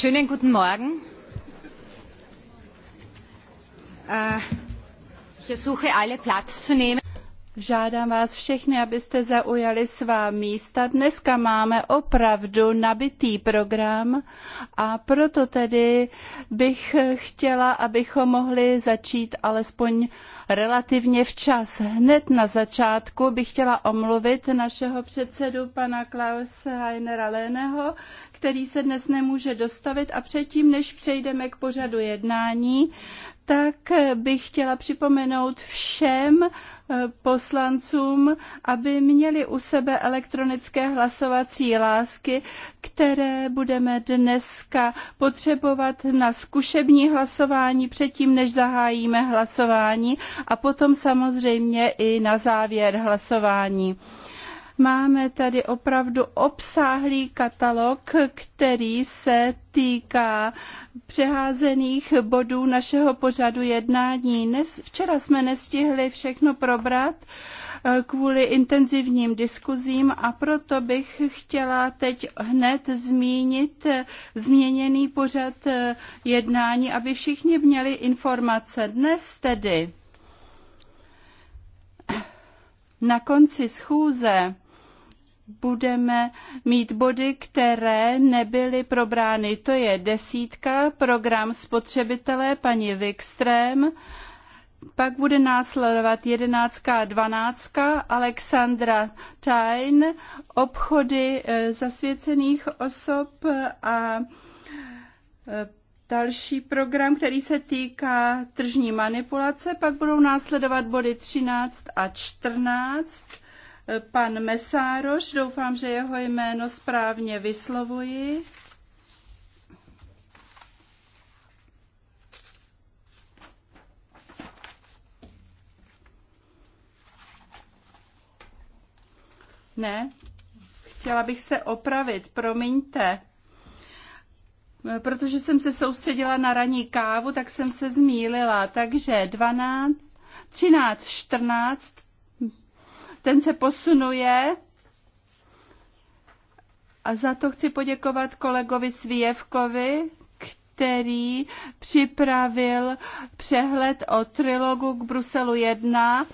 Schönen guten Morgen. Äh, ich ersuche alle Platz zu nehmen. Žádám vás všechny, abyste zaujali svá místa. Dneska máme opravdu nabitý program a proto tedy bych chtěla, abychom mohli začít alespoň relativně včas. Hned na začátku bych chtěla omluvit našeho předsedu pana Klaus Heinera Léneho, který se dnes nemůže dostavit a předtím, než přejdeme k pořadu jednání, tak bych chtěla připomenout všem eh, poslancům, aby měli u sebe elektronické hlasovací lásky, které budeme dneska potřebovat na zkušební hlasování předtím, než zahájíme hlasování a potom samozřejmě i na závěr hlasování. Máme tady opravdu obsáhlý katalog, který se týká přeházených bodů našeho pořadu jednání. Dnes, včera jsme nestihli všechno probrat eh, kvůli intenzivním diskuzím a proto bych chtěla teď hned zmínit eh, změněný pořad eh, jednání, aby všichni měli informace. Dnes tedy na konci schůze budeme mít body, které nebyly probrány. To je desítka, program spotřebitelé, paní Wikström, pak bude následovat jedenáctka a dvanáctka Alexandra Tain, obchody eh, zasvěcených osob a eh, další program, který se týká tržní manipulace. Pak budou následovat body 13 a 14 Eh, pan Mesároš, doufám, že jeho jméno správně vyslovuji. Ne, chtěla bych se opravit, promiňte. Eh, protože jsem se soustředila na ranní kávu, tak jsem se zmýlila. Takže 12, 13, 14, ten se posunuje a za to chci poděkovat kolegovi Svíjevkovi, který připravil přehled o trilogu k Bruselu 1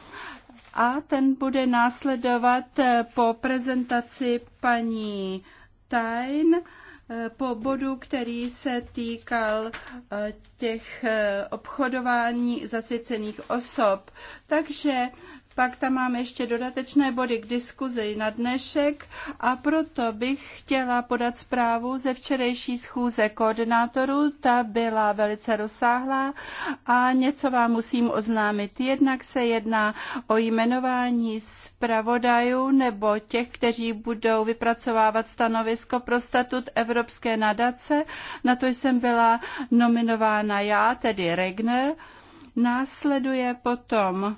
a ten bude následovat eh, po prezentaci paní Tain eh, po bodu, který se týkal eh, těch obchodování zasvěcených osob. Takže pak tam mám ještě dodatečné body k diskuzi na dnešek a proto bych chtěla podat zprávu ze včerejší schůze koordinátorů. Ta byla velice rozsáhlá a něco vám musím oznámit. Jednak se jedná o jmenování zpravodajů nebo těch, kteří budou vypracovávat stanovisko pro statut Evropské nadace. Na to jsem byla nominována já, tedy Regner. Následuje potom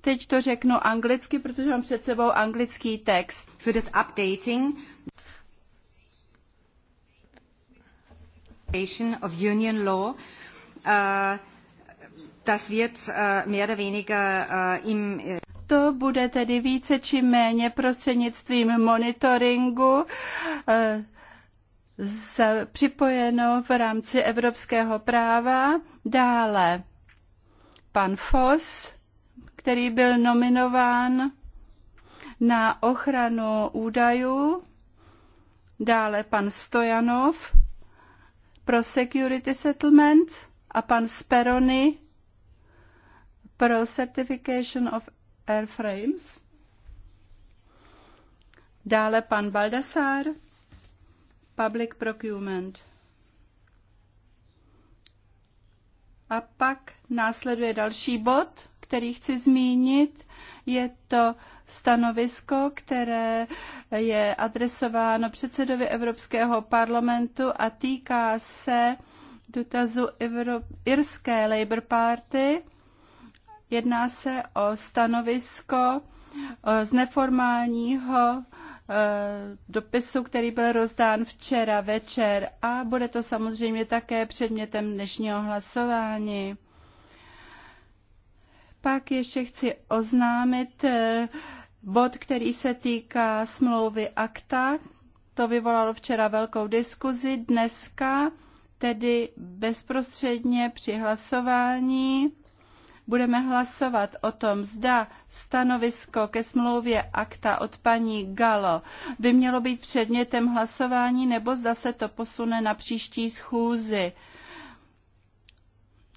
Teď to řeknu anglicky, protože mám před sebou anglický text. Für das updating of union law uh, das wird uh, mehr oder weniger uh, im uh, to bude tedy více či méně prostřednictvím monitoringu uh, připojeno v rámci evropského práva. Dále pan Foss který byl nominován na ochranu údajů, dále pan Stojanov pro Security Settlement a pan Speroni pro Certification of Airframes. Dále pan Baldassar, Public Procurement. A pak následuje další bod který chci zmínit. Je to stanovisko, které je adresováno předsedovi Evropského parlamentu a týká se dotazu Evro- Irské Labour Party. Jedná se o stanovisko z neformálního e, dopisu, který byl rozdán včera večer a bude to samozřejmě také předmětem dnešního hlasování. Pak ještě chci oznámit eh, bod, který se týká smlouvy akta. To vyvolalo včera velkou diskuzi. Dneska, tedy bezprostředně při hlasování, budeme hlasovat o tom, zda stanovisko ke smlouvě akta od paní Galo by mělo být předmětem hlasování, nebo zda se to posune na příští schůzi.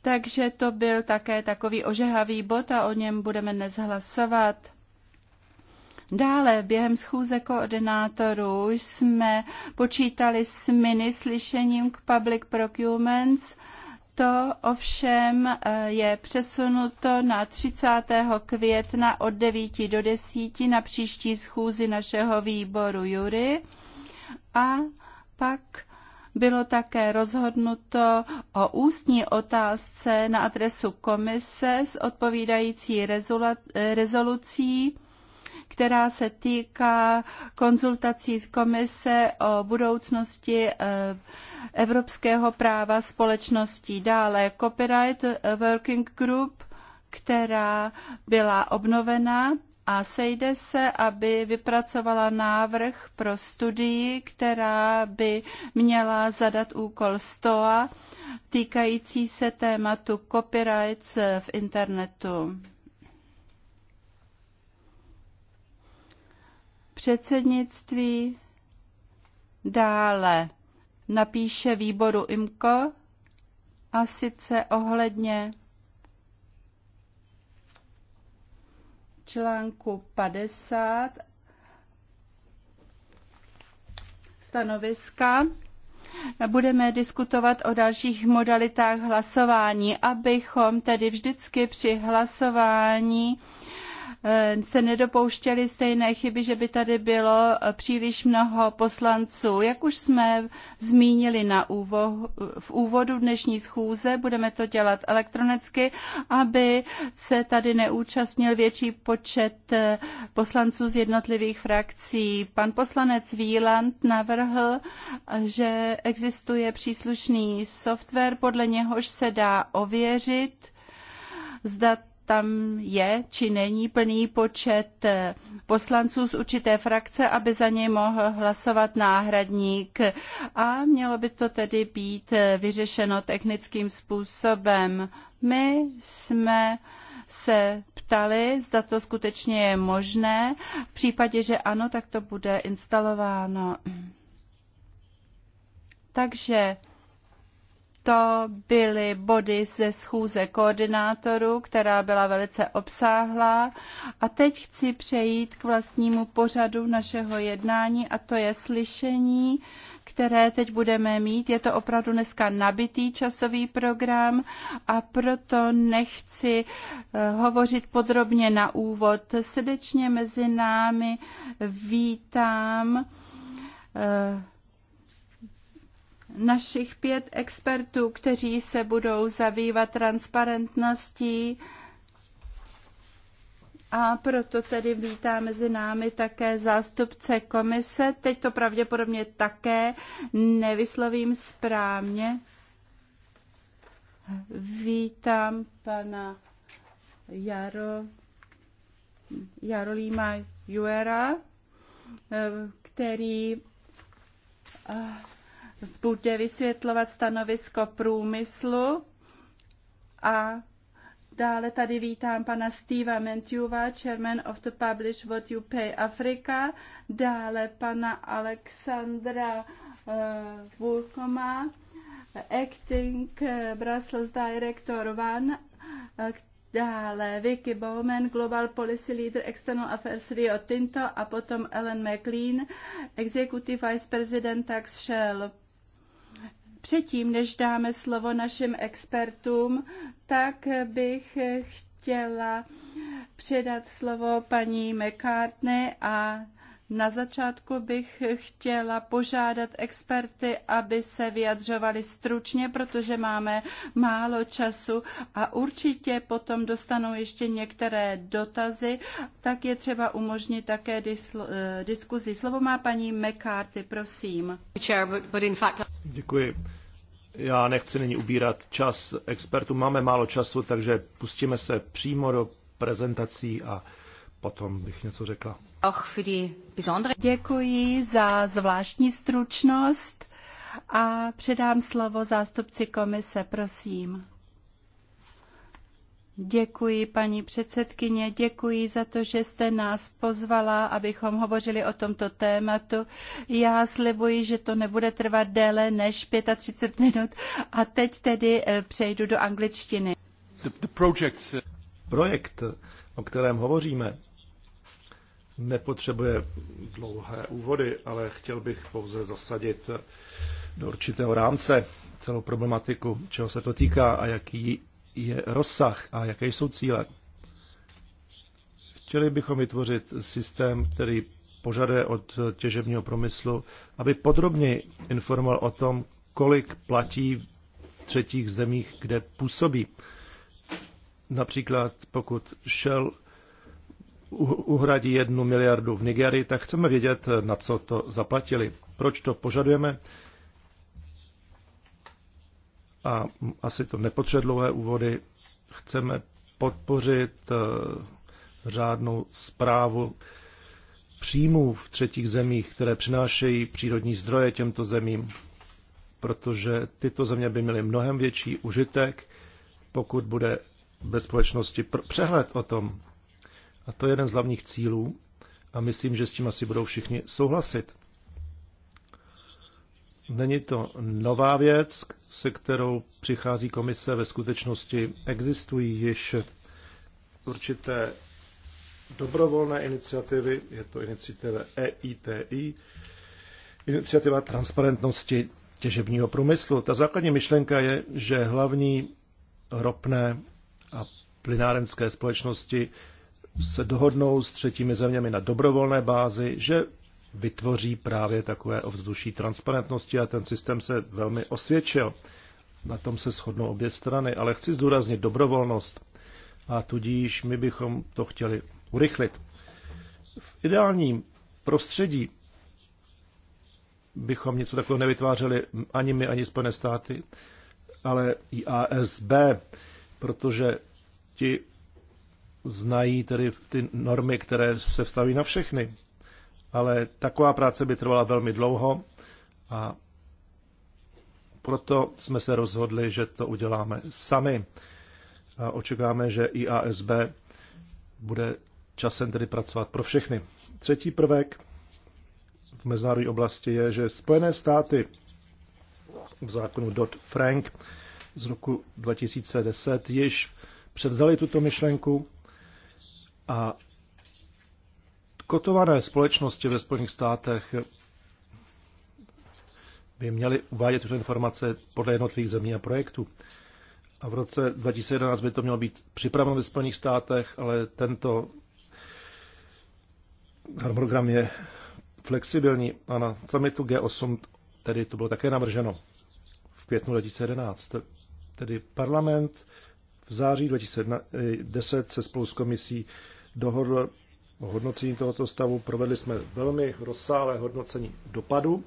Takže to byl také takový ožehavý bod a o něm budeme dnes hlasovat. Dále během schůze koordinátorů jsme počítali s mini slyšením k Public Procurements. To ovšem eh, je přesunuto na 30. května od 9 do 10 na příští schůzi našeho výboru Jury. A pak bylo také rozhodnuto o ústní otázce na adresu komise s odpovídající rezolucí která se týká konzultací z komise o budoucnosti eh, evropského práva společností. Dále Copyright Working Group, která byla obnovena a sejde se, aby vypracovala návrh pro studii, která by měla zadat úkol STOA týkající se tématu copyrights v internetu. Předsednictví dále napíše výboru IMCO a sice ohledně článku 50 stanoviska budeme diskutovat o dalších modalitách hlasování, abychom tedy vždycky při hlasování Eh, se nedopouštěli stejné chyby, že by tady bylo eh, příliš mnoho poslanců. Jak už jsme zmínili na úvo, v úvodu dnešní schůze, budeme to dělat elektronicky, aby se tady neúčastnil větší počet eh, poslanců z jednotlivých frakcí. Pan poslanec Víland navrhl, že existuje příslušný software, podle něhož se dá ověřit, zda tam je či není plný počet eh, poslanců z určité frakce, aby za něj mohl hlasovat náhradník. A mělo by to tedy být eh, vyřešeno technickým způsobem. My jsme se ptali, zda to skutečně je možné. V případě, že ano, tak to bude instalováno. Takže to byly body ze schůze koordinátorů, která byla velice obsáhlá. A teď chci přejít k vlastnímu pořadu našeho jednání a to je slyšení, které teď budeme mít. Je to opravdu dneska nabitý časový program a proto nechci eh, hovořit podrobně na úvod. Srdečně mezi námi vítám eh, našich pět expertů, kteří se budou zabývat transparentností. A proto tedy vítá mezi námi také zástupce komise. Teď to pravděpodobně také nevyslovím správně. Vítám pana Jaro, Jarolíma Juera, eh, který eh, bude vysvětlovat stanovisko průmyslu a dále tady vítám pana Steva Mentiuva, chairman of the Publish What You Pay Africa, dále pana Alexandra uh, eh, Vulkoma, acting uh, Brussels director One, uh, Dále Vicky Bowman, Global Policy Leader External Affairs Rio Tinto a potom Ellen McLean, Executive Vice President Tax Shell Předtím, než dáme slovo našim expertům, tak bych chtěla předat slovo paní McCartney a na začátku bych chtěla požádat experty, aby se vyjadřovali stručně, protože máme málo času a určitě potom dostanou ještě některé dotazy, tak je třeba umožnit také dislo, eh, diskuzi. Slovo má paní McCarthy, prosím. Děkuji. Já nechci nyní ubírat čas expertů. Máme málo času, takže pustíme se přímo do prezentací a potom bych něco řekla. Děkuji za zvláštní stručnost a předám slovo zástupci komise, prosím. Děkuji, paní předsedkyně, děkuji za to, že jste nás pozvala, abychom hovořili o tomto tématu. Já slibuji, že to nebude trvat déle než 35 minut a teď tedy eh, přejdu do angličtiny. The, the project... Projekt, o kterém hovoříme, nepotřebuje dlouhé úvody, ale chtěl bych pouze zasadit do určitého rámce celou problematiku, čeho se to týká a jaký je rozsah a jaké jsou cíle. Chtěli bychom vytvořit systém, který požaduje od těžebního promyslu, aby podrobně informoval o tom, kolik platí v třetích zemích, kde působí. Například pokud Shell uhradí jednu miliardu v Nigerii, tak chceme vědět, na co to zaplatili. Proč to požadujeme? A asi to nepotřebuje úvody. Chceme podpořit eh, řádnou zprávu příjmů v třetích zemích, které přinášejí přírodní zdroje těmto zemím, protože tyto země by měly mnohem větší užitek, pokud bude ve společnosti přehled o tom, a to je jeden z hlavních cílů a myslím, že s tím asi budou všichni souhlasit. Není to nová věc, se kterou přichází komise, ve skutečnosti existují již určité dobrovolné iniciativy, je to iniciativa EITI, iniciativa transparentnosti těžebního průmyslu. Ta základní myšlenka je, že hlavní ropné a plynárenské společnosti se dohodnou s třetími zeměmi na dobrovolné bázi, že vytvoří právě takové ovzduší transparentnosti a ten systém se velmi osvědčil. Na tom se shodnou obě strany, ale chci zdůraznit dobrovolnost a tudíž my bychom to chtěli urychlit. V ideálním prostředí bychom něco takového nevytvářeli ani my, ani Spojené státy, ale i ASB, protože ti znají tedy ty normy, které se vstaví na všechny. Ale taková práce by trvala velmi dlouho a proto jsme se rozhodli, že to uděláme sami. A očekáváme, že IASB bude časem tedy pracovat pro všechny. Třetí prvek v mezinárodní oblasti je, že Spojené státy v zákonu Dodd-Frank z roku 2010 již převzali tuto myšlenku a kotované společnosti ve Spojených státech by měly uvádět tyto informace podle jednotlivých zemí a projektů. A v roce 2011 by to mělo být připraveno ve Spojených státech, ale tento harmonogram je flexibilní a na summitu G8 tedy to bylo také navrženo v květnu 2011. Tedy parlament v září 2010 se spolu s komisí dohodl o hodnocení tohoto stavu. Provedli jsme velmi rozsáhlé hodnocení dopadu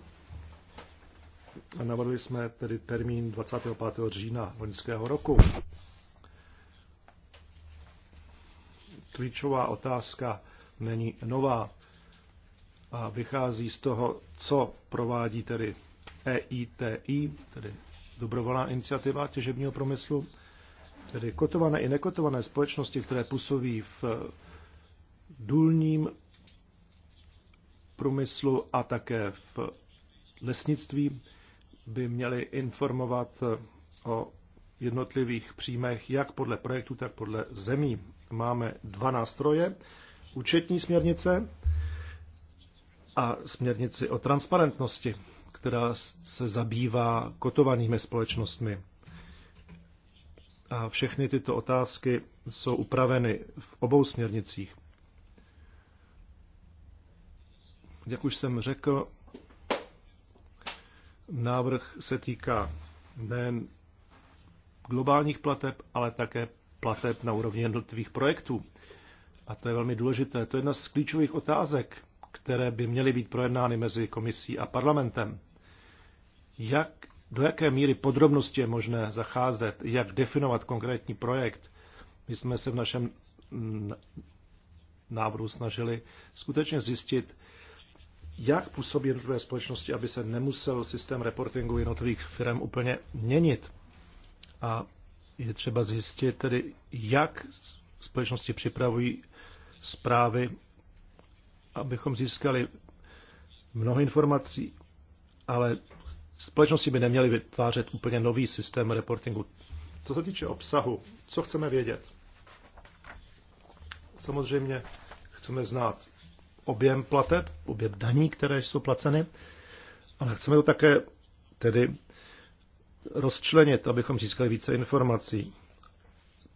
a navrhli jsme tedy termín 25. října loňského roku. Klíčová otázka není nová a vychází z toho, co provádí tedy EITI, tedy dobrovolná iniciativa těžebního promyslu, tedy kotované i nekotované společnosti, které působí v důlním průmyslu a také v lesnictví, by měly informovat o jednotlivých příjmech jak podle projektu, tak podle zemí. Máme dva nástroje, účetní směrnice a směrnici o transparentnosti, která se zabývá kotovanými společnostmi. A všechny tyto otázky jsou upraveny v obou směrnicích. Jak už jsem řekl, návrh se týká nejen globálních plateb, ale také plateb na úrovni jednotlivých projektů. A to je velmi důležité. To je jedna z klíčových otázek, které by měly být projednány mezi komisí a parlamentem. Jak do jaké míry podrobnosti je možné zacházet, jak definovat konkrétní projekt. My jsme se v našem návrhu snažili skutečně zjistit, jak působí jednotlivé společnosti, aby se nemusel systém reportingu jednotlivých firm úplně měnit. A je třeba zjistit tedy, jak společnosti připravují zprávy, abychom získali mnoho informací, ale společnosti by neměly vytvářet úplně nový systém reportingu. Co se týče obsahu, co chceme vědět? Samozřejmě chceme znát objem plateb, objem daní, které jsou placeny, ale chceme to také tedy rozčlenit, abychom získali více informací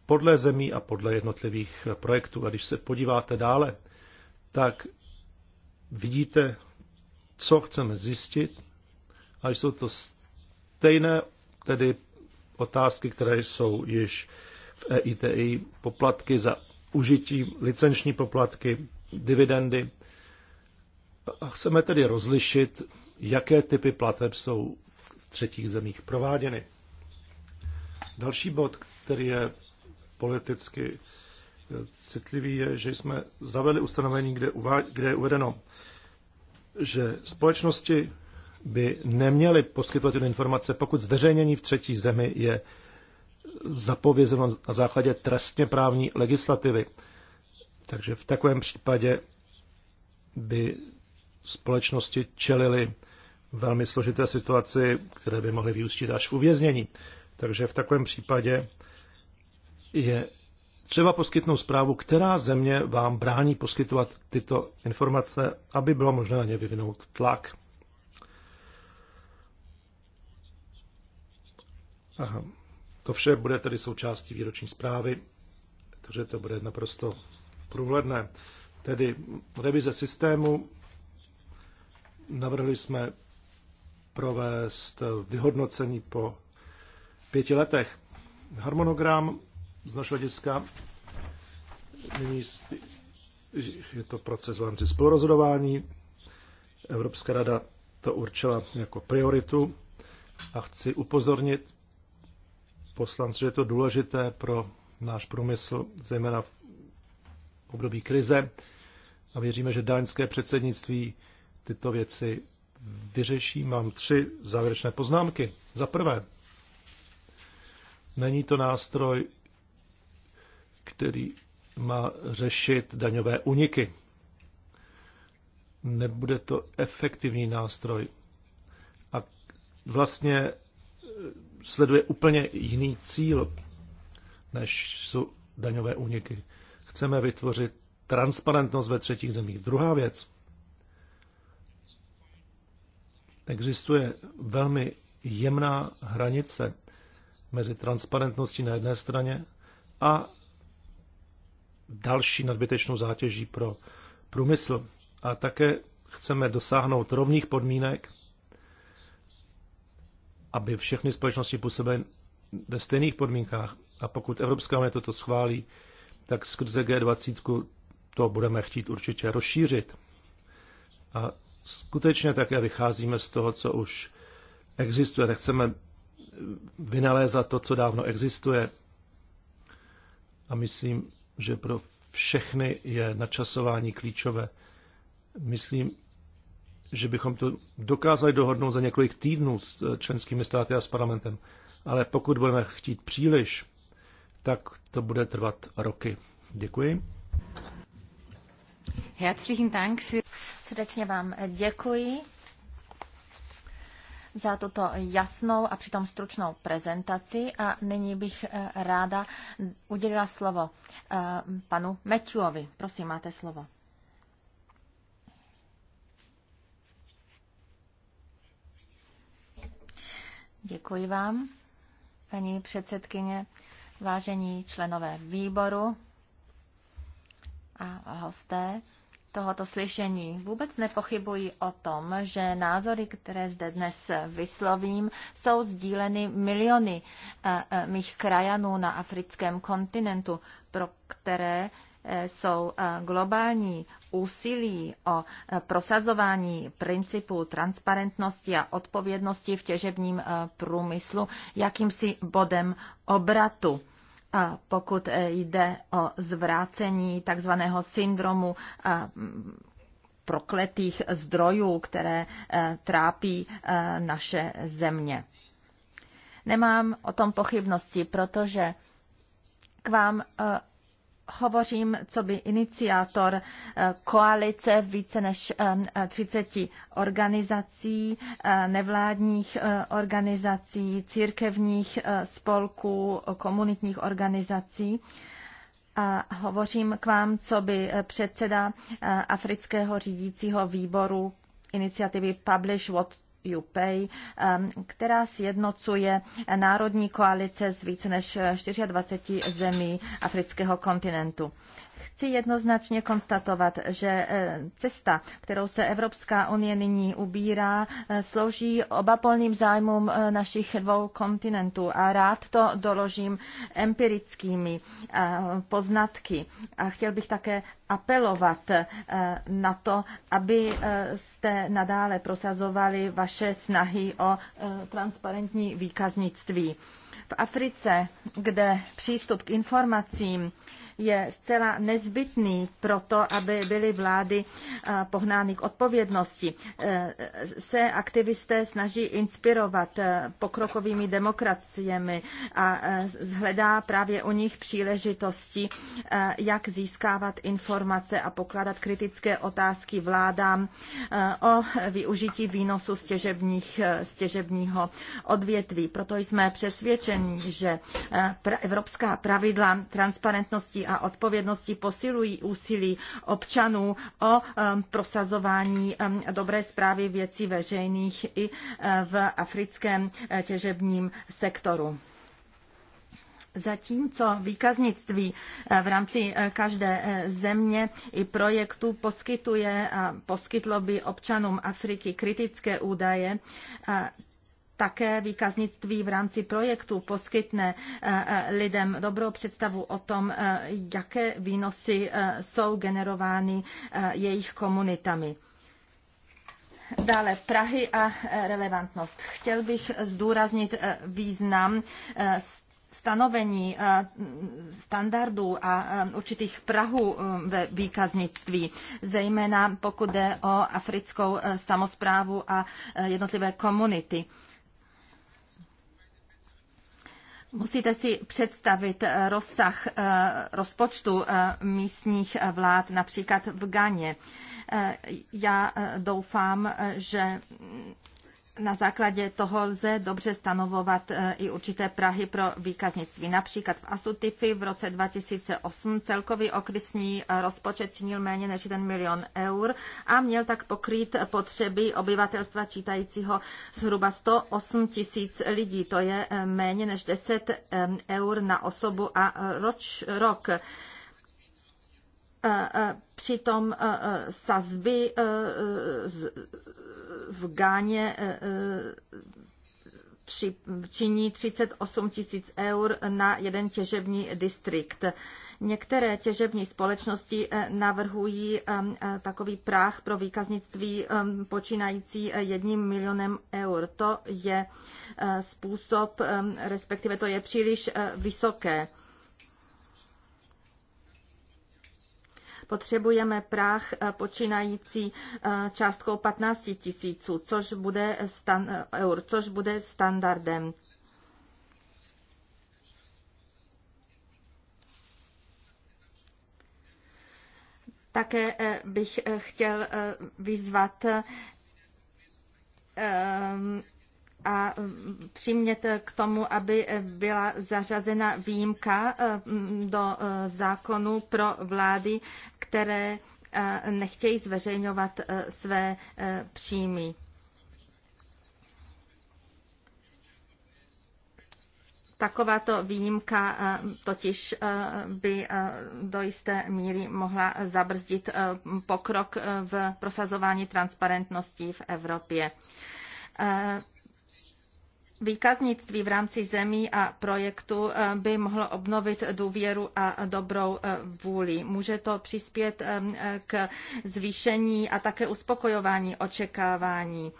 podle zemí a podle jednotlivých projektů. A když se podíváte dále, tak vidíte, co chceme zjistit a jsou to stejné tedy otázky, které jsou již v EITI poplatky za užití, licenční poplatky, dividendy. A chceme tedy rozlišit, jaké typy plateb jsou v třetích zemích prováděny. Další bod, který je politicky eh, citlivý, je, že jsme zavedli ustanovení, kde, uvá- kde je uvedeno, že společnosti by neměli poskytovat informace, pokud zveřejnění v třetí zemi je zapovězeno na základě trestně právní legislativy. Takže v takovém případě by společnosti čelily velmi složité situaci, které by mohly vyústit až v uvěznění. Takže v takovém případě je třeba poskytnout zprávu, která země vám brání poskytovat tyto informace, aby bylo možné na ně vyvinout tlak. Aha. To vše bude tedy součástí výroční zprávy, takže to bude naprosto průhledné. Tedy revize systému navrhli jsme provést vyhodnocení po pěti letech. Harmonogram z našeho hlediska nyní je to proces v rámci spolurozhodování. Evropská rada to určila jako prioritu a chci upozornit poslanců, že je to důležité pro náš průmysl, zejména v období krize. A věříme, že dánské předsednictví tyto věci vyřeší. Mám tři závěrečné poznámky. Za prvé, není to nástroj, který má řešit daňové uniky. Nebude to efektivní nástroj. A vlastně sleduje úplně jiný cíl, než jsou daňové úniky. Chceme vytvořit transparentnost ve třetích zemích. Druhá věc. Existuje velmi jemná hranice mezi transparentností na jedné straně a další nadbytečnou zátěží pro průmysl. A také chceme dosáhnout rovných podmínek aby všechny společnosti působily ve stejných podmínkách. A pokud Evropská unie toto schválí, tak skrze G20 to budeme chtít určitě rozšířit. A skutečně také vycházíme z toho, co už existuje. Nechceme vynalézat to, co dávno existuje. A myslím, že pro všechny je načasování klíčové. Myslím, že bychom to dokázali dohodnout za několik týdnů s eh, členskými státy a s parlamentem. Ale pokud budeme chtít příliš, tak to bude trvat roky. Děkuji. Herzlichen Dank für... Srdečně vám eh, děkuji za tuto jasnou a přitom stručnou prezentaci a nyní bych eh, ráda udělila slovo panu Meťuovi. Prosím, máte slovo. Děkuji vám, paní předsedkyně, vážení členové výboru a hosté tohoto slyšení. Vůbec nepochybuji o tom, že názory, které zde dnes vyslovím, jsou sdíleny miliony eh, eh, mých krajanů na africkém kontinentu, pro které jsou eh, globální úsilí o eh, prosazování principu transparentnosti a odpovědnosti v těžebním eh, průmyslu jakýmsi bodem obratu. A pokud jde o zvrácení takzvaného syndromu prokletých zdrojů, které trápí naše země. Nemám o tom pochybnosti, protože k vám hovořím co by iniciátor eh, koalice více než 30 eh, organizací, eh, nevládních organizací, církevních spolků, komunitních organizací. A hovořím k vám, co by předseda Afrického řídícího výboru iniciativy Publish What UPay, um, která sjednocuje národní koalice z více než 24 zemí afrického kontinentu. Chci jednoznačně konstatovat, že e, cesta, kterou se Evropská unie nyní ubírá, e, slouží obapolným zájmům e, našich dvou kontinentů a rád to doložím empirickými poznatky. A chtěl bych také apelovat na to, aby jste nadále prosazovali vaše snahy o transparentní výkaznictví. V Africe, kde přístup k informacím je zcela nezbytný pro to, aby byly vlády eh, pohnány k odpovědnosti. Eh, se aktivisté snaží inspirovat eh, pokrokovými demokraciemi a hledá právě u nich příležitosti, jak získávat informace a pokládat kritické otázky vládám o využití výnosu z, odvětví. Proto jsme přesvědčeni, že evropská pravidla transparentnosti a odpovědnosti posilují úsilí občanů o um, prosazování um, dobré zprávy věcí veřejných i uh, v africkém uh, těžebním sektoru. Zatímco výkaznictví uh, v rámci každé země i projektu poskytuje a poskytlo by občanům Afriky kritické údaje, také výkaznictví v rámci projektu poskytne eh, eh, lidem dobrou představu o tom, eh, jaké výnosy jsou generovány jejich komunitami. Dále Prahy a relevantnost. Chtěl bych zdůraznit význam stanovení standardů a určitých prahů ve výkaznictví, zejména pokud jde o africkou samozprávu a jednotlivé komunity. Musíte si představit eh, rozsah eh, rozpočtu eh, místních vlád, například v Ganě. Já doufám, že na základě toho lze dobře stanovovat e, i určité Prahy pro výkaznictví. Například v Asutify v roce 2008 celkový okresní rozpočet činil méně než 1 milion eur a měl tak pokrýt potřeby obyvatelstva čítajícího zhruba 108 tisíc lidí. To je e, méně než 10 e, eur na osobu a roč, rok. Přitom sazby v Gáně eh, eh, při, činí 38 tisíc eur na jeden těžební distrikt. Některé těžební společnosti eh, navrhují takový práh pro výkaznictví počínající jedním milionem eur. To je způsob, respektive to je příliš vysoké. potřebujeme práh eh, počínající eh, částkou 15 tisíců, což bude stan- eh, eur, což bude standardem. Také bych chtěl vyzvat a mm, přimět k tomu, aby byla zařazena výjimka e, mm, do e, zákonu pro vlády, které e, nechtějí zveřejňovat své příjmy. Takováto výjimka totiž by do jisté míry mohla zabrzdit pokrok v prosazování transparentnosti v Evropě výkaznictví v rámci zemí a projektu eh, by mohlo obnovit důvěru a dobrou eh, vůli. Může to přispět eh, k zvýšení a také uspokojování očekávání.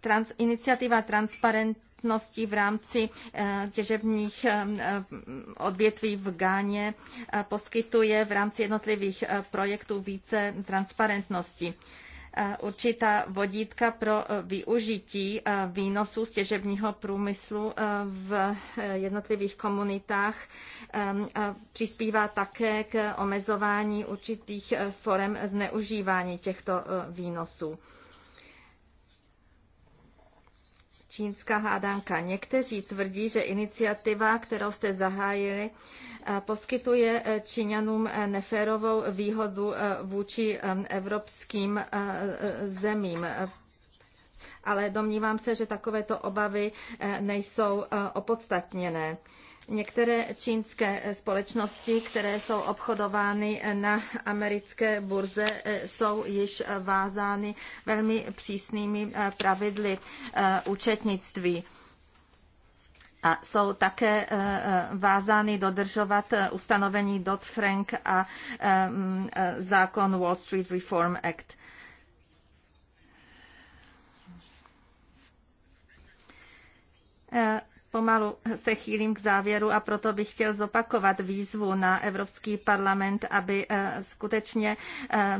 Trans, iniciativa transparentnosti v rámci těžebních odvětví v Gáně poskytuje v rámci jednotlivých projektů více transparentnosti. Eh, určitá vodítka pro eh, využití eh, výnosů z těžebního průmyslu v jednotlivých komunitách. Ehm, přispívá také k omezování určitých forem zneužívání těchto výnosů. čínská hádanka. Někteří tvrdí, že iniciativa, kterou jste zahájili, eh, poskytuje eh, Číňanům eh, neférovou výhodu vůči ehm, evropským zemím ale domnívám se, že takovéto obavy nejsou opodstatněné. Některé čínské společnosti, které jsou obchodovány na americké burze, eh, jsou již vázány velmi přísnými eh, pravidly eh, účetnictví a jsou také vázány dodržovat ustanovení Dodd-Frank a mm, zákon Wall Street Reform Act. Pomalu se chýlím k závěru a proto bych chtěl zopakovat výzvu na Evropský parlament, aby eh, skutečně eh,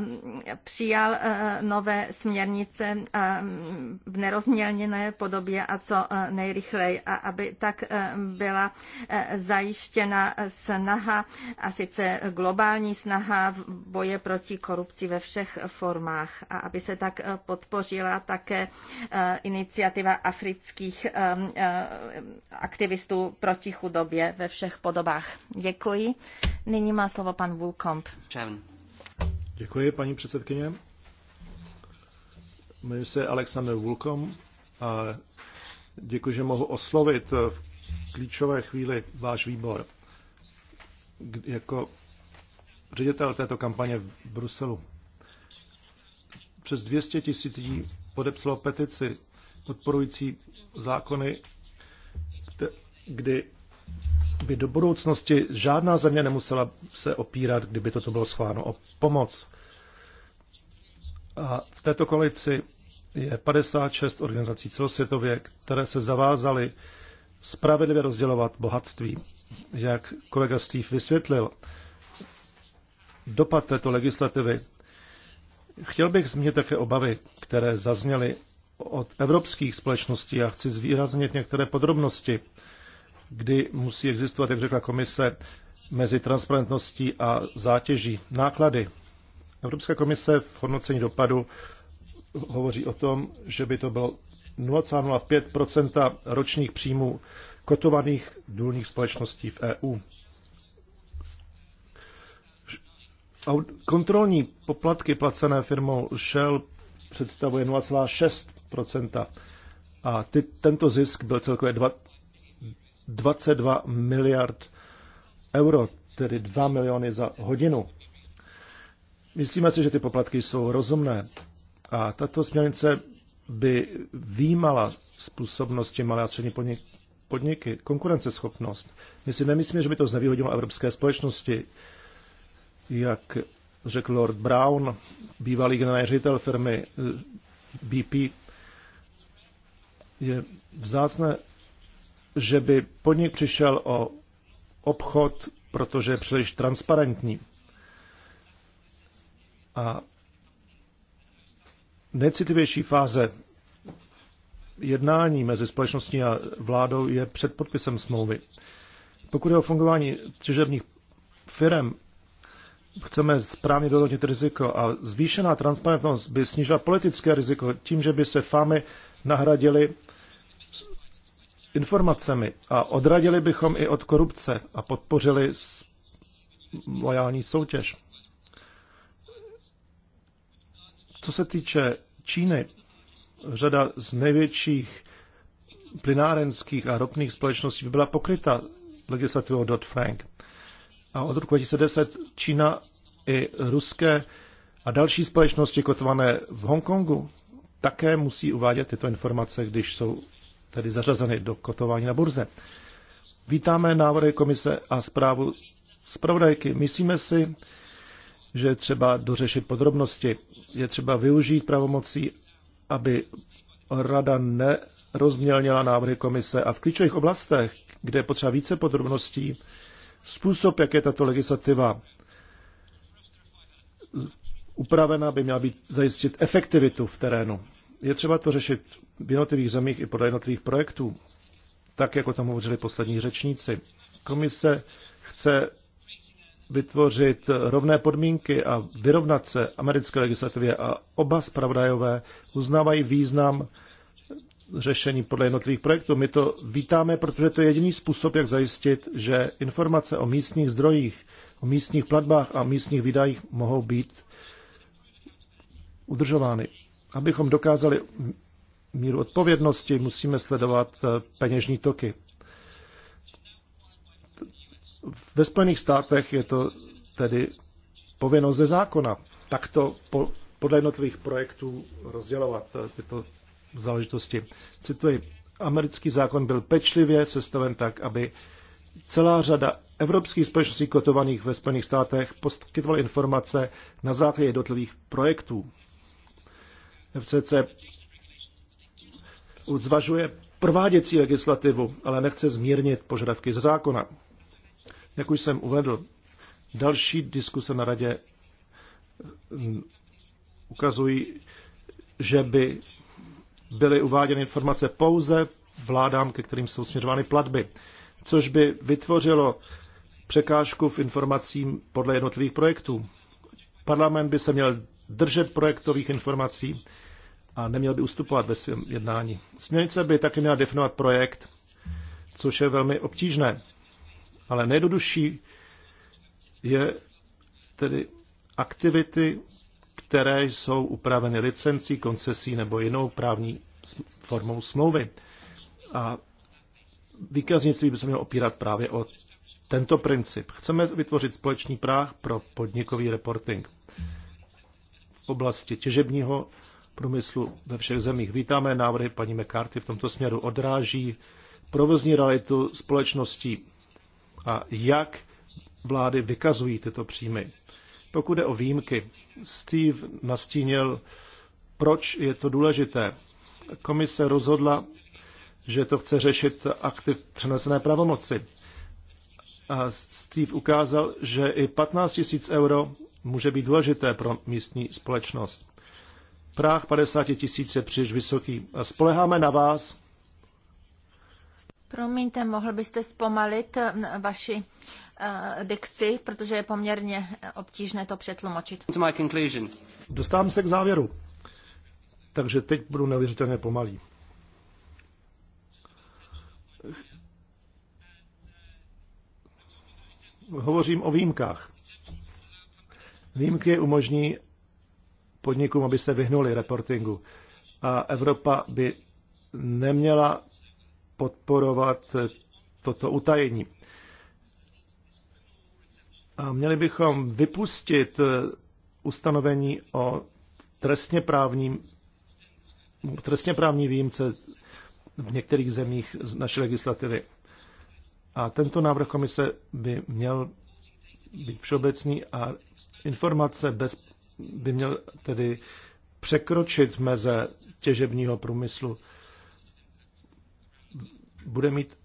přijal eh, nové směrnice v nerozmělněné podobě a co nejrychleji a aby tak byla zajištěna snaha a sice globální snaha v boje proti korupci ve všech formách a aby se tak podpořila také iniciativa afrických aktivistů proti chudobě ve všech podobách. Děkuji. Nyní má slovo pan Vulkomp. Děkuji, paní předsedkyně. Jmenuji se Alexander Vulkom a děkuji, že mohu oslovit v klíčové chvíli váš výbor. Jako ředitel této kampaně v Bruselu. Přes 200 tisíc lidí podepsalo petici podporující zákony kdy by do budoucnosti žádná země nemusela se opírat, kdyby toto bylo schváleno o pomoc. A v této koalici je 56 organizací celosvětově, které se zavázaly spravedlivě rozdělovat bohatství. Jak kolega Steve vysvětlil, dopad této legislativy. Chtěl bych zmínit také obavy, které zazněly od evropských společností a chci zvýraznit některé podrobnosti, kdy musí existovat, jak řekla komise, mezi transparentností a zátěží náklady. Evropská komise v hodnocení dopadu hovoří o tom, že by to bylo 0,05 ročních příjmů kotovaných důlních společností v EU. Kontrolní poplatky placené firmou Shell představuje 0,6 a ty, tento zisk byl celkově dva, 22 miliard euro, tedy 2 miliony za hodinu. Myslíme si, že ty poplatky jsou rozumné. A tato směrnice by výjímala způsobnosti malé a střední podniky, podniky, konkurenceschopnost. My si nemyslíme, že by to znevýhodilo evropské společnosti. Jak řekl Lord Brown, bývalý generální ředitel firmy eh, BP, je vzácné, že by podnik přišel o obchod, protože je příliš transparentní. A nejcitlivější fáze jednání mezi společností a vládou je před podpisem smlouvy. Pokud je o fungování těžebních firm, chceme správně dohodnit riziko a zvýšená transparentnost by snížila politické riziko tím, že by se fámy nahradily informacemi a odradili bychom i od korupce a podpořili lojální soutěž. Co se týče Číny, řada z největších plynárenských a ropných společností by byla pokryta legislativou Dodd-Frank. A od roku 2010 Čína i ruské a další společnosti kotované v Hongkongu také musí uvádět tyto informace, když jsou tedy zařazeny do kotování na burze. Vítáme návrhy komise a zprávu zpravodajky. Myslíme si, že je třeba dořešit podrobnosti. Je třeba využít pravomocí, aby rada nerozmělnila návrhy komise a v klíčových oblastech, kde je potřeba více podrobností, způsob, jak je tato legislativa upravena, by měla být zajistit efektivitu v terénu. Je třeba to řešit v jednotlivých zemích i podle jednotlivých projektů, tak jako tam hovořili poslední řečníci. Komise chce vytvořit rovné podmínky a vyrovnat se americké legislativě a oba zpravodajové uznávají význam řešení podle jednotlivých projektů. My to vítáme, protože to je jediný způsob, jak zajistit, že informace o místních zdrojích, o místních platbách a místních výdajích mohou být udržovány. Abychom dokázali míru odpovědnosti, musíme sledovat eh, peněžní toky. Ve Spojených státech je to tedy povinnost ze zákona takto po, podle jednotlivých projektů rozdělovat eh, tyto záležitosti. Cituji, americký zákon byl pečlivě sestaven tak, aby celá řada evropských společností kotovaných ve Spojených státech poskytovala informace na základě jednotlivých projektů. FCC zvažuje prováděcí legislativu, ale nechce zmírnit požadavky ze zákona. Jak už jsem uvedl, další diskuse na radě mm, ukazují, že by byly uváděny informace pouze vládám, ke kterým jsou směřovány platby, což by vytvořilo překážku v informacím podle jednotlivých projektů. Parlament by se měl držet projektových informací a neměl by ustupovat ve svém jednání. Směrnice by taky měla definovat projekt, což je velmi obtížné. Ale nejjednodušší je tedy aktivity, které jsou upraveny licencí, koncesí nebo jinou právní formou smlouvy. A výkaznictví by se mělo opírat právě o tento princip. Chceme vytvořit společný práh pro podnikový reporting oblasti těžebního průmyslu ve všech zemích. Vítáme návrhy paní McCarthy v tomto směru odráží provozní realitu společností a jak vlády vykazují tyto příjmy. Pokud jde o výjimky, Steve nastínil, proč je to důležité. Komise rozhodla, že to chce řešit aktiv přenesené pravomoci. A Steve ukázal, že i 15 000 euro může být důležité pro místní společnost. Práh 50 tisíc je příliš vysoký. Spoleháme na vás. Promiňte, mohl byste zpomalit vaši uh, dikci, protože je poměrně eh, obtížné to přetlumočit. Dostávám se k závěru. Takže teď budu neuvěřitelně pomalý. Hovořím o výjimkách. Výjimky umožní podnikům, aby se vyhnuli reportingu. A Evropa by neměla podporovat toto utajení. A měli bychom vypustit ustanovení o trestně právním trestně právní výjimce v některých zemích z naší legislativy. A tento návrh komise by měl být všeobecný a informace bez, by měl tedy překročit meze těžebního průmyslu. Bude mít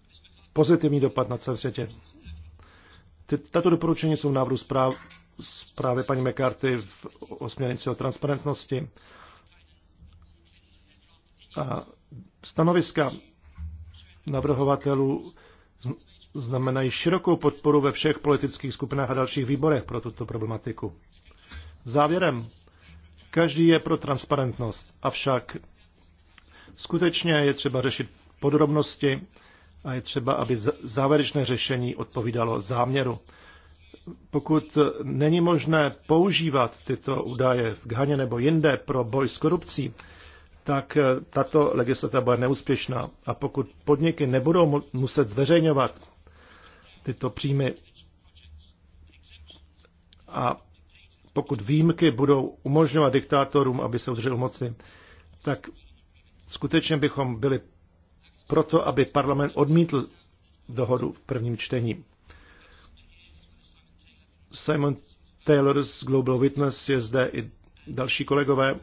pozitivní dopad na celém světě. Tato doporučení jsou v návrhu zpráv, zprávy paní McCarthy v, o směrnici o transparentnosti. A stanoviska navrhovatelů znamenají širokou podporu ve všech politických skupinách a dalších výborech pro tuto problematiku. Závěrem, každý je pro transparentnost, avšak skutečně je třeba řešit podrobnosti a je třeba, aby závěrečné řešení odpovídalo záměru. Pokud není možné používat tyto údaje v Ghaně nebo jinde pro boj s korupcí, tak eh, tato legislativa bude neúspěšná. A pokud podniky nebudou muset zveřejňovat tyto příjmy. A pokud výjimky budou umožňovat diktátorům, aby se udrželi u moci, tak skutečně bychom byli proto, aby parlament odmítl dohodu v prvním čtení. Simon Taylor z Global Witness je zde i další kolegové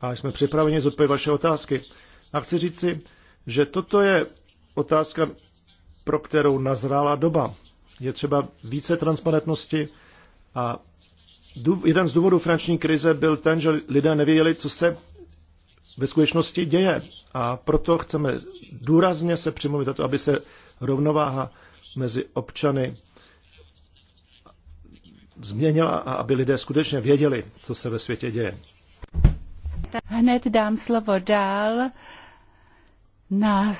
a jsme připraveni zodpovědět vaše otázky. A chci říci, že toto je otázka, pro kterou nazrála doba. Je třeba více transparentnosti a jeden z důvodů finanční krize byl ten, že lidé nevěděli, co se ve skutečnosti děje. A proto chceme důrazně se přimluvit za to, aby se rovnováha mezi občany změnila a aby lidé skutečně věděli, co se ve světě děje. Hned dám slovo dál na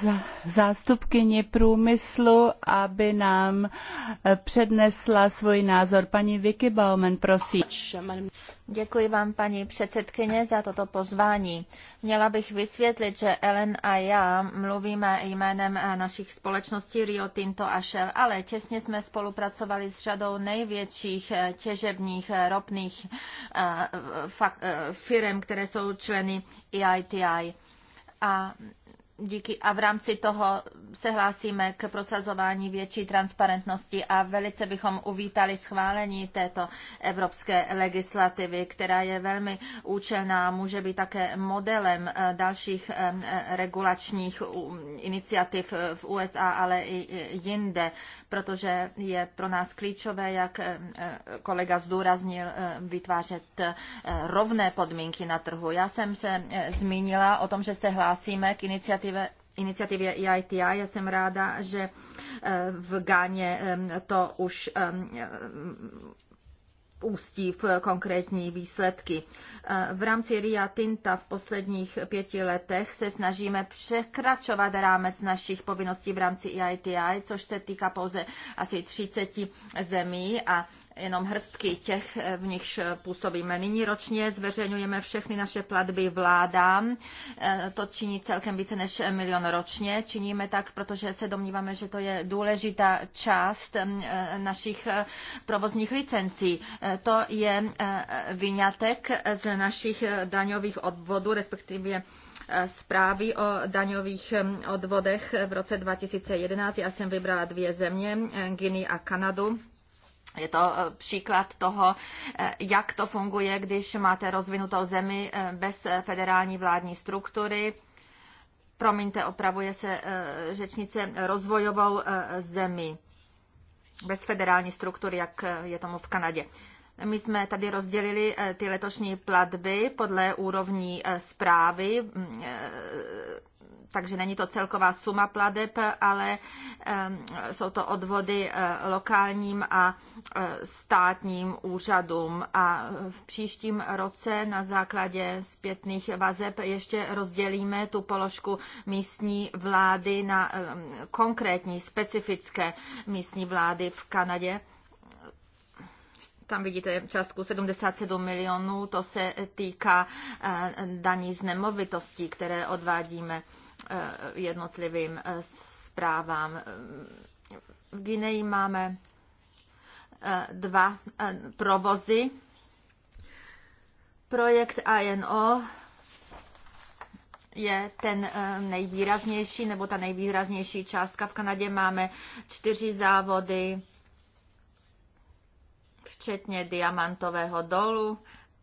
zástupkyni průmyslu, aby nám eh, přednesla svůj názor. Paní Vicky Baumen, prosím. Děkuji vám, paní předsedkyně, za toto pozvání. Měla bych vysvětlit, že Ellen a já mluvíme jménem eh, našich společností Rio Tinto a Shell, ale těsně jsme spolupracovali s řadou největších eh, těžebních ropných firm, které jsou členy EITI. A díky a v rámci toho se hlásíme k prosazování větší transparentnosti a velice bychom uvítali schválení této evropské legislativy, která je velmi účelná, a může být také modelem eh, dalších eh, eh, regulačních iniciativ v USA, ale i jinde, protože je pro nás klíčové, jak kolega zdůraznil, vytvářet rovné podmínky na trhu. Já jsem se zmínila o tom, že se hlásíme k iniciativě iniciativě iniciativě EITI. Já jsem ráda, že eh, v Gáně eh, to už eh, ústí v konkrétní výsledky. V rámci RIA Tinta v posledních pěti letech se snažíme překračovat rámec našich povinností v rámci EITI, což se týká pouze asi 30 zemí a jenom hrstky těch, v nichž působíme. Nyní ročně zveřejňujeme všechny naše platby vládám. E, to činí celkem více než milion ročně. Činíme tak, protože se domníváme, že to je důležitá část e, našich e, provozních licencí. To je vyňatek z našich daňových odvodů, respektive zprávy o daňových odvodech v roce 2011. Já jsem vybrala dvě země, Guinea a Kanadu je to eh, příklad toho, eh, jak to funguje, když máte rozvinutou zemi eh, bez federální vládní struktury. Promiňte, opravuje se řečnice rozvojovou zemi bez federální struktury, jak je tomu v Kanadě. My jsme tady rozdělili ty letošní platby podle úrovní zprávy mm, takže není to celková suma pladeb, ale jsou to odvody eh, lokálním a eh, státním úřadům. A v příštím roce na základě zpětných vazeb ještě rozdělíme tu položku místní vlády na konkrétní, specifické místní vlády v Kanadě tam vidíte částku 77 milionů, to se týká eh, daní z nemovitostí, které odvádíme Eh, jednotlivým eh, zprávám. V Gineji máme eh, dva provozy. Projekt INO je ten nejvýraznější, nebo ta nejvýraznější částka. V Kanadě máme čtyři závody, včetně diamantového dolu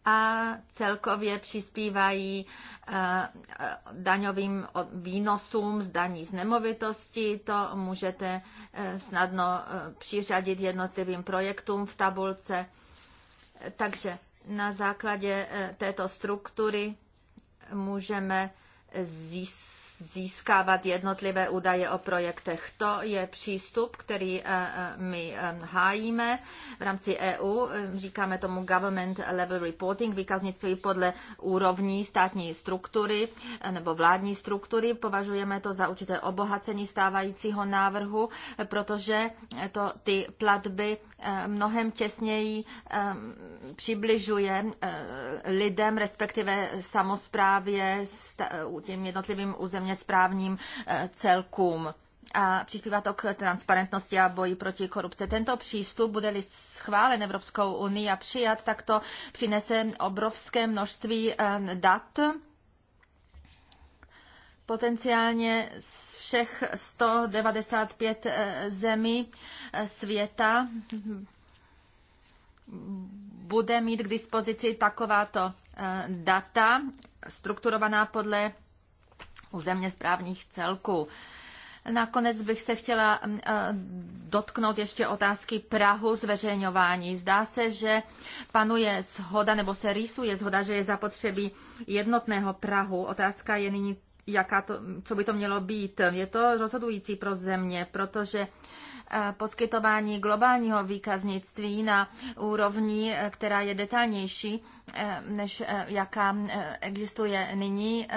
a celkově přispívají eh, daňovým výnosům z daní z nemovitosti. To můžete eh, snadno eh, přiřadit jednotlivým projektům v tabulce. Takže na základě této struktury můžeme získat získávat jednotlivé údaje o projektech. To je přístup, který eh, eh, my eh, hájíme v rámci EU. Říkáme tomu government level reporting, výkaznictví podle úrovní státní struktury nebo vládní struktury. Považujeme to za určité obohacení stávajícího návrhu, protože to ty platby mnohem těsněji přibližuje lidem, respektive samozprávě, těm jednotlivým územním územně správním eh, celkům a přispívá to k transparentnosti a boji proti korupce. Tento přístup bude-li schválen Evropskou unii a přijat, tak to přinese obrovské množství eh, dat, potenciálně z všech 195 eh, zemí světa bude mít k dispozici takováto data, strukturovaná podle územně správních celků. Nakonec bych se chtěla mm, eh, dotknout ještě otázky Prahu zveřejňování. Zdá se, že panuje shoda nebo se rýsuje shoda, že je zapotřebí jednotného Prahu. Otázka je nyní, jaká to, co by to mělo být. Je to rozhodující pro země, protože poskytování globálního výkaznictví na úrovni, e, která je detailnější, e, než e, jaká existuje nyní,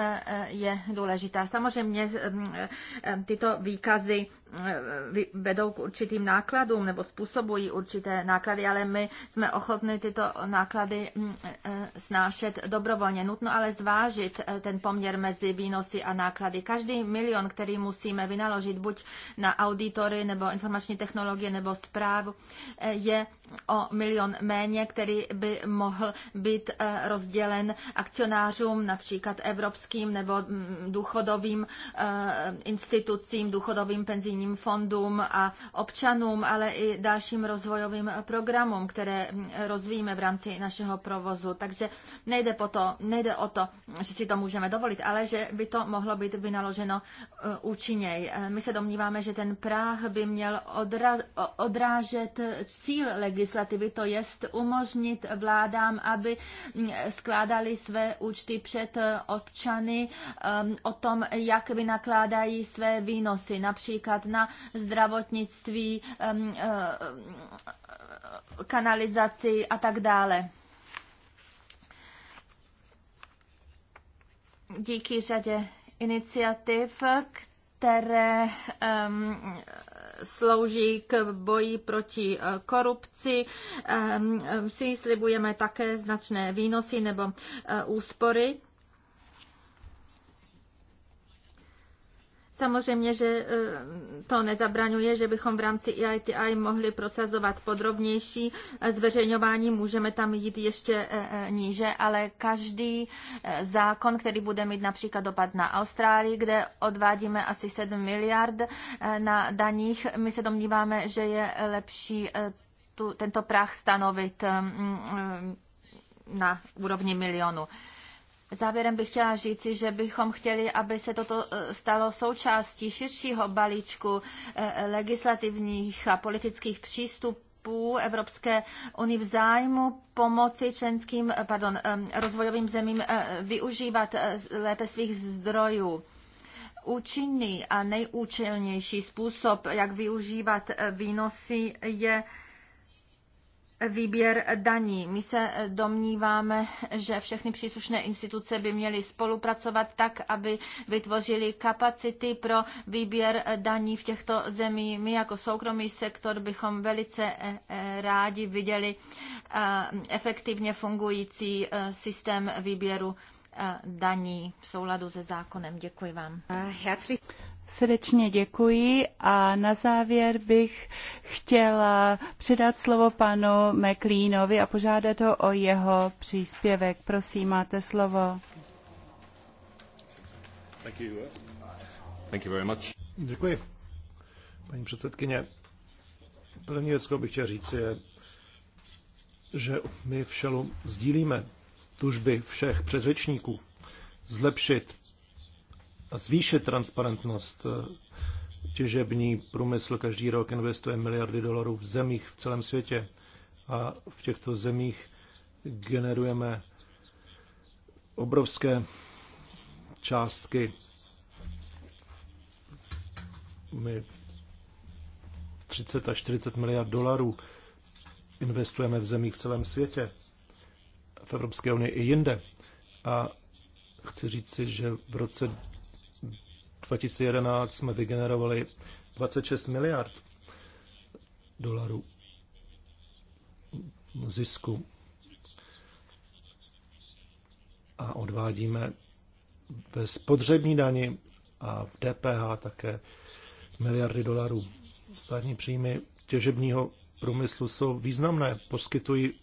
je důležitá. Samozřejmě tyto výkazy vedou k určitým nákladům nebo způsobují určité náklady, ale my jsme ochotni tyto náklady mm, e, e, snášet dobrovolně. Nutno ale zvážit e, ten poměr mezi výnosy a náklady. Každý milion, který musíme vynaložit buď na auditory nebo informační technologie nebo zprávu, je o milion méně, který by mohl být rozdělen akcionářům, například evropským nebo mm, důchodovým institucím, důchodovým penzijním penzijním fondům a občanům, ale i dalším rozvojovým programům, které rozvíjíme v rámci našeho provozu. Takže nejde, po to, nejde o to, že si to můžeme dovolit, ale že by to mohlo být vynaloženo eh, účinněji. Eh, my se domníváme, že ten práh by měl odra, odrážet cíl legislativy, to jest umožnit vládám, aby mm, skládali své účty před eh, občany o tom, jak vynakládají své výnosy, například na zdravotnictví, eh, kanalizaci a tak dále. Díky řadě iniciativ, které um, slouží k boji proti eh, korupci. Um, si slibujeme také značné výnosy nebo uh, úspory. Samozřejmě, že eh, to nezabraňuje, že bychom v rámci EITI mohli prosazovat podrobnější eh, zveřejňování, můžeme tam jít ještě eh, níže, ale každý zákon, který bude mít například dopad na Austrálii, kde odvádíme asi 7 miliard na daních, my se domníváme, že je lepší tu, tento prach stanovit mm, na úrovni milionu. Závěrem bych chtěla říci, že bychom chtěli, aby se toto eh, stalo součástí širšího balíčku eh, legislativních a politických přístupů Evropské unii v zájmu pomoci členským, eh, pardon, rozvojovým zemím využívat lépe svých zdrojů. Účinný a nejúčelnější způsob, jak využívat výnosy, je výběr daní. My se domníváme, že všechny příslušné instituce by měly spolupracovat tak, aby vytvořili kapacity pro výběr daní v těchto zemích. My jako soukromý sektor bychom velice eh, eh, rádi viděli eh, efektivně fungující systém výběru daní v souladu se zákonem. Děkuji vám. Herzlich. Srdečně děkuji a na závěr bych chtěla předat slovo panu McLeanovi a požádat ho o jeho příspěvek. Prosím, máte slovo. Thank you. Thank you very much. Děkuji. Paní předsedkyně, první věc, kterou bych chtěl říct, je, že my v Šalu sdílíme tužby všech předřečníků zlepšit zvýšit transparentnost. Těžební průmysl každý rok investuje miliardy dolarů v zemích v celém světě a v těchto zemích generujeme obrovské částky. My 30 až 40 miliard dolarů investujeme v zemích v celém světě, v Evropské unii i jinde. A chci říci, že v roce 2011 jsme vygenerovali 26 miliard dolarů zisku a odvádíme ve spotřební dani a v DPH také miliardy dolarů. Státní příjmy těžebního průmyslu jsou významné, poskytují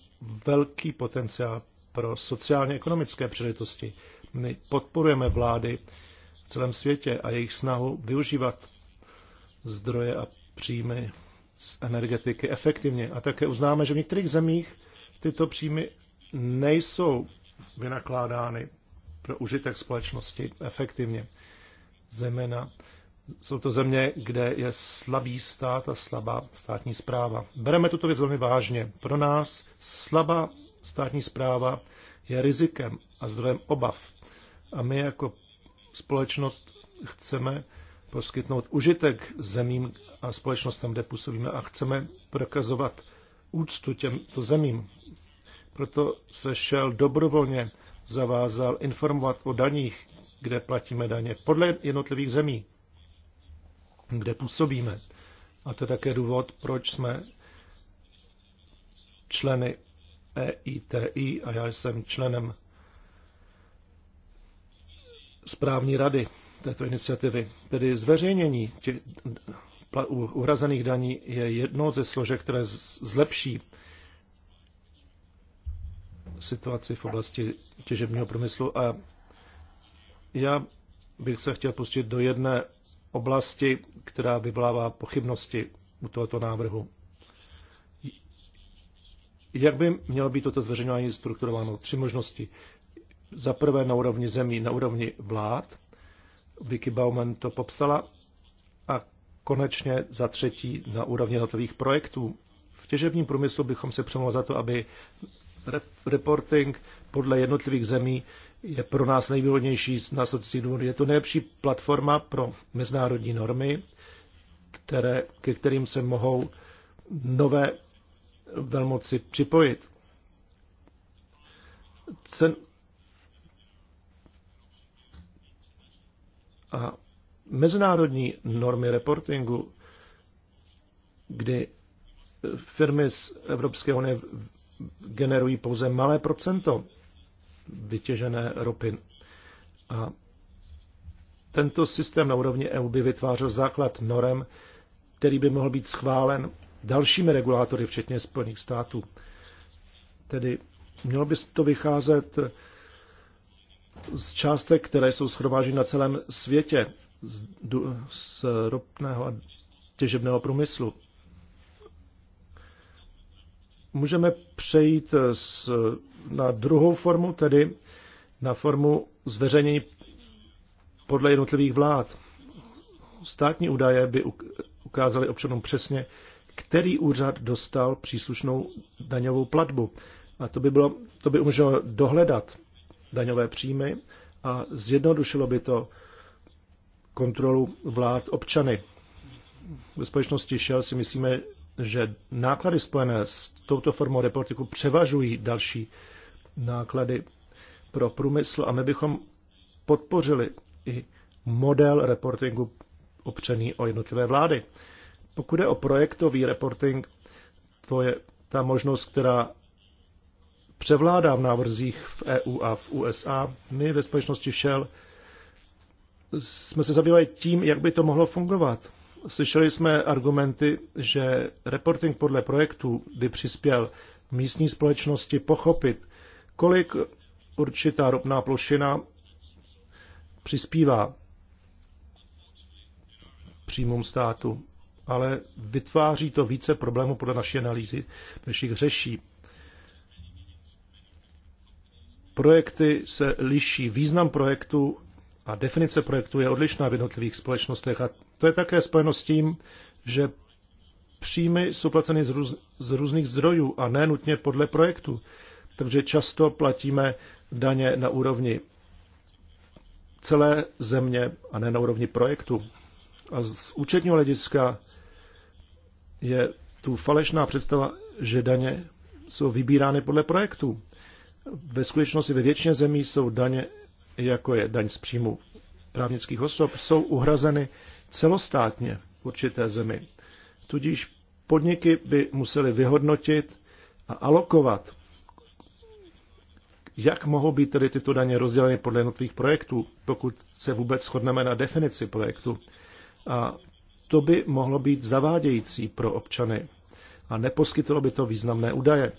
velký potenciál pro sociálně-ekonomické příležitosti. My podporujeme vlády v celém světě a jejich snahu využívat zdroje a příjmy z energetiky efektivně. A také uznáme, že v některých zemích tyto příjmy nejsou vynakládány pro užitek společnosti efektivně. Zejména jsou to země, kde je slabý stát a slabá státní zpráva. Bereme tuto věc velmi vážně. Pro nás slabá státní zpráva je rizikem a zdrojem obav. A my jako společnost chceme poskytnout užitek zemím a společnostem, kde působíme a chceme prokazovat úctu těmto zemím. Proto se šel dobrovolně zavázal informovat o daních, kde platíme daně, podle jednotlivých zemí, kde působíme. A to je také důvod, proč jsme členy EITI a já jsem členem správní rady této iniciativy. Tedy zveřejnění těch uhrazených daní je jedno ze složek, které zlepší situaci v oblasti těžebního průmyslu. A já bych se chtěl pustit do jedné oblasti, která vyvolává pochybnosti u tohoto návrhu. Jak by mělo být toto zveřejňování strukturováno? Tři možnosti. Za prvé na úrovni zemí, na úrovni vlád. Vicky Bauman to popsala. A konečně za třetí na úrovni jednotlivých projektů. V těžebním průmyslu bychom se přemohli za to, aby reporting podle jednotlivých zemí je pro nás nejvýhodnější z následující důvodů. Je to nejlepší platforma pro mezinárodní normy, které, ke kterým se mohou nové velmoci připojit. Cen, a mezinárodní normy reportingu, kdy firmy z Evropské unie generují pouze malé procento vytěžené ropy. A tento systém na úrovni EU by vytvářel základ norem, který by mohl být schválen dalšími regulátory, včetně Spojených států. Tedy mělo by to vycházet z částek, které jsou schromážděny na celém světě z, z ropného a těžebného průmyslu. Můžeme přejít z, na druhou formu, tedy na formu zveřejnění podle jednotlivých vlád. Státní údaje by ukázaly občanům přesně, který úřad dostal příslušnou daňovou platbu. A to by, bylo, to by umožnilo dohledat daňové příjmy a zjednodušilo by to kontrolu vlád občany. Ve společnosti Shell si myslíme, že náklady spojené s touto formou reportiku převažují další náklady pro průmysl a my bychom podpořili i model reportingu opřený o jednotlivé vlády. Pokud je o projektový reporting, to je ta možnost, která převládá v návrzích v EU a v USA. My ve společnosti Shell jsme se zabývali tím, jak by to mohlo fungovat. Slyšeli jsme argumenty, že reporting podle projektů by přispěl místní společnosti pochopit, kolik určitá ropná plošina přispívá příjmům státu, ale vytváří to více problémů podle naší analýzy, než jich řeší projekty se liší. Význam projektu a definice projektu je odlišná v jednotlivých společnostech a to je také spojeno s tím, že příjmy jsou placeny z, růz, z různých zdrojů a ne nutně podle projektu. Takže často platíme daně na úrovni celé země a ne na úrovni projektu. A z účetního hlediska je tu falešná představa, že daně jsou vybírány podle projektu. Ve skutečnosti ve většině zemí jsou daně, jako je daň z příjmu právnických osob, jsou uhrazeny celostátně v určité zemi. Tudíž podniky by musely vyhodnotit a alokovat, jak mohou být tedy tyto daně rozděleny podle jednotlivých projektů, pokud se vůbec shodneme na definici projektu. A to by mohlo být zavádějící pro občany a neposkytlo by to významné údaje.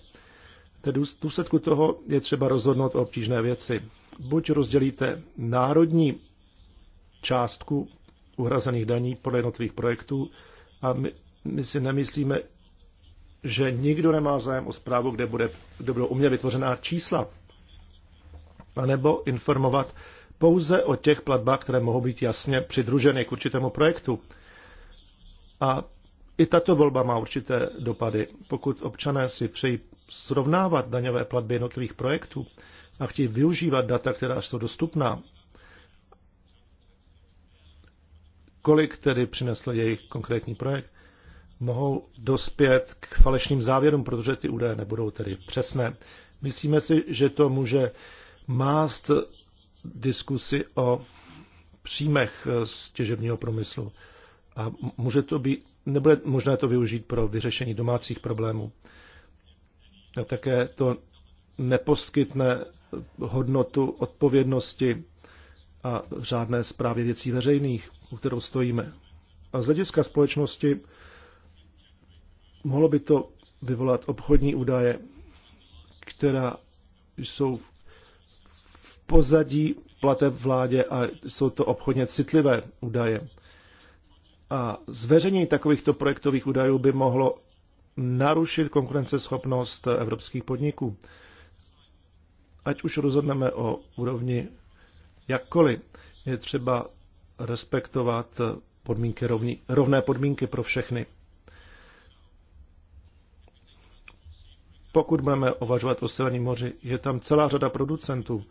Tedy v důsledku toho je třeba rozhodnout o obtížné věci. Buď rozdělíte národní částku uhrazených daní podle jednotlivých projektů a my, my si nemyslíme, že nikdo nemá zájem o zprávu, kde, bude, kde budou umě vytvořená čísla, anebo informovat pouze o těch platbách, které mohou být jasně přidruženy k určitému projektu. A i tato volba má určité dopady. Pokud občané si přejí srovnávat daňové platby jednotlivých projektů a chtějí využívat data, která jsou dostupná, kolik tedy přinesl jejich konkrétní projekt, mohou dospět k falešným závěrům, protože ty údaje nebudou tedy přesné. Myslíme si, že to může mást diskusy o příjmech z těžebního průmyslu. A může to být, nebude možné to využít pro vyřešení domácích problémů a také to neposkytne hodnotu odpovědnosti a řádné zprávy věcí veřejných, u kterou stojíme. A z hlediska společnosti mohlo by to vyvolat obchodní údaje, která jsou v pozadí plateb vládě a jsou to obchodně citlivé údaje. A zveřejnění takovýchto projektových údajů by mohlo narušit konkurenceschopnost evropských podniků. Ať už rozhodneme o úrovni jakkoliv, je třeba respektovat podmínky rovní, rovné podmínky pro všechny. Pokud budeme uvažovat o Severním moři, je tam celá řada producentů,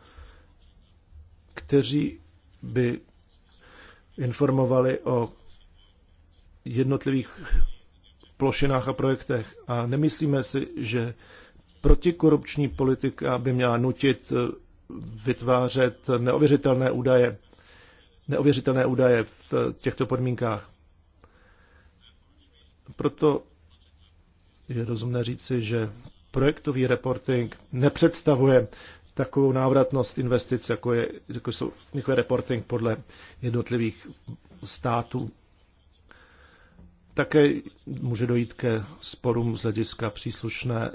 kteří by informovali o jednotlivých plošinách a projektech. A nemyslíme si, že protikorupční politika by měla nutit eh, vytvářet neověřitelné údaje, neověřitelné údaje v eh, těchto podmínkách. Proto je rozumné říci, že projektový reporting nepředstavuje takovou návratnost investic, jako, je, jako jsou jako reporting podle jednotlivých států také může dojít ke sporům z hlediska příslušné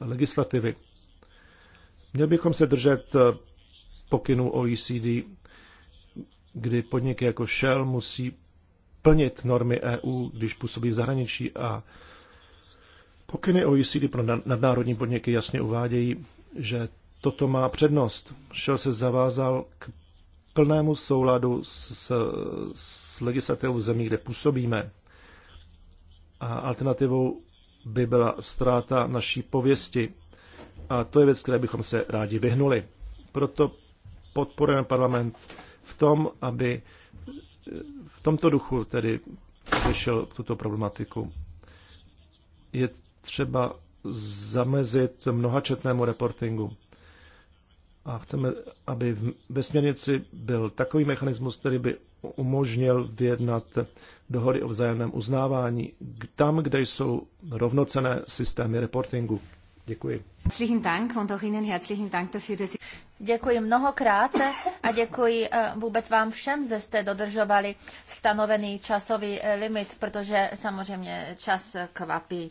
legislativy. Měli bychom se držet eh, pokynů OECD, kdy podniky jako Shell musí plnit normy EU, když působí v zahraničí a pokyny OECD pro nadnárodní podniky jasně uvádějí, že toto má přednost. Shell se zavázal k plnému souladu s, s, s legislativou zemí, kde působíme. A alternativou by byla ztráta naší pověsti. A to je věc, které bychom se rádi vyhnuli. Proto podporujeme parlament v tom, aby v tomto duchu tedy řešil tuto problematiku. Je třeba zamezit mnohačetnému reportingu a chceme, aby ve směrnici byl takový mechanismus, který by umožnil vyjednat dohody o vzájemném uznávání tam, kde jsou rovnocené systémy reportingu. Děkuji. Děkuji mnohokrát a děkuji eh, vůbec vám všem, že jste dodržovali stanovený časový eh, limit, protože samozřejmě čas kvapí.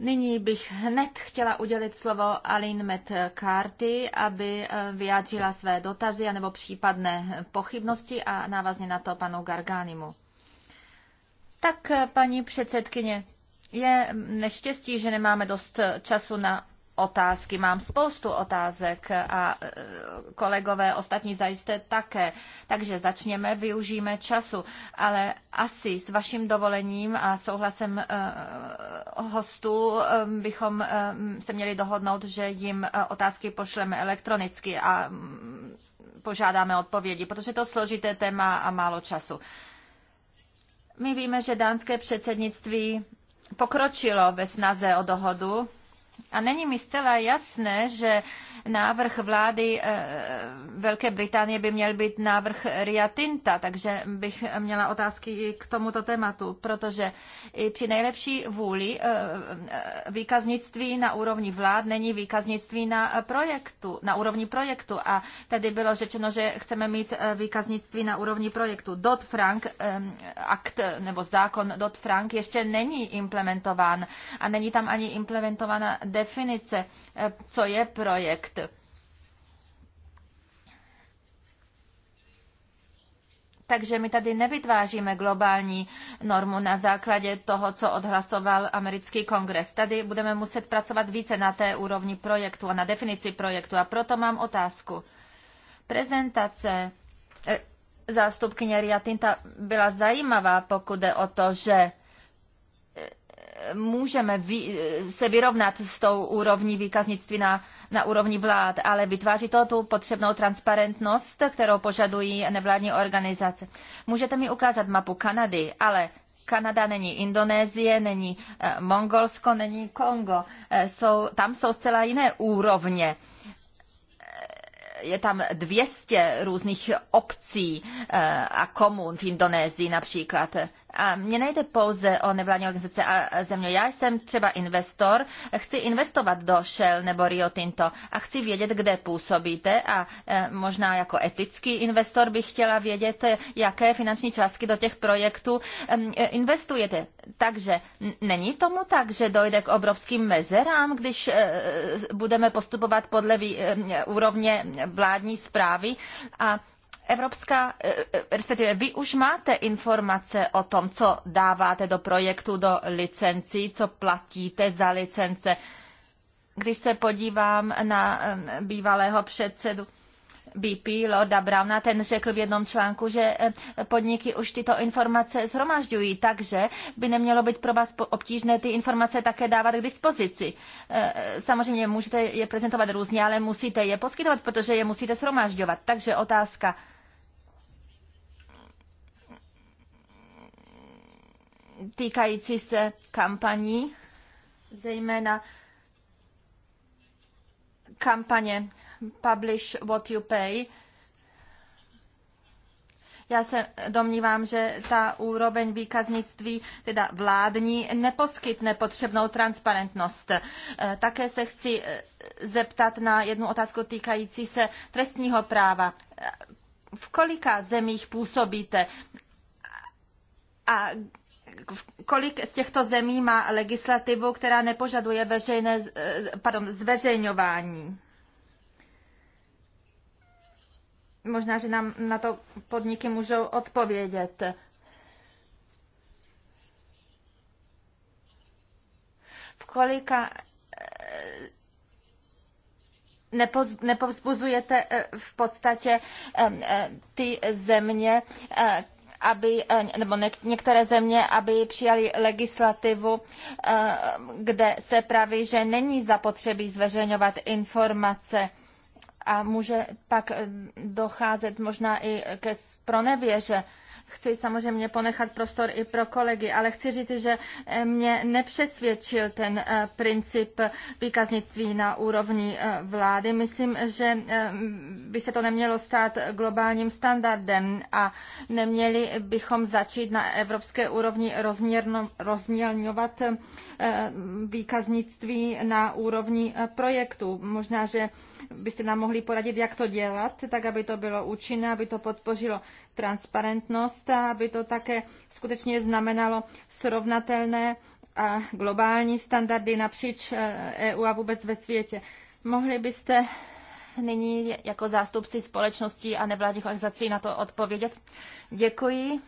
Nyní bych hned chtěla udělit slovo Aline McCarthy, aby eh, vyjádřila své dotazy anebo případné pochybnosti a návazně na to panu Garganimu. Tak, eh, paní předsedkyně, je neštěstí, že nemáme dost eh, času na otázky. Mám spoustu otázek a e, kolegové ostatní zajisté také. Takže začněme, využijeme času. Ale asi s vaším dovolením a souhlasem e, hostů e, bychom se měli dohodnout, že jim otázky pošleme elektronicky a požádáme odpovědi, protože to složité téma a málo času. My víme, že dánské předsednictví pokročilo ve snaze o dohodu a není mi zcela jasné, že návrh vlády eh, Velké Británie by měl být návrh Ria Tinta, takže bych měla otázky k tomuto tématu, protože i při nejlepší vůli eh, eh, výkaznictví na úrovni vlád není výkaznictví na, projektu, na úrovni projektu. A tady bylo řečeno, že chceme mít výkaznictví na úrovni projektu. Dodd-Frank akt nebo zákon Dodd-Frank ještě není implementován a není tam ani implementována definice, eh, co je projekt. Takže my tady nevytváříme globální normu na základě toho, co odhlasoval americký kongres. Tady budeme muset pracovat více na té úrovni projektu a na definici projektu. A proto mám otázku. Prezentace eh, zástupkyně Riatinta byla zajímavá, pokud jde o to, že můžeme se vyrovnat s tou úrovní výkaznictví na, na úrovni vlád, ale vytváří to tu potřebnou transparentnost, kterou požadují nevládní organizace. Můžete mi ukázat mapu Kanady, ale Kanada není Indonésie, není eh, Mongolsko, není Kongo. Eh, jsou, tam jsou zcela jiné úrovně eh, je tam 200 různých obcí a komun v Indonésii například. A mně nejde pouze o nevládní organizace a země. Já jsem třeba investor, chci investovat do Shell nebo Rio Tinto a chci vědět, kde působíte a e, možná jako etický investor bych chtěla vědět, jaké finanční částky do těch projektů e, investujete. Takže není tomu tak, že dojde k obrovským mezerám, když e, budeme postupovat podle úrovně vládní zprávy a Evropská, eh, eh, respektive vy už máte informace o tom, co dáváte do projektu, do licencí, co platíte za licence. Když se podívám na eh, bývalého předsedu BP Lorda Brauna, ten řekl v jednom článku, že podniky už tyto informace zhromažďují, takže by nemělo být pro vás obtížné ty informace také dávat k dispozici. Samozřejmě můžete je prezentovat různě, ale musíte je poskytovat, protože je musíte zhromažďovat. Takže otázka, týkající se kampaní, zejména kampaně Publish What You Pay. Já se domnívám, že ta úroveň výkaznictví, teda vládní, neposkytne potřebnou transparentnost. E, také se chci e, zeptat na jednu otázku týkající se trestního práva. E, v kolika zemích působíte a kolik z těchto zemí má legislativu, která nepožaduje veřejné, eh, pardon, zveřejňování? Možná, že nám na to podniky můžou odpovědět. V kolika eh, nepovzbuzujete eh, v podstatě ty země aby, eh, nebo některé země, aby přijali legislativu, eh, kde se praví, že není zapotřebí zveřejňovat informace a může pak eh, docházet možná i ke spronevěře Chci samozřejmě ponechat prostor i pro kolegy, ale chci říct, že eh, mě nepřesvědčil ten eh, princip výkaznictví na úrovni eh, vlády. Myslím, že by se to nemělo stát globálním standardem a neměli bychom začít na evropské úrovni rozměrno, rozmělňovat výkaznictví na úrovni projektu. Možná, že byste nám mohli poradit, jak to dělat, tak aby to bylo účinné, aby to podpořilo transparentnost, aby to také skutečně znamenalo srovnatelné a globální standardy napříč EU eh, e a vůbec ve světě. Mohli byste nyní jako zástupci společností a nevládních organizací na to odpovědět. Děkuji,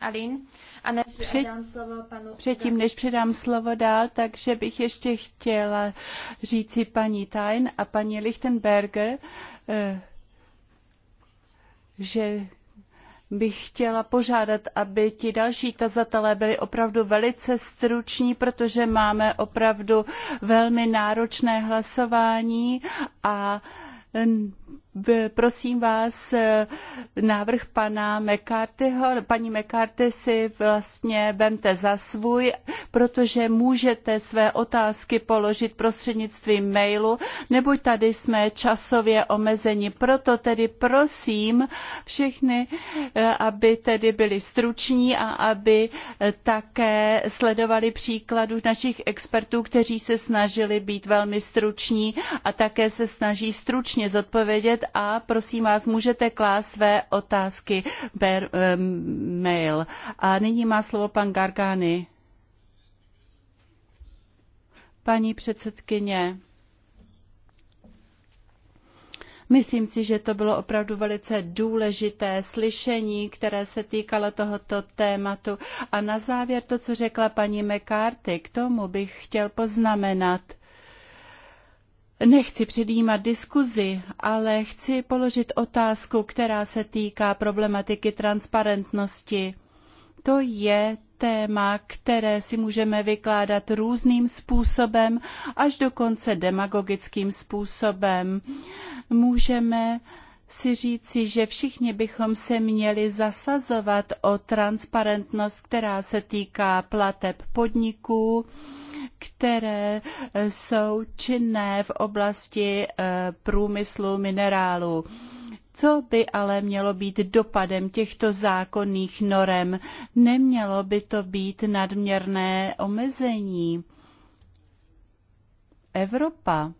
Alin. A než Před, slovo panu... Předtím, než předám slovo dál, takže bych ještě chtěla říci paní Tain a paní Lichtenberger, eh, že bych chtěla požádat, aby ti další tazatelé byli opravdu velice struční, protože máme opravdu velmi náročné hlasování a prosím vás, eh, návrh pana McCarthyho, paní McCarthy si vlastně vemte za svůj, protože můžete své otázky položit prostřednictvím mailu, neboť tady jsme časově omezeni. Proto tedy prosím všechny, eh, aby tedy byli struční a aby eh, také sledovali příkladu našich expertů, kteří se snažili být velmi struční a také se snaží stručně zodpovědět a prosím vás, můžete klást své otázky per um, mail. A nyní má slovo pan Gargány. Paní předsedkyně, Myslím si, že to bylo opravdu velice důležité slyšení, které se týkalo tohoto tématu. A na závěr to, co řekla paní McCarthy, k tomu bych chtěl poznamenat, Nechci předjímat diskuzi, ale chci položit otázku, která se týká problematiky transparentnosti. To je téma, které si můžeme vykládat různým způsobem, až dokonce demagogickým způsobem. Můžeme si říci, že všichni bychom se měli zasazovat o transparentnost, která se týká plateb podniků, které eh, jsou činné v oblasti eh, průmyslu minerálů. Co by ale mělo být dopadem těchto zákonných norem? Nemělo by to být nadměrné omezení. Evropa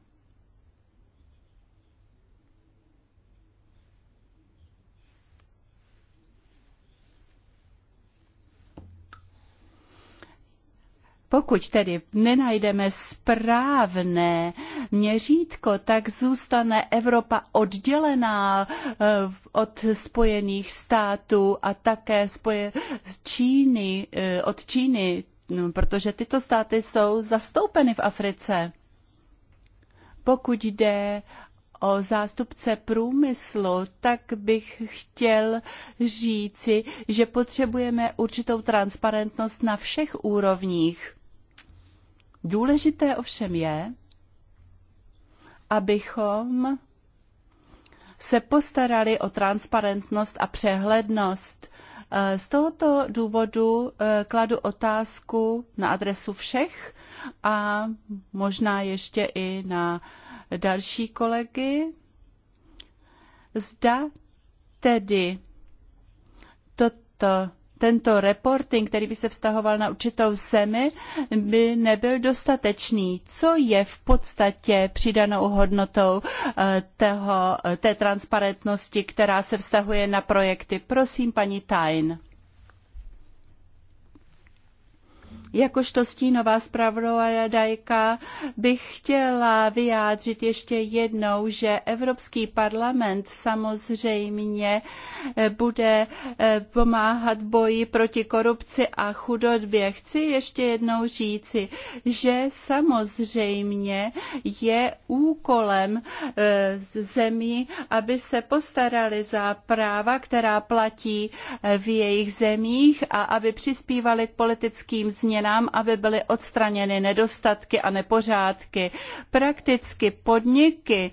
Pokud tedy nenajdeme správné měřítko, tak zůstane Evropa oddělená eh, od Spojených států a také spoje, z Číny, eh, od Číny, no, protože tyto státy jsou zastoupeny v Africe. Pokud jde o zástupce průmyslu, tak bych chtěl říci, že potřebujeme určitou transparentnost na všech úrovních Důležité ovšem je, abychom se postarali o transparentnost a přehlednost. Eh, z tohoto důvodu eh, kladu otázku na adresu všech a možná ještě i na další kolegy. Zda tedy toto tento reporting, který by se vztahoval na určitou zemi, by nebyl dostatečný. Co je v podstatě přidanou hodnotou eh, toho, eh, té transparentnosti, která se vztahuje na projekty? Prosím, paní Tajn. Jakožto stínová zpravodajka bych chtěla vyjádřit ještě jednou, že Evropský parlament samozřejmě eh, bude eh, pomáhat v boji proti korupci a chudobě. Chci ještě jednou říci, že samozřejmě je úkolem eh, zemí, aby se postarali za práva, která platí v jejich zemích a aby přispívali k politickým změnám změnám, aby byly odstraněny nedostatky a nepořádky. Prakticky podniky,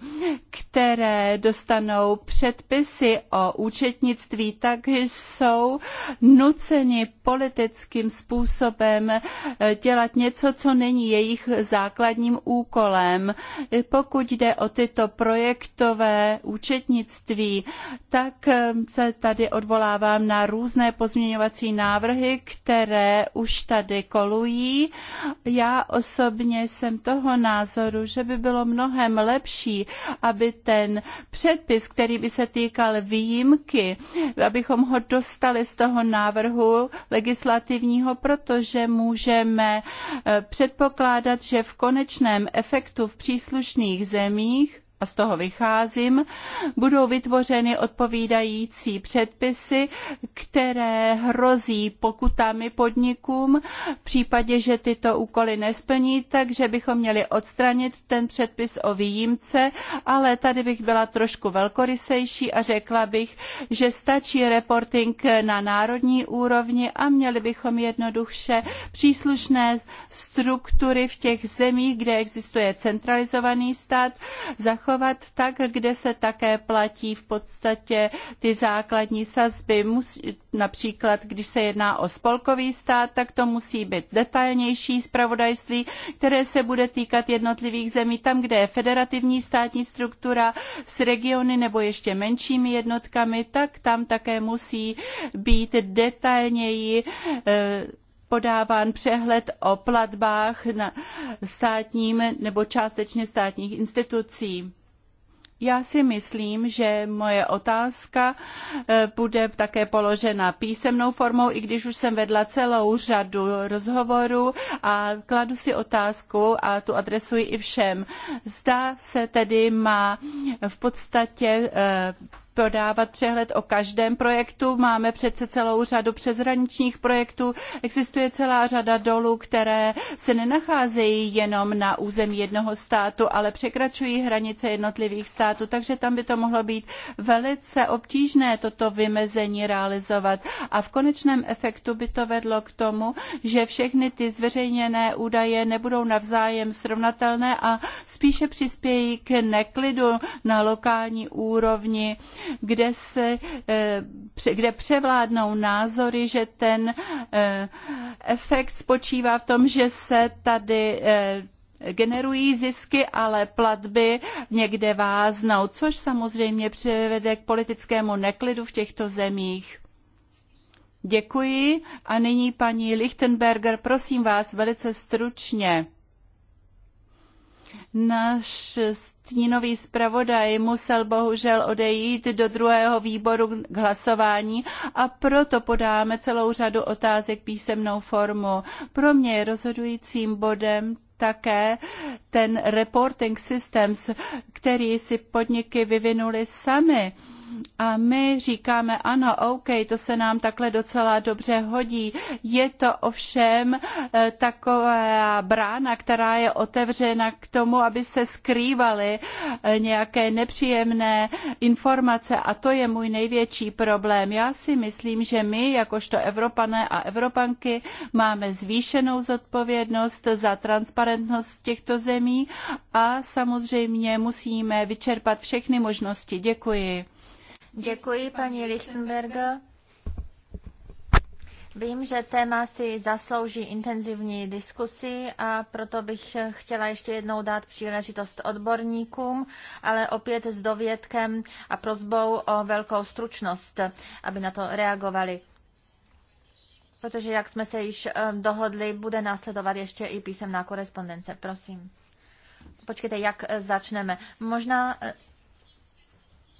které dostanou předpisy o účetnictví, tak jsou nuceni politickým způsobem eh, dělat něco, co není jejich základním úkolem. Pokud jde o tyto projektové účetnictví, tak eh, se tady odvolávám na různé pozměňovací návrhy, které už tady kolegové školují. Já osobně jsem toho názoru, že by bylo mnohem lepší, aby ten předpis, který by se týkal výjimky, abychom ho dostali z toho návrhu legislativního, protože můžeme eh, předpokládat, že v konečném efektu v příslušných zemích a z toho vycházím, budou vytvořeny odpovídající předpisy, které hrozí pokutami podnikům v případě, že tyto úkoly nesplní, takže bychom měli odstranit ten předpis o výjimce, ale tady bych byla trošku velkorysejší a řekla bych, že stačí reporting na národní úrovni a měli bychom jednoduše příslušné struktury v těch zemích, kde existuje centralizovaný stát, zachovat aplikovat tak, kde se také platí v podstatě ty základní sazby. Musí, například, když se jedná o spolkový stát, tak to musí být detailnější zpravodajství, které se bude týkat jednotlivých zemí. Tam, kde je federativní státní struktura s regiony nebo ještě menšími jednotkami, tak tam také musí být detailněji eh, podáván přehled o platbách na státním nebo částečně státních institucí. Já si myslím, že moje otázka eh, bude také položena písemnou formou, i když už jsem vedla celou řadu rozhovorů a kladu si otázku a tu adresuji i všem. Zda se tedy má v podstatě eh, podávat přehled o každém projektu. Máme přece celou řadu přeshraničních projektů. Existuje celá řada dolů, které se nenacházejí jenom na území jednoho státu, ale překračují hranice jednotlivých států, takže tam by to mohlo být velice obtížné toto vymezení realizovat. A v konečném efektu by to vedlo k tomu, že všechny ty zveřejněné údaje nebudou navzájem srovnatelné a spíše přispějí k neklidu na lokální úrovni kde, se, eh, kde převládnou názory, že ten eh, efekt spočívá v tom, že se tady eh, generují zisky, ale platby někde váznou, což samozřejmě přivede k politickému neklidu v těchto zemích. Děkuji a nyní paní Lichtenberger, prosím vás velice stručně. Náš stínový zpravodaj musel bohužel odejít do druhého výboru k hlasování a proto podáme celou řadu otázek písemnou formou. Pro mě je rozhodujícím bodem také ten reporting systems, který si podniky vyvinuli sami a my říkáme, ano, OK, to se nám takhle docela dobře hodí. Je to ovšem eh, taková brána, která je otevřena k tomu, aby se skrývaly eh, nějaké nepříjemné informace a to je můj největší problém. Já si myslím, že my, jakožto Evropané a Evropanky, máme zvýšenou zodpovědnost za transparentnost těchto zemí a samozřejmě musíme vyčerpat všechny možnosti. Děkuji. Děkuji, paní Lichtenberger. Vím, že téma si zaslouží intenzivní diskusi a proto bych chtěla ještě jednou dát příležitost odborníkům, ale opět s dovědkem a prozbou o velkou stručnost, aby na to reagovali. Protože, jak jsme se již eh, dohodli, bude následovat ještě i písemná korespondence. Prosím. Počkejte, jak eh, začneme. Možná eh,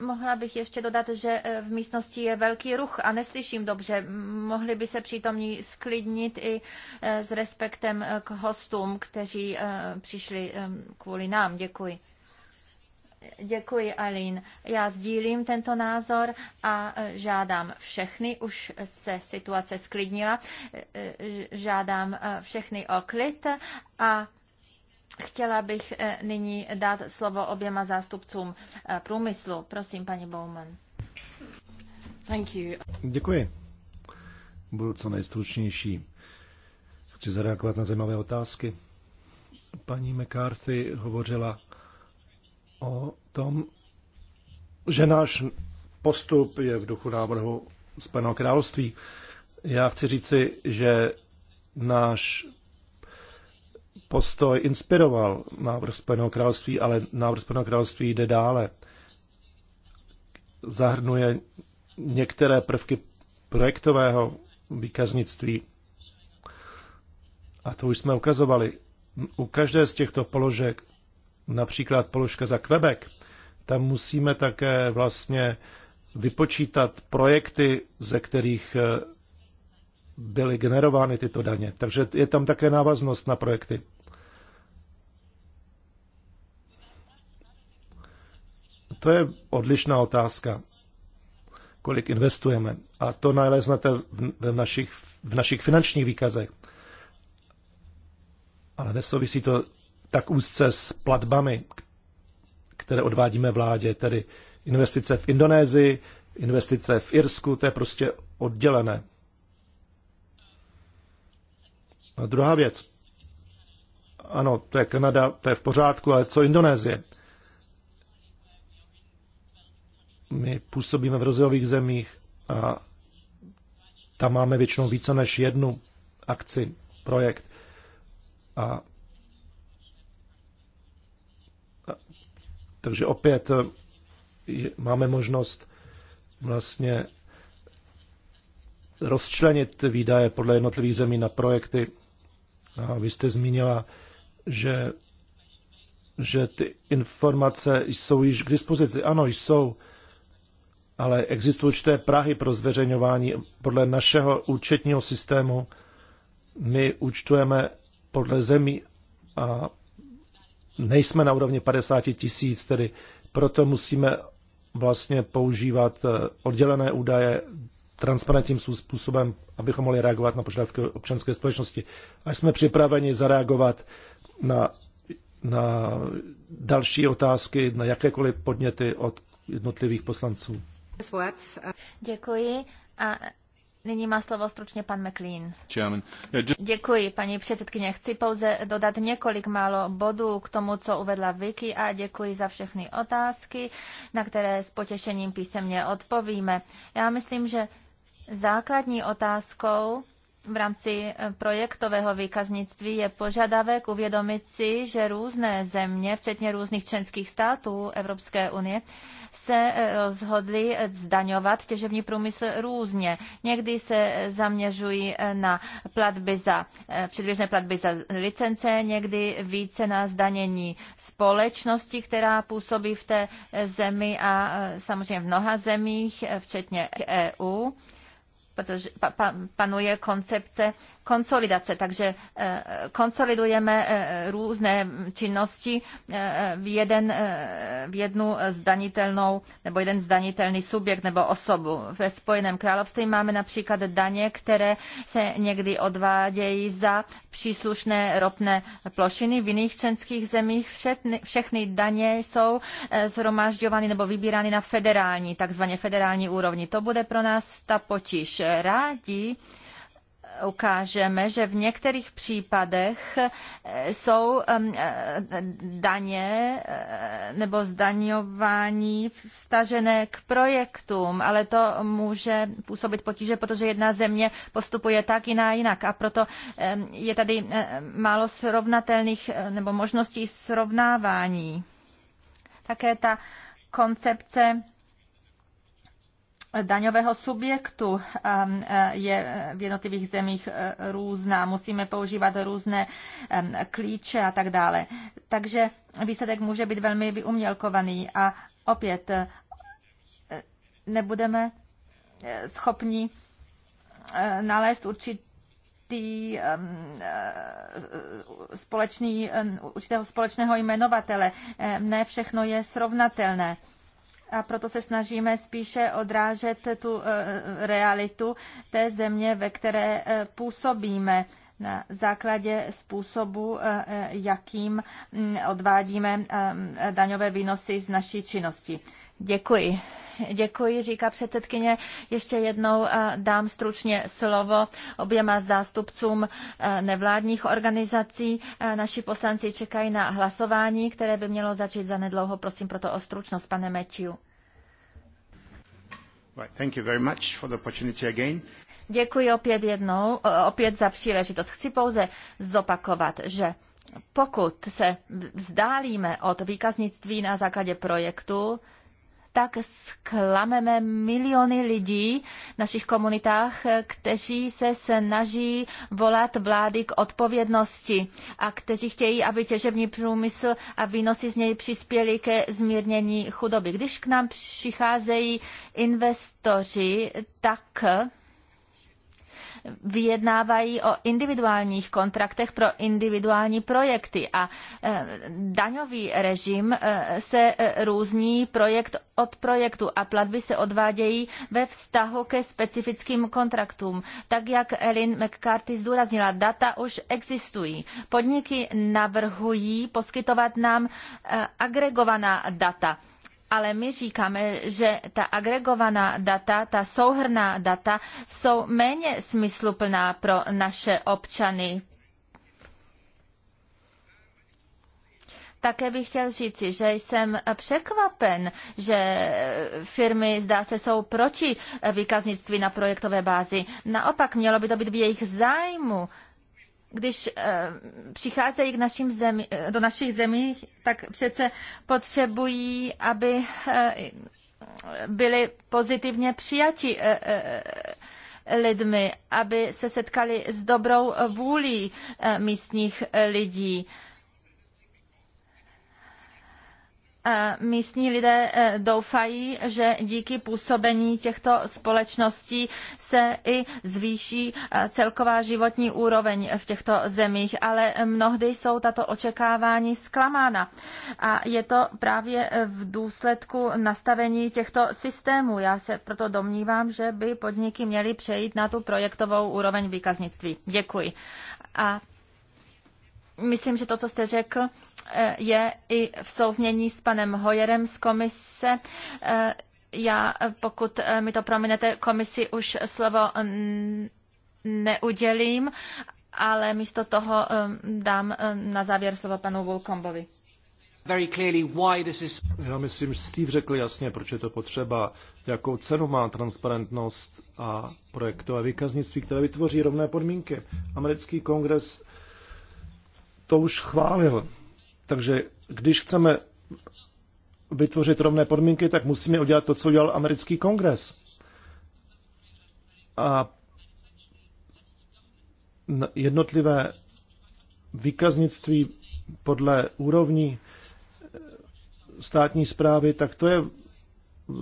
Mohla bych ještě dodat, že eh, v místnosti je velký ruch a neslyším dobře. Mohli by se přítomní sklidnit i eh, s respektem eh, k hostům, kteří přišli kvůli nám. Děkuji. Děkuji, Alin. Já sdílím tento názor a žádám všechny, už se situace sklidnila, žádám všechny o klid a Chtěla bych eh, nyní dát slovo oběma zástupcům eh, průmyslu. Prosím, paní Bowman. Thank you. Děkuji. Budu co nejstručnější. Chci zareagovat na zajímavé otázky. Paní McCarthy hovořila o tom, že náš postup je v duchu návrhu Spojeného království. Já chci říci, že náš postoj inspiroval návrh Spojeného království, ale návrh Spojeného království jde dále. Zahrnuje některé prvky projektového výkaznictví. A to už jsme ukazovali. U každé z těchto položek, například položka za Quebec, tam musíme také vlastně vypočítat projekty, ze kterých byly generovány tyto daně. Takže je tam také návaznost na projekty. To je odlišná otázka, kolik investujeme. A to naleznete v, našich, v našich finančních výkazech. Ale nesouvisí to tak úzce s platbami, které odvádíme vládě, tedy investice v Indonésii, investice v Irsku, to je prostě oddělené. A druhá věc. Ano, to je Kanada, to je v pořádku, ale co Indonésie? My působíme v rozvojových zemích a tam máme většinou více než jednu akci, projekt. A, a takže opět eh, je, máme možnost vlastně rozčlenit výdaje podle jednotlivých zemí na projekty a vy jste zmínila, že, že ty informace jsou již k dispozici. Ano, jsou, ale existují určité Prahy pro zveřejňování. Podle našeho účetního systému my účtujeme podle zemí a nejsme na úrovni 50 tisíc, tedy proto musíme vlastně používat eh, oddělené údaje transparentním způsobem, abychom mohli reagovat na požadavky občanské společnosti. A jsme připraveni zareagovat na, na další otázky, na jakékoliv podněty od jednotlivých poslanců. Děkuji. A Nyní má slovo stručně pan McLean. Děkuji, paní předsedkyně. Chci pouze dodat několik málo bodů k tomu, co uvedla Vicky a děkuji za všechny otázky, na které s potěšením písemně odpovíme. Já myslím, že Základní otázkou v rámci eh, projektového výkaznictví je požadavek uvědomit si, že různé země, včetně různých členských států Evropské unie, se eh, rozhodly eh, zdaňovat těžební průmysl různě. Někdy se zaměřují na platby za, předběžné platby za licence, někdy více na zdanění společnosti, která působí v té zemi a samozřejmě v mnoha zemích, včetně e- EU protože panuje koncepce konsolidace. Takže eh, konsolidujeme eh, různé činnosti eh, v, jeden, v jednu zdanitelnou nebo jeden zdanitelný subjekt nebo osobu. Ve Spojeném království máme například daně, které se někdy odvádějí za příslušné ropné plošiny. V jiných členských zemích všechny, všechny daně jsou zhromažďovány nebo vybírány na federální, takzvaně federální úrovni. To bude pro nás ta potíž. Rádi ukážeme, že v některých případech eh, jsou eh, daně eh, nebo zdaňování vstažené k projektům, ale to může působit potíže, protože jedna země postupuje tak, jiná jinak. A proto je tady málo srovnatelných nebo možností srovnávání. Také ta koncepce daňového subjektu um, eh, je v jednotlivých zemích eh, různá. Musíme používat různé klíče a tak dále. Takže výsledek může být velmi vyumělkovaný a opět eh, nebudeme schopni nalézt určitý společný, určitého společného jmenovatele. Ne všechno je srovnatelné a proto se snažíme spíše odrážet tu eh, realitu té země, ve které eh, působíme na základě způsobu, eh, jakým mm, odvádíme daňové výnosy z naší činnosti. Děkuji. Děkuji, říká předsedkyně. Ještě jednou eh, dám stručně slovo oběma zástupcům eh, nevládních organizací. Eh, naši poslanci čekají na hlasování, které by mělo začít zanedlouho. Prosím proto o stručnost, pane Matthew. Děkuji opět jednou, opět za příležitost. Chci pouze zopakovat, že pokud se vzdálíme od výkaznictví na základě projektu, tak zklameme miliony lidí v našich komunitách, kteří se snaží volat vlády k odpovědnosti a kteří chtějí, aby těžební průmysl a výnosy z něj přispěly ke zmírnění chudoby. Když k nám přicházejí investoři, tak vyjednávají o individuálních kontraktech pro individuální projekty a e, daňový režim e, se e, různí projekt od projektu a platby se odvádějí ve vztahu ke specifickým kontraktům. Tak jak Elin McCarthy zdůraznila, data už existují. Podniky navrhují poskytovat nám agregovaná data ale my říkáme, že ta agregovaná data, ta souhrná data jsou méně smysluplná pro naše občany, Také bych chtěl říci, že jsem překvapen, že firmy, zdá se, jsou proti výkaznictví na projektové bázi. Naopak, mělo by to být v jejich zájmu, když eh, přicházejí k našim zemi, eh, do našich zemí, tak přece potřebují, aby eh, byli pozitivně přijati lidmi, aby se setkali s dobrou vůlí místních lidí. místní lidé e, doufají, že díky působení těchto společností se i zvýší e, celková životní úroveň v těchto zemích, ale mnohdy jsou tato očekávání zklamána. A je to právě v důsledku nastavení těchto systémů. Já se proto domnívám, že by podniky měly přejít na tu projektovou úroveň výkaznictví. Děkuji. A Myslím, že to, co jste řekl, eh, je i v souznění s panem Hojerem z komise. Eh, já, eh, pokud mi to prominete, komisi už slovo neudělím, ale místo toho dám na závěr slovo panu Vulkombovi. Já myslím, že Steve řekl jasně, proč je to potřeba, jakou cenu má transparentnost a projektové výkaznictví, které vytvoří rovné podmínky. Americký kongres to už chválil, Takže když chceme vytvořit rovné podmínky, tak musíme udělat to, co udělal americký kongres. A jednotlivé výkaznictví podle úrovní eh, státní zprávy, tak to je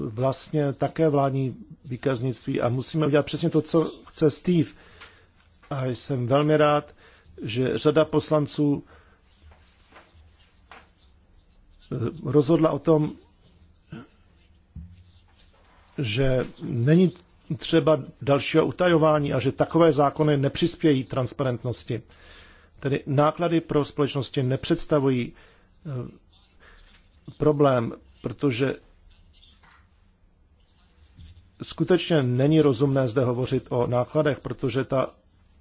vlastně také vládní výkaznictví a musíme udělat přesně to, co chce Steve. A jsem velmi rád, že řada poslanců eh, rozhodla o tom, že není třeba dalšího utajování a že takové zákony nepřispějí transparentnosti. Tedy náklady pro společnosti nepředstavují eh, problém, protože skutečně není rozumné zde hovořit o nákladech, protože ta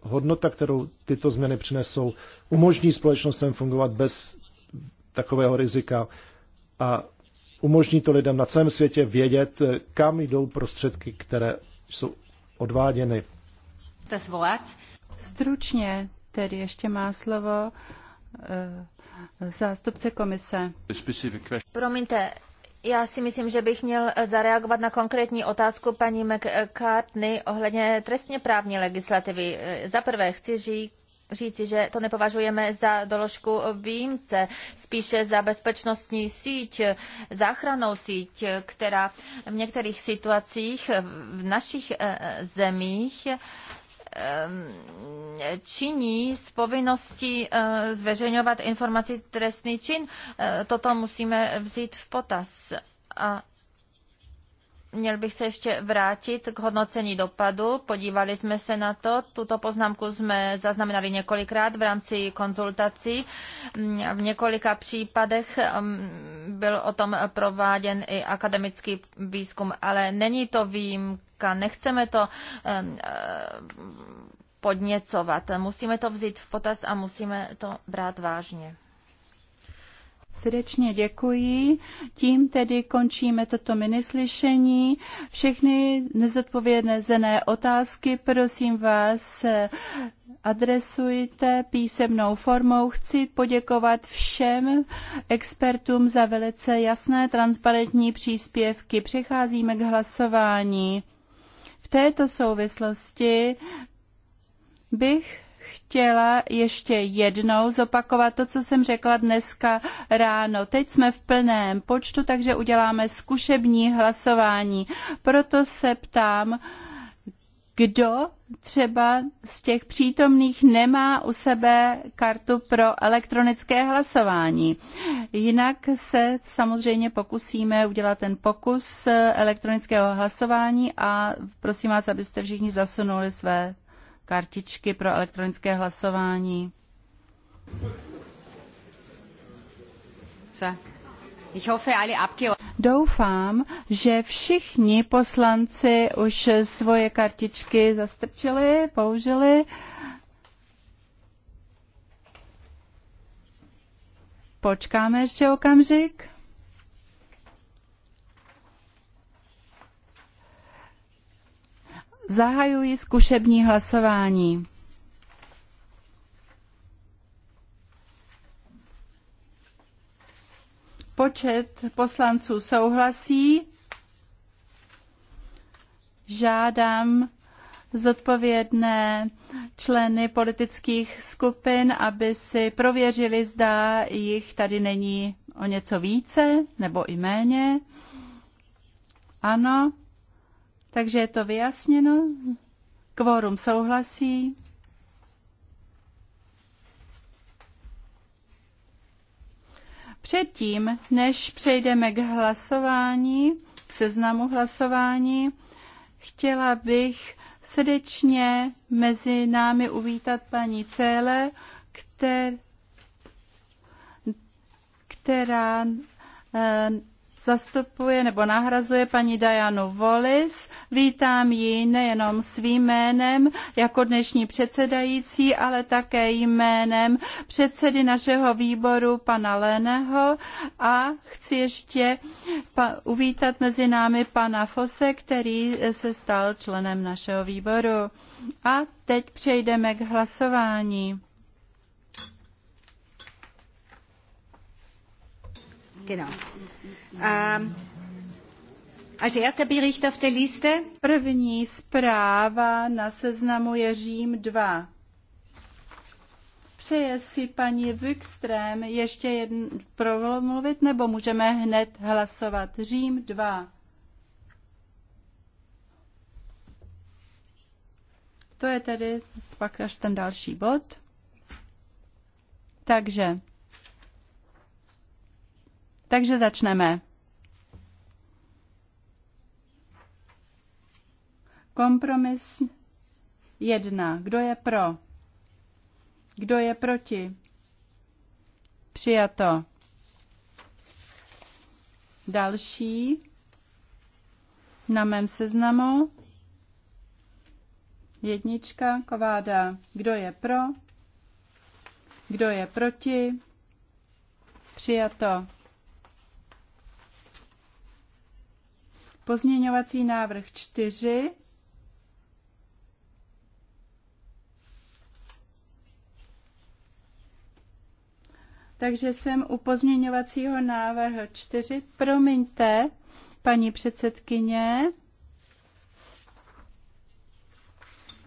hodnota, kterou tyto změny přinesou, umožní společnostem fungovat bez takového rizika a umožní to lidem na celém světě vědět, kam jdou prostředky, které jsou odváděny. Stručně tedy ještě má slovo eh, zástupce komise. Promiňte, já si myslím, že bych měl eh, zareagovat na konkrétní otázku paní McCartney ohledně trestně právní legislativy. Eh, za prvé chci říct, říci, že to nepovažujeme za doložku výjimce, spíše za bezpečnostní síť, záchranou síť, která v některých situacích v našich eh, zemích činí z povinnosti eh, zveřejňovat informaci trestný čin. Eh, toto musíme vzít v potaz. A Měl bych se ještě vrátit k hodnocení dopadu. Podívali jsme se na to. Tuto poznámku jsme zaznamenali několikrát v rámci konzultací. V několika případech um, byl o tom prováděn i akademický výzkum, ale není to výjimka. Nechceme to um, podněcovat. Musíme to vzít v potaz a musíme to brát vážně. Srdečně děkuji. Tím tedy končíme toto minislyšení. Všechny nezodpovězené otázky, prosím vás, adresujte písemnou formou. Chci poděkovat všem expertům za velice jasné, transparentní příspěvky. Přecházíme k hlasování. V této souvislosti bych chtěla ještě jednou zopakovat to, co jsem řekla dneska ráno. Teď jsme v plném počtu, takže uděláme zkušební hlasování. Proto se ptám, kdo třeba z těch přítomných nemá u sebe kartu pro elektronické hlasování. Jinak se samozřejmě pokusíme udělat ten pokus elektronického hlasování a prosím vás, abyste všichni zasunuli své kartičky pro elektronické hlasování. Doufám, že všichni poslanci už svoje kartičky zastrčili, použili. Počkáme ještě okamžik. Zahajuji zkušební hlasování. Počet poslanců souhlasí. Žádám zodpovědné členy politických skupin, aby si prověřili, zda jich tady není o něco více nebo i méně. Ano, takže je to vyjasněno. Kvórum souhlasí. Předtím, než přejdeme k hlasování, k seznamu hlasování, chtěla bych srdečně mezi námi uvítat paní Céle, která eh, zastupuje nebo nahrazuje paní Dianu Volis. Vítám ji nejenom svým jménem jako dnešní předsedající, ale také jménem předsedy našeho výboru pana Leného a chci ještě uvítat mezi námi pana Fose, který se stal členem našeho výboru. A teď přejdeme k hlasování. Genau. Um, ehm, Až erster Bericht auf der Liste. První zpráva na seznamu je Řím 2. Přeje si paní Wikström ještě jedn promluvit, nebo můžeme hned hlasovat? Řím 2. To je tedy pak až ten další bod. Takže takže začneme. Kompromis jedna. Kdo je pro? Kdo je proti? Přijato. Další na mém seznamu. Jednička, kováda. Kdo je pro? Kdo je proti? Přijato. Pozměňovací návrh 4. Takže jsem u pozměňovacího návrhu 4. Promiňte, paní předsedkyně.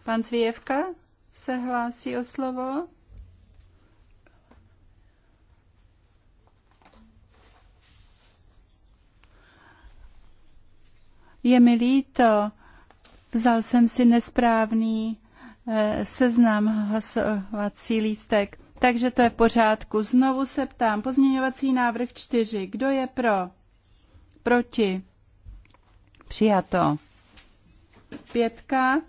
Pan Zvěvka se hlásí o slovo. Je mi líto, vzal jsem si nesprávný eh, seznam hlasovací lístek. Takže to je v pořádku. Znovu se ptám. Pozměňovací návrh 4. Kdo je pro? Proti? Přijato. Pětka.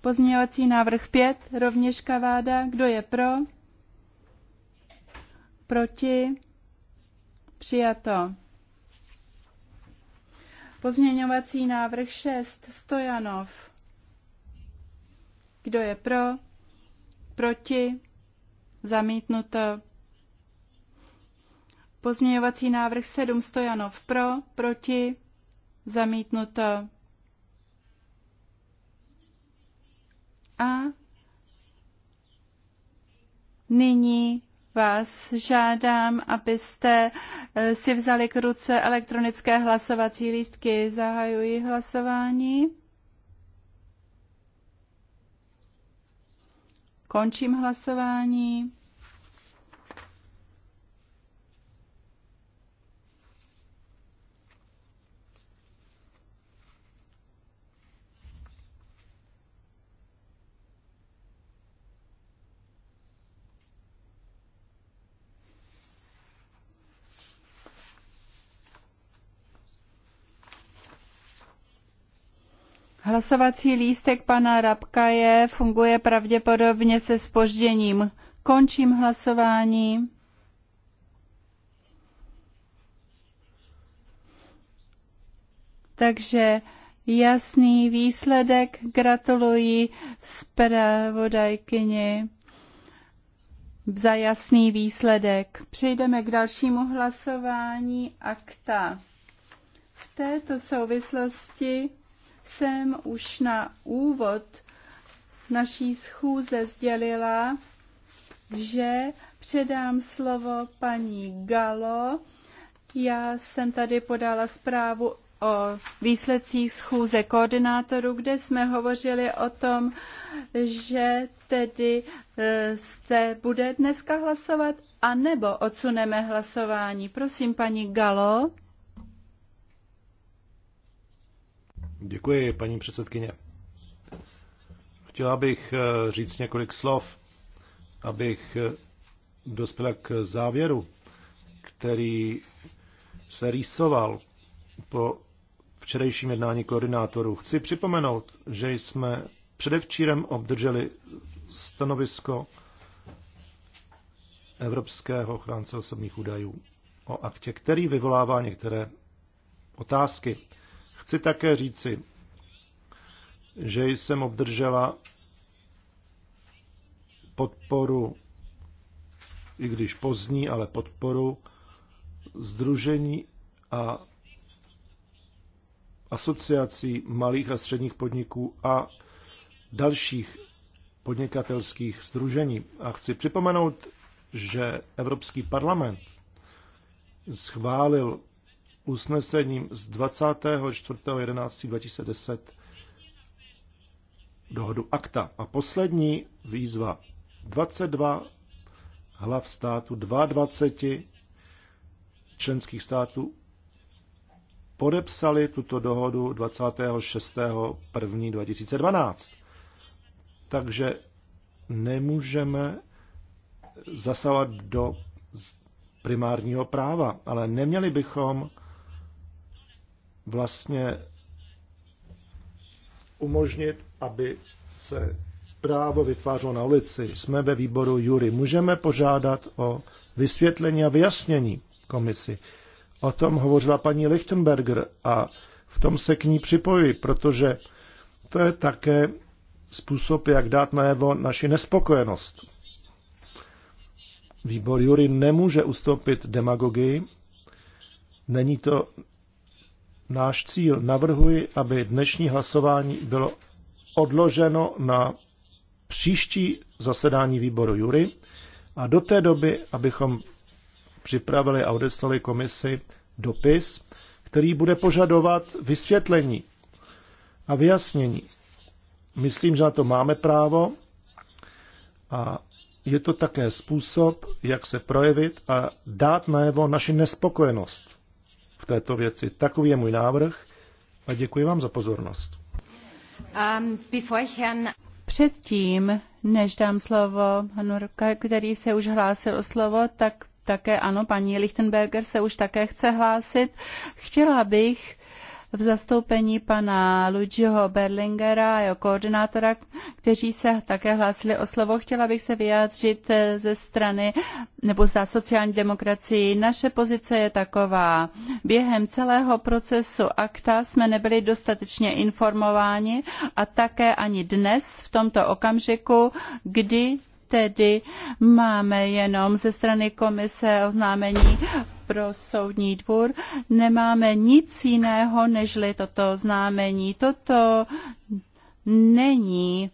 Pozměňovací návrh 5. Rovněž kaváda. Kdo je pro? Proti? Přijato. Pozměňovací návrh 6. Stojanov. Kdo je pro? Proti? Zamítnuto. Pozměňovací návrh 7. Stojanov. Pro? Proti? Zamítnuto. A nyní vás žádám, abyste eh, si vzali k ruce elektronické hlasovací lístky. Zahajuji hlasování. Končím hlasování. Hlasovací lístek pana je funguje pravděpodobně se spožděním. Končím hlasování. Takže jasný výsledek. Gratuluji zpravodajkyni za jasný výsledek. Přejdeme k dalšímu hlasování akta. V této souvislosti jsem už na úvod naší schůze sdělila, že předám slovo paní Galo. Já jsem tady podala zprávu o výsledcích schůze koordinátorů, kde jsme hovořili o tom, že tedy se bude dneska hlasovat, anebo odsuneme hlasování. Prosím, paní Galo. Děkuji, paní předsedkyně. Chtěla bych eh, říct několik slov, abych eh, dospěla k závěru, který se rýsoval po včerejším jednání koordinátorů. Chci připomenout, že jsme předevčírem obdrželi stanovisko Evropského ochránce osobních údajů o aktě, který vyvolává některé otázky. Chci také říci, že jsem obdržela podporu, i když pozdní, ale podporu Združení a asociací malých a středních podniků a dalších podnikatelských združení. A chci připomenout, že Evropský parlament schválil usnesením z 24.11.2010 dohodu akta. A poslední výzva 22 hlav státu, 22 členských států podepsali tuto dohodu 26.1.2012. Takže nemůžeme zasahovat do primárního práva, ale neměli bychom vlastně umožnit, aby se právo vytvářelo na ulici. Jsme ve výboru Jury. Můžeme požádat o vysvětlení a vyjasnění komisi. O tom hovořila paní Lichtenberger a v tom se k ní připojí, protože to je také způsob, jak dát najevo naši nespokojenost. Výbor Jury nemůže ustoupit demagogii, není to náš cíl. Navrhuji, aby dnešní hlasování bylo odloženo na příští zasedání výboru Jury a do té doby, abychom připravili a odeslali komisi dopis, který bude požadovat vysvětlení a vyjasnění. Myslím, že na to máme právo a je to také způsob, jak se projevit a dát najevo naši nespokojenost v této věci. Takový je můj návrh a děkuji vám za pozornost. Um, Předtím, než dám slovo panu Ruka, který se už hlásil o slovo, tak také ano, paní Lichtenberger se už také chce hlásit. Chtěla bych v zastoupení pana Luigiho Berlingera jako koordinátora, kteří se také hlásili o slovo. Chtěla bych se vyjádřit eh, ze strany nebo za sociální demokracii. Naše pozice je taková. Během celého procesu akta jsme nebyli dostatečně informováni a také ani dnes v tomto okamžiku, kdy tedy máme jenom ze strany komise oznámení pro soudní dvůr nemáme nic jiného nežli toto známení. Toto není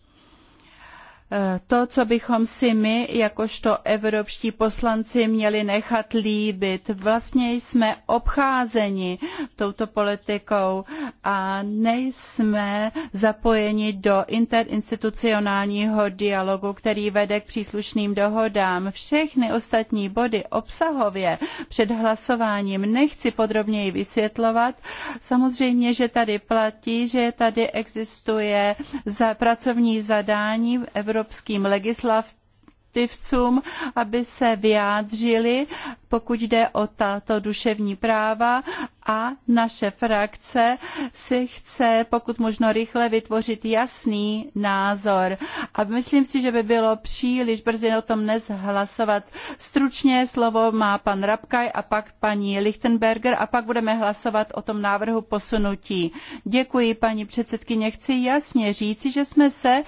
to, co bychom si my, jakožto evropští poslanci, měli nechat líbit. Vlastně jsme obcházeni touto politikou a nejsme zapojeni do interinstitucionálního dialogu, který vede k příslušným dohodám. Všechny ostatní body obsahově před hlasováním nechci podrobněji vysvětlovat. Samozřejmě, že tady platí, že tady existuje za pracovní zadání Evropské evropským legislativcům, aby se vyjádřili pokud jde o tato duševní práva a naše frakce si chce pokud možno rychle vytvořit jasný názor. A myslím si, že by bylo příliš brzy o tom dnes hlasovat. Stručně slovo má pan Rabkaj a pak paní Lichtenberger a pak budeme hlasovat o tom návrhu posunutí. Děkuji, paní předsedkyně. Chci jasně říci, že jsme se,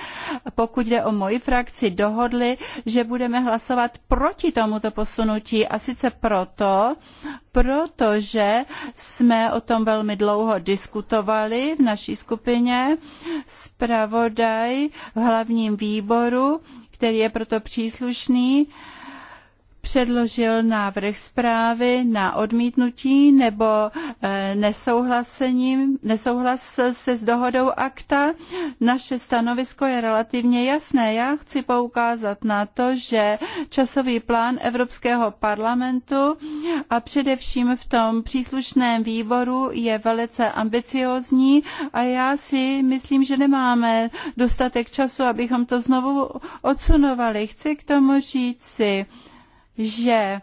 pokud jde o moji frakci, dohodli, že budeme hlasovat proti tomuto posunutí a sice proto, protože jsme o tom velmi dlouho diskutovali v naší skupině. Spravodaj v hlavním výboru, který je proto příslušný, předložil návrh zprávy na odmítnutí nebo eh, nesouhlasením, nesouhlas se s dohodou akta. Naše stanovisko je relativně jasné. Já chci poukázat na to, že časový plán Evropského parlamentu a především v tom příslušném výboru je velice ambiciózní a já si myslím, že nemáme dostatek času, abychom to znovu odsunovali. Chci k tomu říci, že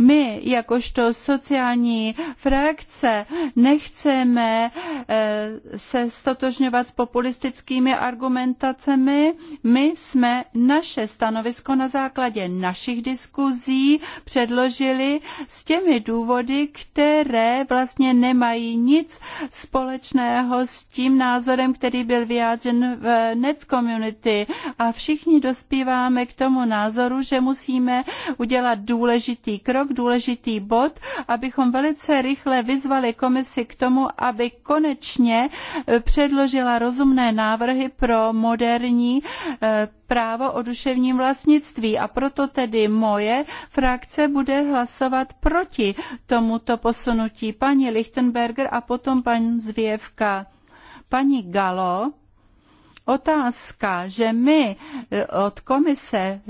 my, jakožto sociální frakce, nechceme eh, se stotožňovat s populistickými argumentacemi. My jsme naše stanovisko na základě našich diskuzí předložili s těmi důvody, které vlastně nemají nic společného s tím názorem, který byl vyjádřen v Nec Community. A všichni dospíváme k tomu názoru, že musíme udělat důležitý krok, důležitý bod, abychom velice rychle vyzvali komisi k tomu, aby konečně eh, předložila rozumné návrhy pro moderní eh, právo o duševním vlastnictví a proto tedy moje frakce bude hlasovat proti tomuto posunutí paní Lichtenberger a potom pan Zvěvka. Paní Galo Otázka, že my eh, od komise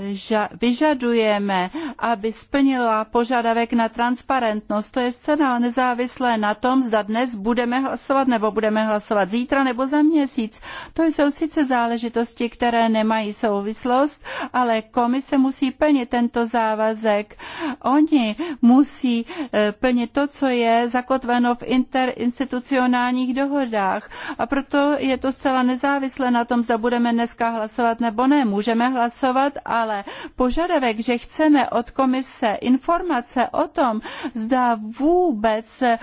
vyžadujeme, aby splnila požadavek na transparentnost, to je zcela nezávislé na tom, zda dnes budeme hlasovat nebo budeme hlasovat zítra nebo za měsíc. To jsou sice záležitosti, které nemají souvislost, ale komise musí plnit tento závazek. Oni musí eh, plnit to, co je zakotveno v interinstitucionálních dohodách a proto je to zcela nezávislé na tom, zda budeme dneska hlasovat nebo ne. Můžeme hlasovat, ale požadavek, že chceme od komise informace o tom, zda vůbec eh,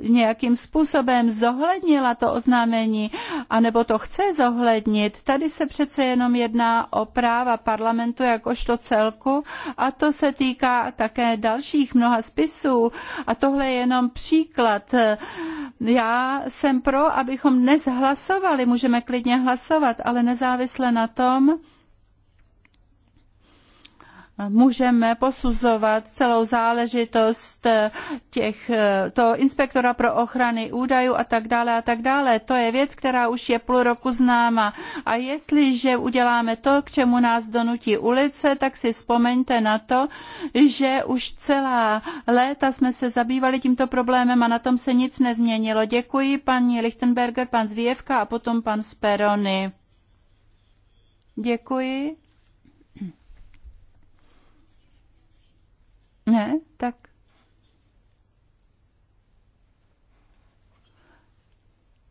nějakým způsobem zohlednila to oznámení, anebo to chce zohlednit, tady se přece jenom jedná o práva parlamentu jakožto celku a to se týká také dalších mnoha spisů a tohle je jenom příklad. Já jsem pro, abychom dnes hlasovali, můžeme klidně hlasovat hlasovat, ale nezávisle na tom, můžeme posuzovat celou záležitost eh, těch, eh, to inspektora pro ochrany údajů a tak dále a tak dále. To je věc, která už je půl roku známa. A jestliže uděláme to, k čemu nás donutí ulice, tak si vzpomeňte na to, že už celá léta jsme se zabývali tímto problémem a na tom se nic nezměnilo. Děkuji paní Lichtenberger, pan Zvěvka a potom pan Speroni. Děkuji. Ne? Tak.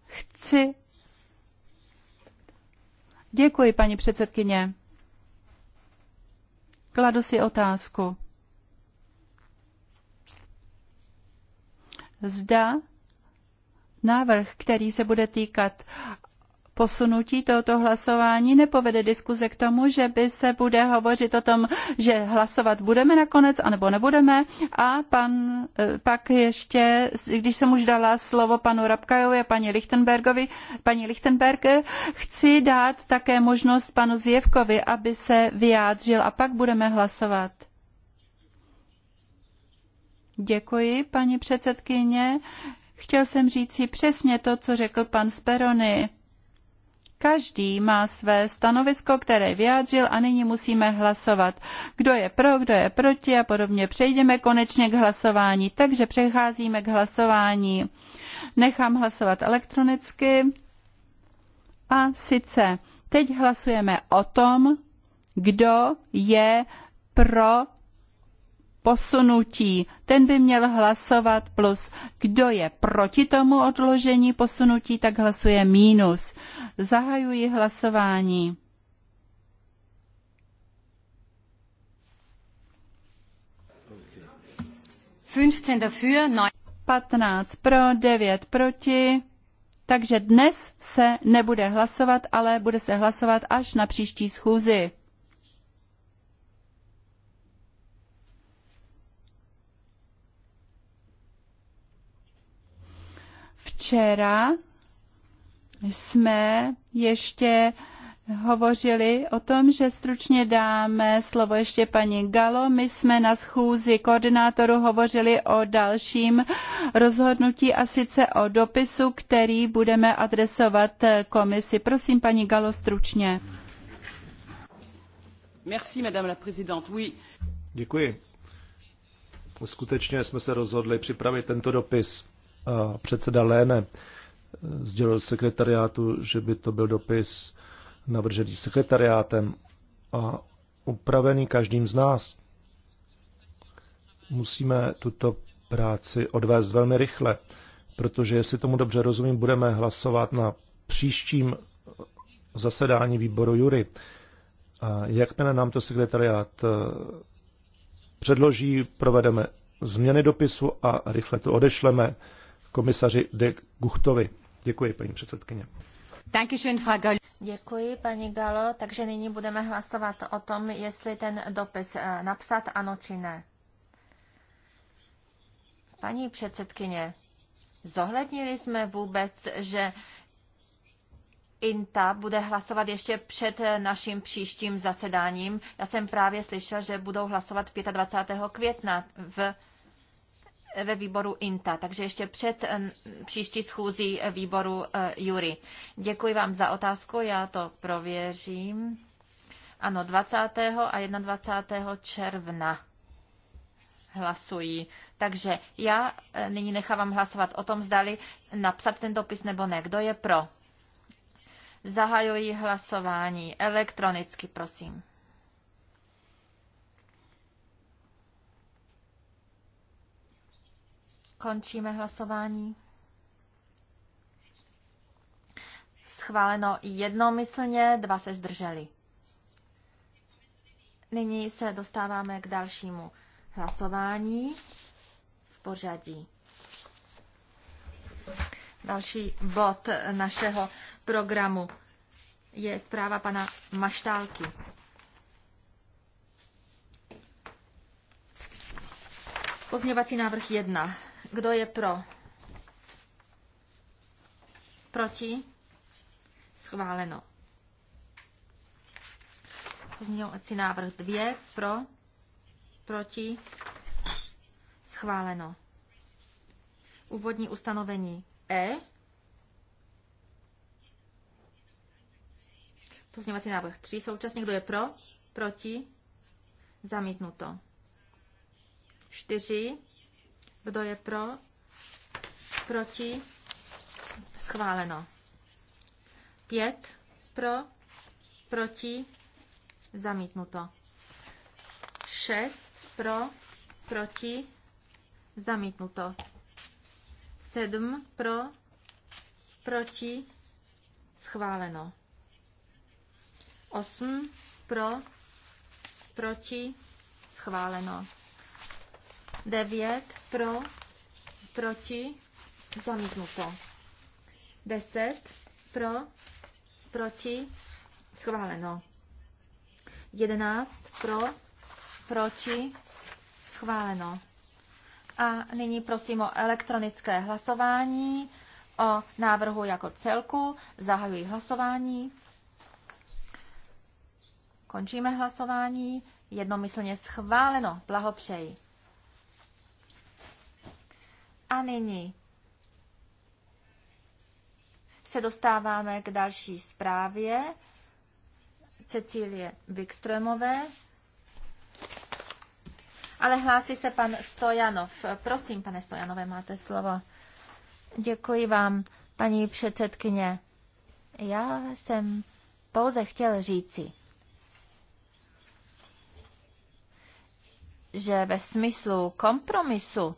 Chci. Děkuji, paní předsedkyně. Kladu si otázku. Zda návrh, který se bude týkat posunutí tohoto hlasování nepovede diskuze k tomu, že by se bude hovořit o tom, že hlasovat budeme nakonec, anebo nebudeme. A pan, eh, pak ještě, když jsem už dala slovo panu Rabkajovi a paní Lichtenbergovi, paní Lichtenberger, chci dát také možnost panu Zvěvkovi, aby se vyjádřil a pak budeme hlasovat. Děkuji, paní předsedkyně. Chtěl jsem říct si přesně to, co řekl pan Sperony. Každý má své stanovisko, které vyjádřil a nyní musíme hlasovat. Kdo je pro, kdo je proti a podobně. Přejdeme konečně k hlasování. Takže přecházíme k hlasování. Nechám hlasovat elektronicky. A sice teď hlasujeme o tom, kdo je pro posunutí. Ten by měl hlasovat plus. Kdo je proti tomu odložení posunutí, tak hlasuje mínus. Zahajuji hlasování. Patnáct 15 pro, 9 proti. Takže dnes se nebude hlasovat, ale bude se hlasovat až na příští schůzi. Včera jsme ještě hovořili o tom, že stručně dáme slovo ještě paní Galo. My jsme na schůzi koordinátoru hovořili o dalším rozhodnutí a sice o dopisu, který budeme adresovat komisi. Prosím, paní Galo, stručně. Merci, madame la présidente. Oui. Děkuji. Skutečně jsme se rozhodli připravit tento dopis. Eh, předseda Léne sdělil sekretariátu, že by to byl dopis navržený sekretariátem a upravený každým z nás. Musíme tuto práci odvést velmi rychle, protože jestli tomu dobře rozumím, budeme hlasovat na příštím zasedání výboru Jury. A jakmile nám to sekretariát eh, předloží, provedeme změny dopisu a rychle to odešleme komisaři de Guchtovi. Děkuji, paní předsedkyně. Děkuji, paní Galo. Takže nyní budeme hlasovat o tom, jestli ten dopis eh, napsat ano či ne. Paní předsedkyně, zohlednili jsme vůbec, že INTA bude hlasovat ještě před naším příštím zasedáním. Já jsem právě slyšel, že budou hlasovat 25. května v ve výboru INTA, takže ještě před příští schůzí eh, výboru eh, Jury. Děkuji vám za otázku, já to prověřím. Ano, 20. a 21. června hlasují. Takže já eh, nyní nechávám hlasovat o tom, zdali napsat ten dopis nebo ne. Kdo je pro? Zahajuji hlasování elektronicky, prosím. Končíme hlasování. Schváleno jednomyslně, dva se zdrželi. Nyní se dostáváme k dalšímu hlasování v pořadí. Další bod našeho programu je zpráva pana Maštálky. Pozněvací návrh 1. Kdo je pro? Proti? Schváleno. Pozměňovací návrh 2. Pro? Proti? Schváleno. Úvodní ustanovení E. Pozměňovací návrh 3. Současně kdo je pro? Proti? Zamítnuto. 4. Kdo je pro? Proti? Schváleno. Pět pro? Proti? Zamítnuto. Šest pro? Proti? Zamítnuto. Sedm pro? Proti? Schváleno. Osm pro? Proti? Schváleno. 9 pro, proti, zamítnuto. 10 pro, proti, schváleno. 11 pro, proti, schváleno. A nyní prosím o elektronické hlasování o návrhu jako celku. Zahajuji hlasování. Končíme hlasování. Jednomyslně schváleno. Blahopřeji. A nyní se dostáváme k další zprávě Cecílie Wikströmové. Ale hlásí se pan Stojanov. Prosím, pane Stojanové, máte slovo. Děkuji vám, paní předsedkyně. Já jsem pouze chtěl říci, že ve smyslu kompromisu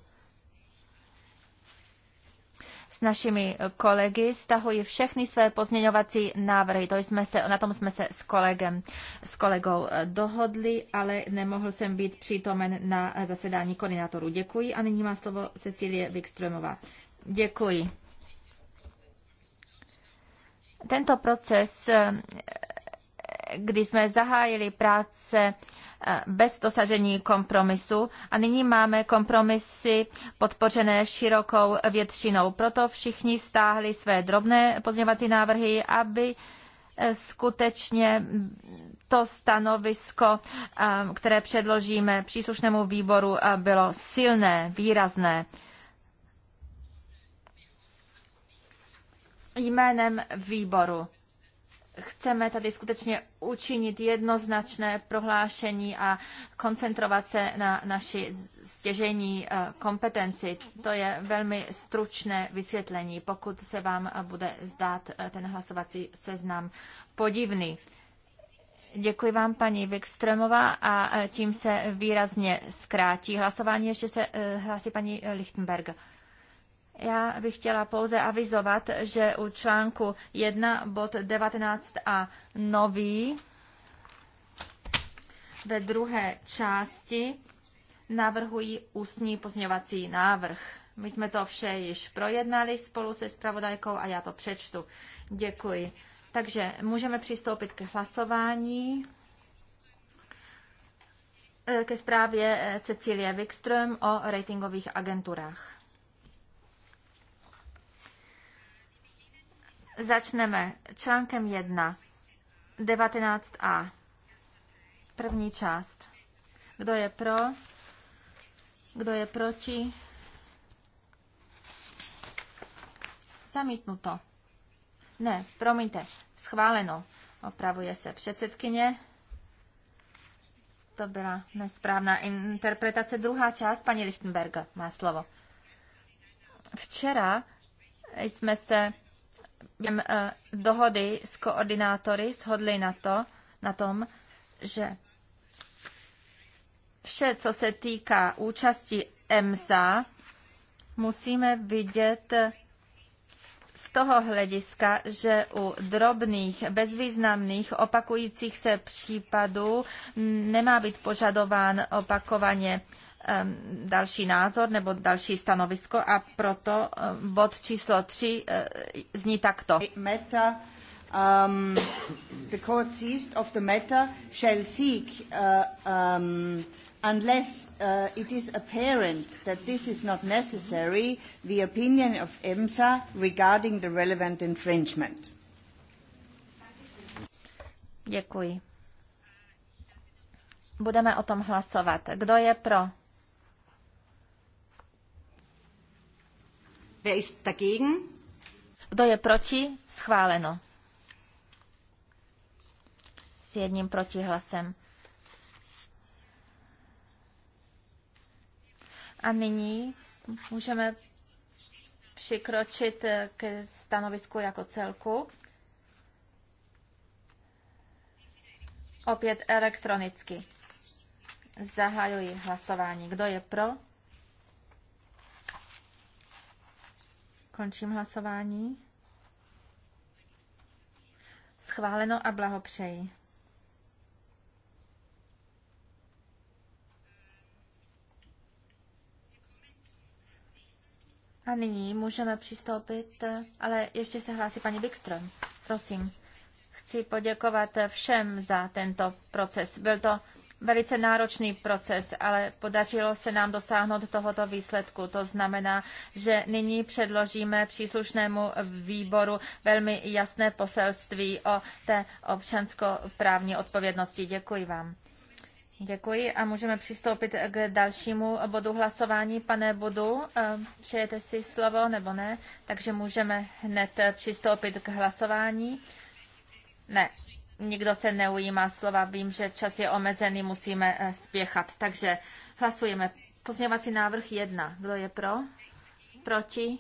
s našimi eh, kolegy stahuji všechny své pozměňovací návrhy. To jsme se, na tom jsme se s, kolegem, s kolegou eh, dohodli, ale nemohl jsem být přítomen na eh, zasedání koordinátorů. Děkuji a nyní má slovo Cecilie Wikströmová. Děkuji. Tento proces, kdy jsme zahájili práce Eh, bez dosažení kompromisu a nyní máme kompromisy podpořené širokou většinou. Proto všichni stáhli své drobné pozměňovací návrhy, aby eh, skutečně to stanovisko, eh, které předložíme příslušnému výboru, bylo silné, výrazné. Jménem výboru chceme tady skutečně učinit jednoznačné prohlášení a koncentrovat se na naši stěžení eh, kompetenci. To je velmi stručné vysvětlení, pokud se vám bude zdát eh, ten hlasovací seznam podivný. Děkuji vám, paní Wikströmová, a eh, tím se výrazně zkrátí hlasování. Ještě se hlásí paní Lichtenberg. Já bych chtěla pouze avizovat, že u článku 1 bod 19a nový ve druhé části navrhují ústní pozměňovací návrh. My jsme to vše již projednali spolu se spravodajkou a já to přečtu. Děkuji. Takže můžeme přistoupit k hlasování ke zprávě Cecilie Wikström o ratingových agenturách. Začneme článkem 1, 19a. První část. Kdo je pro? Kdo je proti? Zamítnuto. Ne, promiňte, schváleno. Opravuje se předsedkyně. To byla nesprávná interpretace. Druhá část, paní Lichtenberg má slovo. Včera jsme se během eh, dohody s koordinátory shodli na, to, na tom, že vše, co se týká účasti EMSA, musíme vidět z toho hlediska, že u drobných, bezvýznamných, opakujících se případů nemá být požadován opakovaně Um, další názor nebo další stanovisko a proto um, bod číslo 3 uh, zní takto. Meta. Um, the court seized of the matter shall seek, uh, um, unless uh, it is apparent that this is not necessary, the opinion of EMSA regarding the relevant infringement. Děkuji. Budeme o tom hlasovat. Kdo je pro? Wer ist dagegen? Kdo je proti? Schváleno. S jedním protihlasem. A nyní můžeme přikročit ke stanovisku jako celku. Opět elektronicky. Zahajuji hlasování. Kdo je pro? Končím hlasování. Schváleno a blahopřeji. A nyní můžeme přistoupit, ale ještě se hlásí paní Bikström. Prosím. Chci poděkovat všem za tento proces. Byl to velice náročný proces, ale podařilo se nám dosáhnout tohoto výsledku. To znamená, že nyní předložíme příslušnému výboru velmi jasné poselství o té občanskoprávní odpovědnosti. Děkuji vám. Děkuji a můžeme přistoupit k dalšímu bodu hlasování. Pane Budu, eh, přejete si slovo nebo ne? Takže můžeme hned přistoupit k hlasování. Ne, nikdo se neujímá slova. Vím, že čas je omezený, musíme eh, spěchat. Takže hlasujeme. Pozměňovací návrh 1. Kdo je pro? Proti?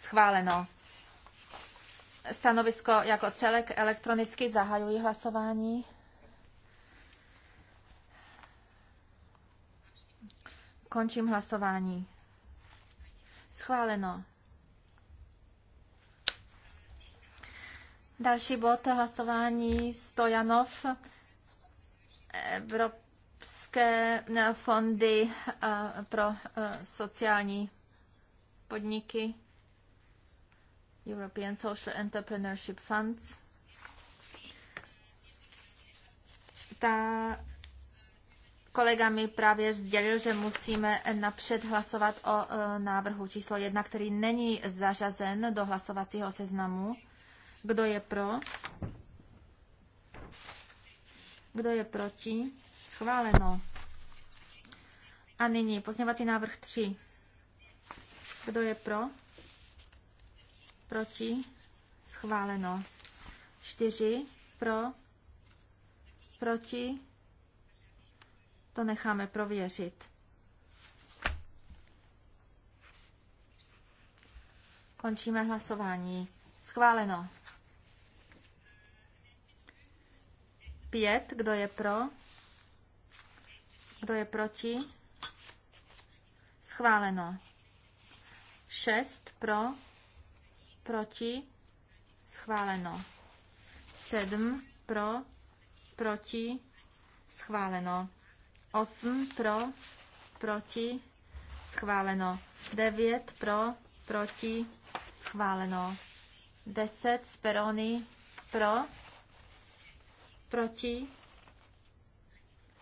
Schváleno. Stanovisko jako celek elektronicky zahajuji hlasování. Končím hlasování. Schváleno. Další bod hlasování Stojanov, Evropské eh, fondy eh, pro eh, sociální podniky, European Social Entrepreneurship Funds. Ta kolega mi právě sdělil, že musíme napřed hlasovat o návrhu číslo jedna, který není zařazen do hlasovacího seznamu. Kdo je pro? Kdo je proti? Schváleno. A nyní pozměňovací návrh 3. Kdo je pro? Proti? Schváleno. 4. Pro? Proti? To necháme prověřit. Končíme hlasování. Schváleno. 5, kdo je pro? Kdo je proti? Schváleno. 6 pro, proti, schváleno. 7 pro, proti, schváleno. 8 pro, proti, schváleno. 9 pro, proti, schváleno. 10 sperony pro, Proti?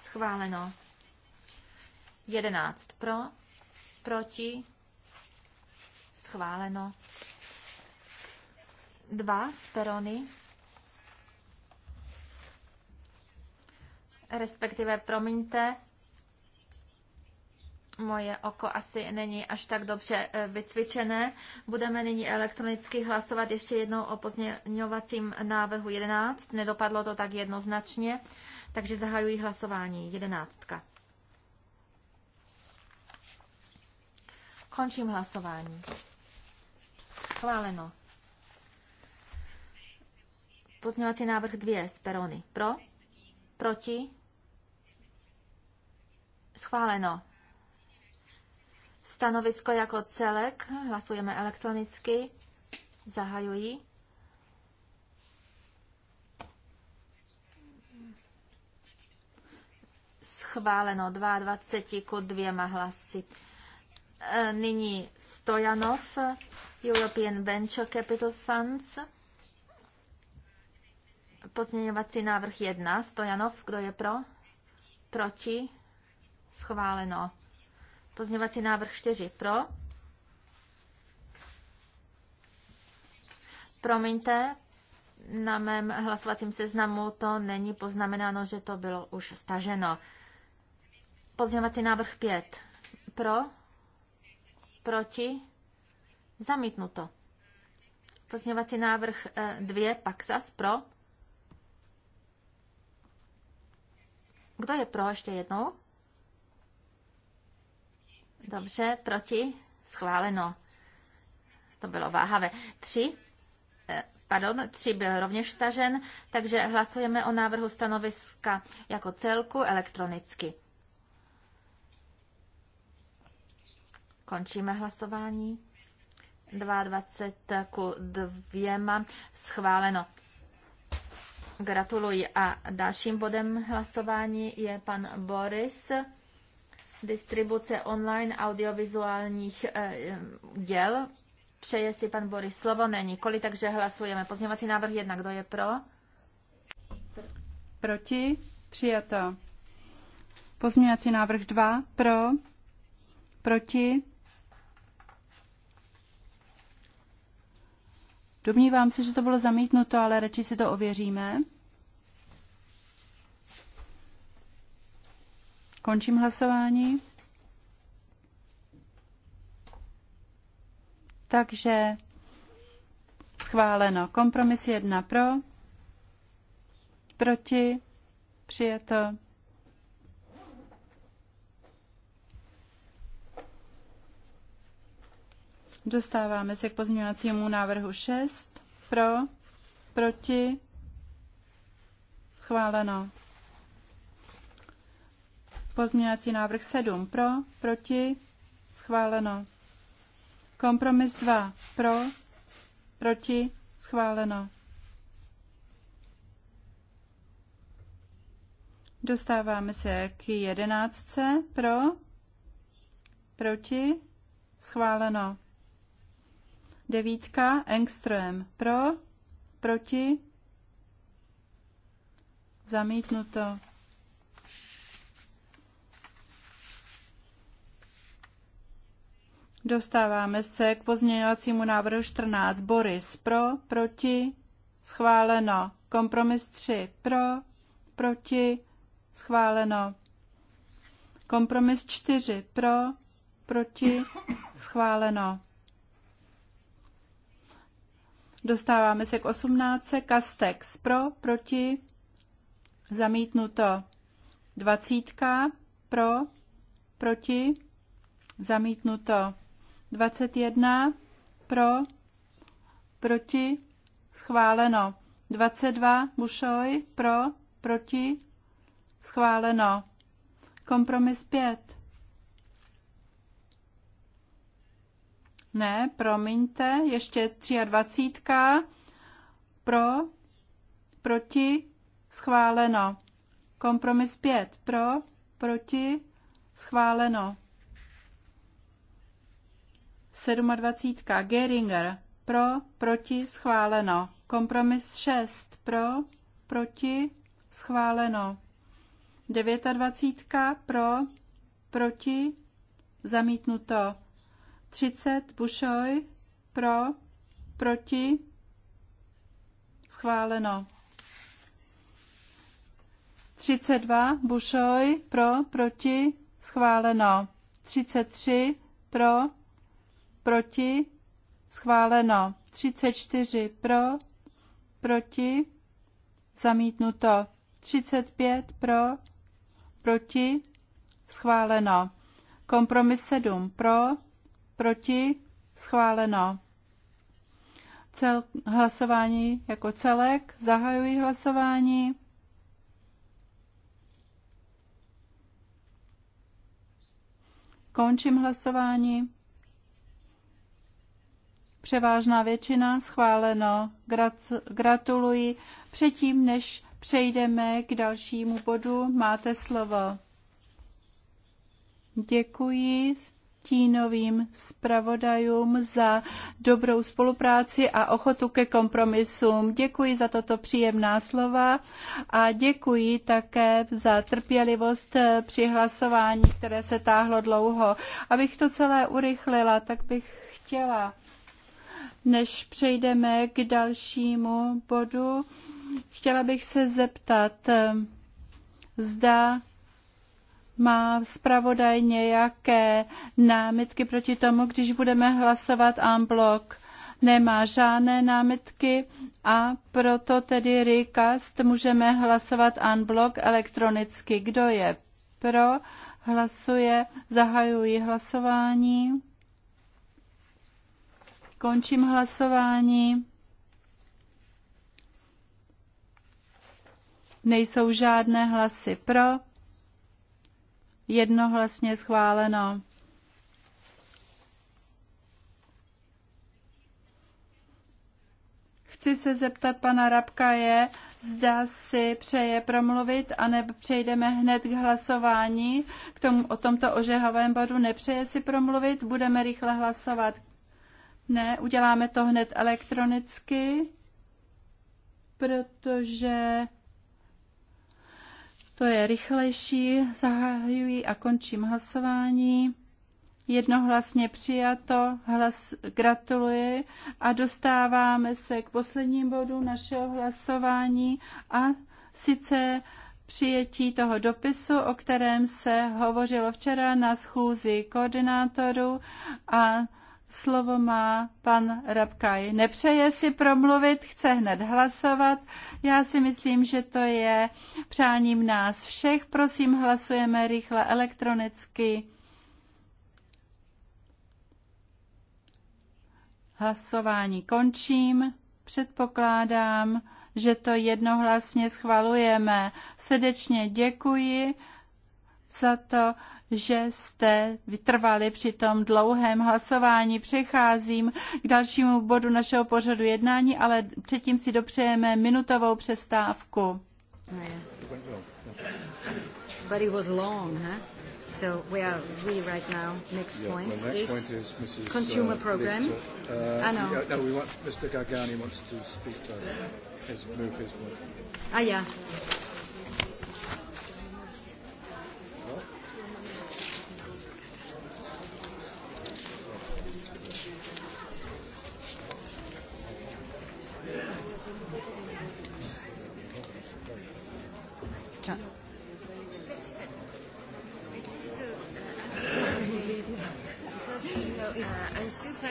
Schváleno. 11 pro, proti, schváleno. 2 z Perony, respektive promiňte, moje oko asi není až tak dobře eh, vycvičené. Budeme nyní elektronicky hlasovat ještě jednou o pozměňovacím návrhu 11. Nedopadlo to tak jednoznačně, takže zahajuji hlasování. 11. Končím hlasování. Schváleno. Pozměňovací návrh 2 z Perony. Pro? Proti? Schváleno. Stanovisko jako celek, hlasujeme elektronicky, zahajuji. Schváleno 22 ku dvěma hlasy. E, nyní Stojanov, European Venture Capital Funds. Pozměňovací návrh 1, Stojanov, kdo je pro? Proti? Schváleno. Pozměňovací návrh 4 pro. Promiňte, na mém hlasovacím seznamu to není poznamenáno, že to bylo už staženo. Pozměňovací návrh 5 pro, proti, zamítnuto. Pozměňovací návrh 2 eh, Paxas pro. Kdo je pro ještě jednou? Dobře, proti? Schváleno. To bylo váhavé. Tři? Eh, pardon, tři byl rovněž stažen, takže hlasujeme o návrhu stanoviska jako celku elektronicky. Končíme hlasování. 22 ku dvěma schváleno. Gratuluji. A dalším bodem hlasování je pan Boris distribuce online audiovizuálních eh, děl. Přeje si pan Boris slovo? Není. nikoli, takže hlasujeme. Pozměňovací návrh jedna. Kdo je pro? Proti? Přijato. Pozměňovací návrh 2. Pro? Proti? Domnívám se, že to bylo zamítnuto, ale radši si to ověříme. Končím hlasování. Takže schváleno. Kompromis jedna pro, proti, přijeto. Dostáváme se k pozměňovacímu návrhu 6. Pro, proti, schváleno. Pozměňovací návrh 7 pro, proti, schváleno. Kompromis 2 pro, proti, schváleno. Dostáváme se k jedenáctce pro, proti, schváleno. Devítka Engström pro, proti, zamítnuto. Dostáváme se k pozměňovacímu návrhu 14. Boris pro, proti, schváleno. Kompromis 3 pro, proti, schváleno. Kompromis 4 pro, proti, schváleno. Dostáváme se k 18. Kastex pro, proti, zamítnuto. 20. pro, proti, zamítnuto. 21 pro, proti, schváleno. 22 Bušoj pro, proti, schváleno. Kompromis 5. Ne, promiňte, ještě 23. Pro, proti, schváleno. Kompromis 5. Pro, proti, schváleno. 27. Geringer pro, proti, schváleno. Kompromis 6 pro, proti, schváleno. 29. pro, proti, zamítnuto. 30. Bušoj pro, proti, schváleno. 32. Bušoj pro, proti, schváleno. 33. pro, proti, schváleno. 34 pro, proti, zamítnuto. 35 pro, proti, schváleno. Kompromis 7 pro, proti, schváleno. Cel, hlasování jako celek, zahajuji hlasování. Končím hlasování. Převážná většina schváleno. Gratuluji. Předtím, než přejdeme k dalšímu bodu, máte slovo. Děkuji stínovým zpravodajům za dobrou spolupráci a ochotu ke kompromisům. Děkuji za toto příjemná slova a děkuji také za trpělivost při hlasování, které se táhlo dlouho. Abych to celé urychlila, tak bych chtěla než přejdeme k dalšímu bodu, chtěla bych se zeptat, zda má zpravodaj nějaké námitky proti tomu, když budeme hlasovat en bloc. Nemá žádné námitky a proto tedy recast můžeme hlasovat en bloc elektronicky. Kdo je pro? Hlasuje, zahajuji hlasování. Končím hlasování. Nejsou žádné hlasy pro. Jednohlasně schváleno. Chci se zeptat pana Rabka je, zda si přeje promluvit, anebo přejdeme hned k hlasování. K tomu, o tomto ožehavém bodu nepřeje si promluvit, budeme rychle hlasovat. Ne, uděláme to hned elektronicky, protože to je rychlejší. Zahajuji a končím hlasování. Jednohlasně přijato, hlas, gratuluji a dostáváme se k posledním bodu našeho hlasování a sice přijetí toho dopisu, o kterém se hovořilo včera na schůzi koordinátorů a Slovo má pan Rabkaj. Nepřeje si promluvit, chce hned hlasovat. Já si myslím, že to je přáním nás všech. Prosím, hlasujeme rychle elektronicky. Hlasování končím. Předpokládám, že to jednohlasně schvalujeme. Srdečně děkuji za to, že jste vytrvali při tom dlouhém hlasování. Přecházím k dalšímu bodu našeho pořadu jednání, ale předtím si dopřejeme minutovou přestávku. But it was long, huh? So are we right now? Next yeah, point well, next is, point is Mrs. Uh, consumer ah, no. uh, Program. Uh, no. we want Mr. Gargani wants to speak His move, his Ah, yeah.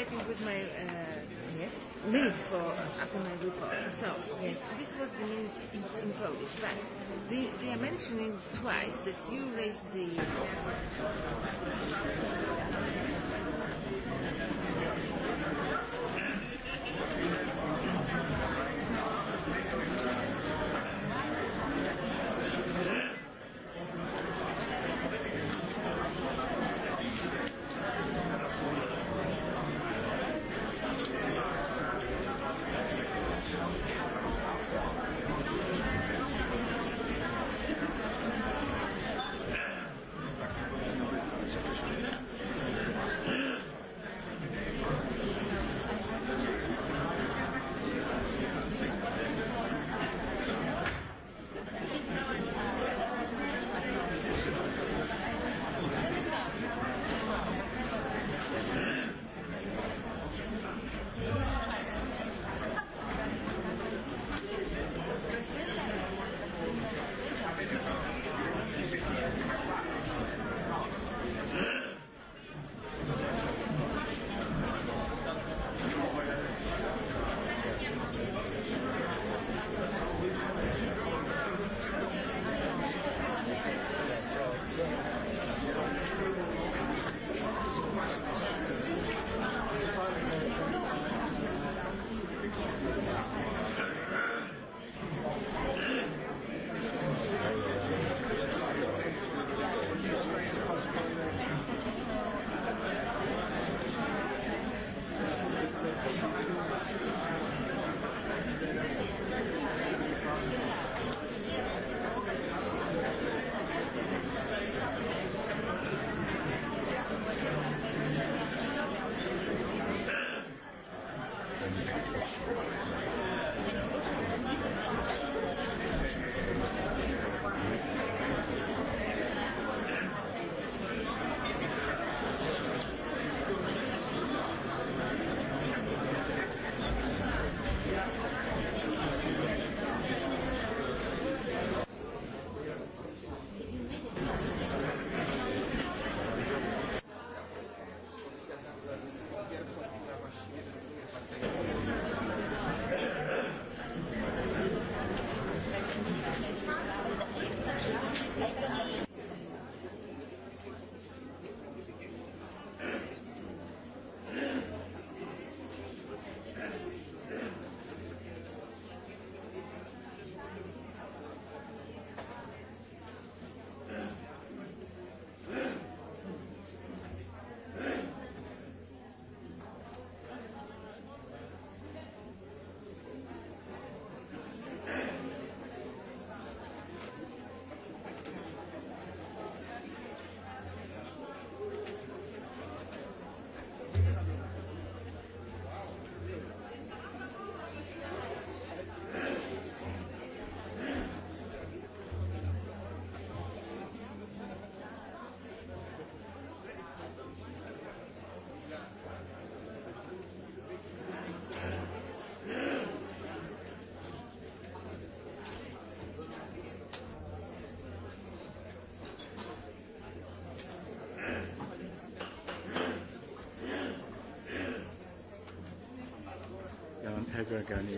writing with my uh, yes. minutes for after my report. So yes. this, this was the minutes in, in Polish, but they, they are mentioning twice that you raised the. Uh,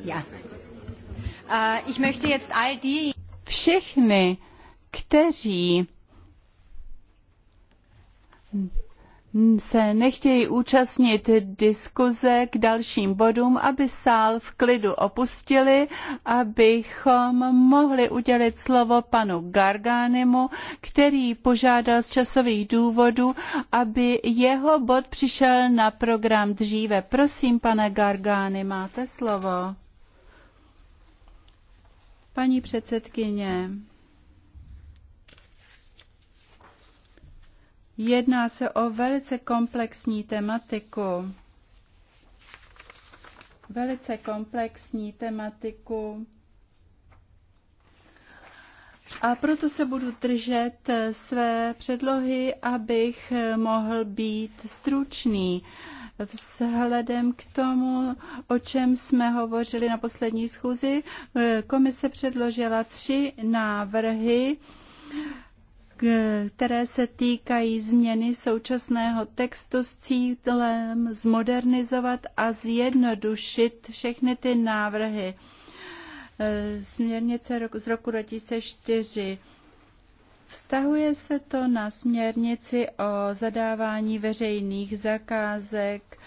Ja. Uh, ich möchte jetzt all die... Všechny, kteří se nechtějí účastnit diskuze k dalším bodům, aby sál v klidu opustili, abychom mohli udělit slovo panu Garganemu, který požádal z časových důvodů, aby jeho bod přišel na program dříve. Prosím, pane Gargány, máte slovo. Paní předsedkyně, Jedná se o velice komplexní tematiku. Velice komplexní tematiku. A proto se budu držet své předlohy, abych mohl být stručný. Vzhledem k tomu, o čem jsme hovořili na poslední schůzi, komise předložila tři návrhy které se týkají změny současného textu s cílem zmodernizovat a zjednodušit všechny ty návrhy. E, směrnice z roku 2004. Vztahuje se to na směrnici o zadávání veřejných zakázek,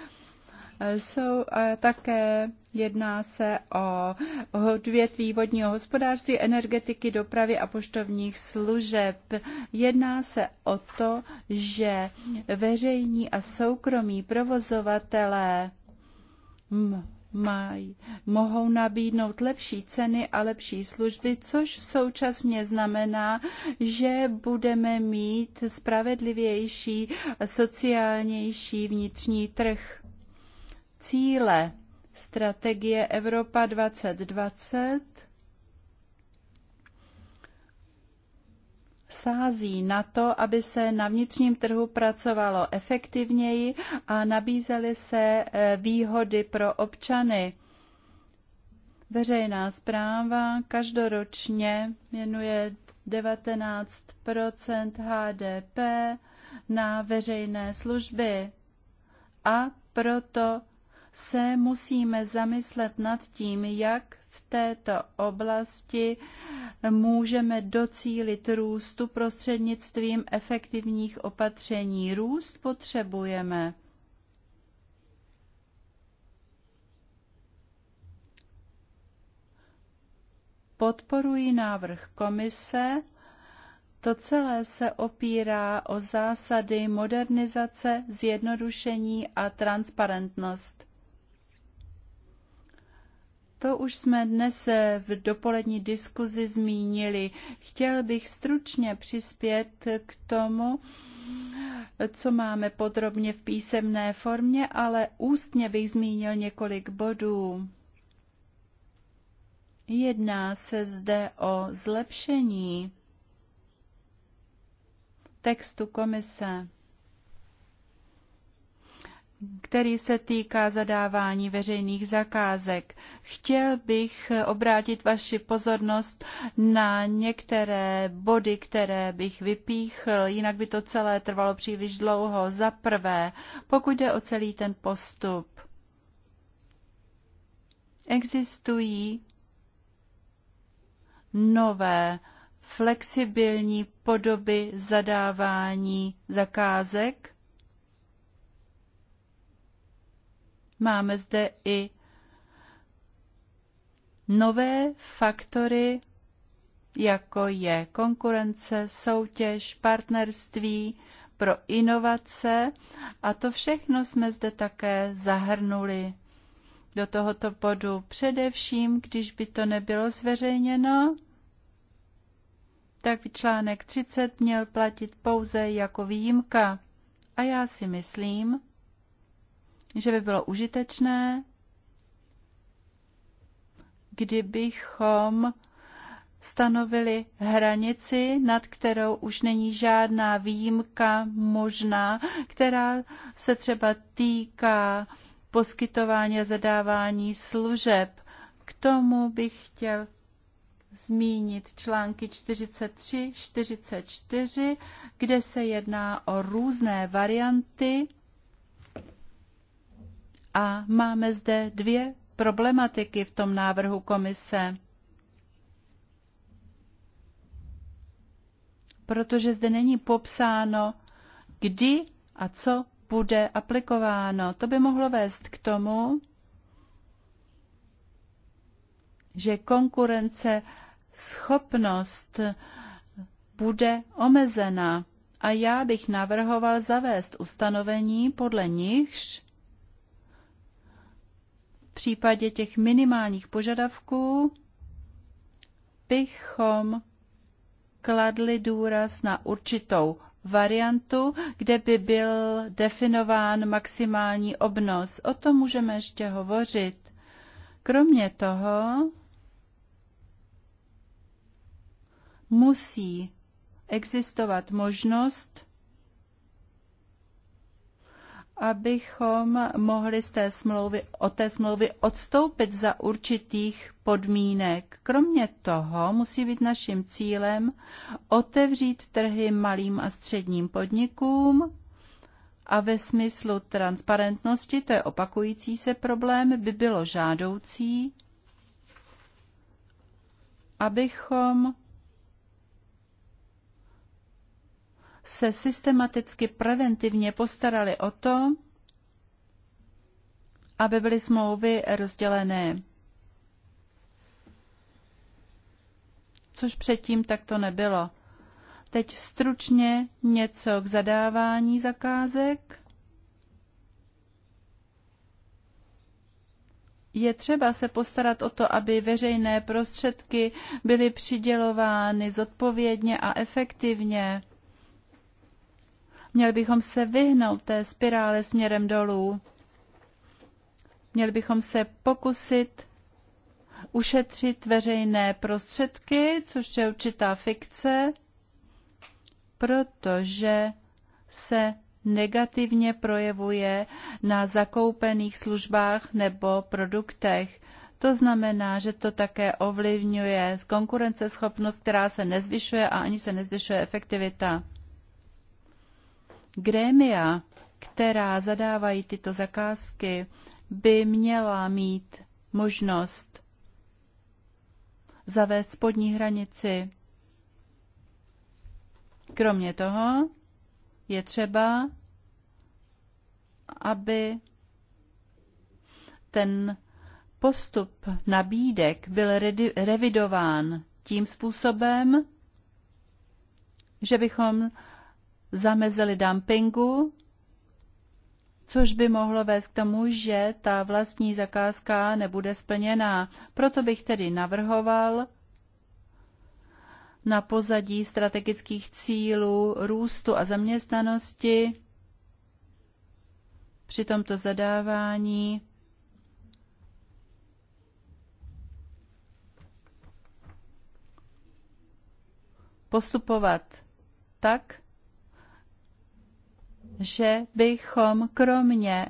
jsou také Jedná se o odvětví vodního hospodářství, energetiky, dopravy a poštovních služeb. Jedná se o to, že veřejní a soukromí provozovatelé mají, mohou nabídnout lepší ceny a lepší služby, což současně znamená, že budeme mít spravedlivější, sociálnější vnitřní trh cíle strategie Evropa 2020 sází na to, aby se na vnitřním trhu pracovalo efektivněji a nabízely se eh, výhody pro občany. Veřejná zpráva každoročně věnuje 19 HDP na veřejné služby a proto se musíme zamyslet nad tím, jak v této oblasti můžeme docílit růstu prostřednictvím efektivních opatření. Růst potřebujeme. Podporuji návrh komise. To celé se opírá o zásady modernizace, zjednodušení a transparentnost. To už jsme dnes v dopolední diskuzi zmínili. Chtěl bych stručně přispět k tomu, co máme podrobně v písemné formě, ale ústně bych zmínil několik bodů. Jedná se zde o zlepšení textu komise který se týká zadávání veřejných zakázek. Chtěl bych obrátit vaši pozornost na některé body, které bych vypíchl, jinak by to celé trvalo příliš dlouho. Za prvé, pokud jde o celý ten postup, existují nové flexibilní podoby zadávání zakázek, Máme zde i nové faktory, jako je konkurence, soutěž, partnerství pro inovace a to všechno jsme zde také zahrnuli do tohoto bodu, především když by to nebylo zveřejněno, tak by článek 30 měl platit pouze jako výjimka. A já si myslím, že by bylo užitečné, kdybychom stanovili hranici, nad kterou už není žádná výjimka možná, která se třeba týká poskytování a zadávání služeb. K tomu bych chtěl zmínit články 43, 44, kde se jedná o různé varianty a máme zde dvě problematiky v tom návrhu komise. Protože zde není popsáno, kdy a co bude aplikováno. To by mohlo vést k tomu, že konkurence schopnost bude omezena a já bych navrhoval zavést ustanovení, podle nichž případě těch minimálních požadavků bychom kladli důraz na určitou variantu, kde by byl definován maximální obnos. O tom můžeme ještě hovořit. Kromě toho musí existovat možnost abychom mohli z té smlouvy, od té smlouvy odstoupit za určitých podmínek. Kromě toho musí být naším cílem otevřít trhy malým a středním podnikům a ve smyslu transparentnosti, to je opakující se problém, by bylo žádoucí, abychom se systematicky preventivně postarali o to, aby byly smlouvy rozdělené. Což předtím takto nebylo. Teď stručně něco k zadávání zakázek. je třeba se postarat o to, aby veřejné prostředky byly přidělovány zodpovědně a efektivně. Měli bychom se vyhnout té spirále směrem dolů. Měli bychom se pokusit ušetřit veřejné prostředky, což je určitá fikce, protože se negativně projevuje na zakoupených službách nebo produktech. To znamená, že to také ovlivňuje konkurenceschopnost, která se nezvyšuje a ani se nezvyšuje efektivita grémia, která zadávají tyto zakázky, by měla mít možnost zavést spodní hranici. Kromě toho je třeba, aby ten postup nabídek byl revidován tím způsobem, že bychom zamezili dumpingu, což by mohlo vést k tomu, že ta vlastní zakázka nebude splněná. Proto bych tedy navrhoval na pozadí strategických cílů růstu a zaměstnanosti při tomto zadávání postupovat tak, že bychom kromě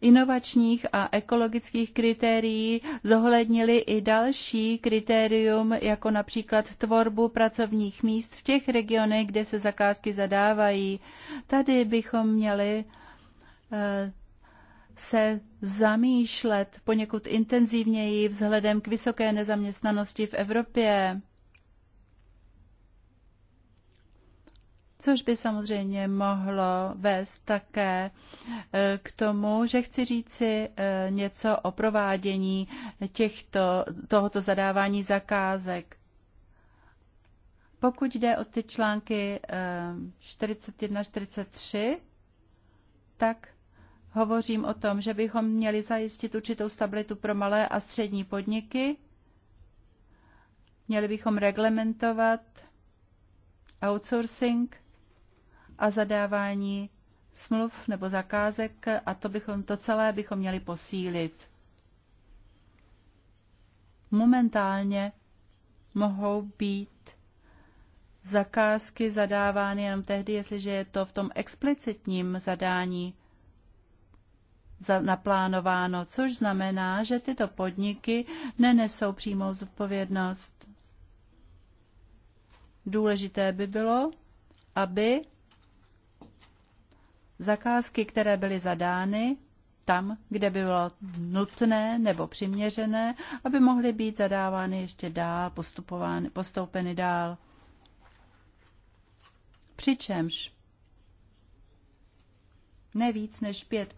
inovačních a ekologických kritérií zohlednili i další kritérium, jako například tvorbu pracovních míst v těch regionech, kde se zakázky zadávají. Tady bychom měli eh, se zamýšlet poněkud intenzivněji vzhledem k vysoké nezaměstnanosti v Evropě. což by samozřejmě mohlo vést také eh, k tomu, že chci říci eh, něco o provádění těchto, tohoto zadávání zakázek. Pokud jde o ty články 41-43, eh, tak hovořím o tom, že bychom měli zajistit určitou stabilitu pro malé a střední podniky, měli bychom reglementovat outsourcing, a zadávání smluv nebo zakázek a to, bychom, to celé bychom měli posílit. Momentálně mohou být zakázky zadávány jenom tehdy, jestliže je to v tom explicitním zadání naplánováno, což znamená, že tyto podniky nenesou přímou zodpovědnost. Důležité by bylo, aby zakázky, které byly zadány tam, kde bylo nutné nebo přiměřené, aby mohly být zadávány ještě dál, postupovány, postoupeny dál. Přičemž nevíc než 5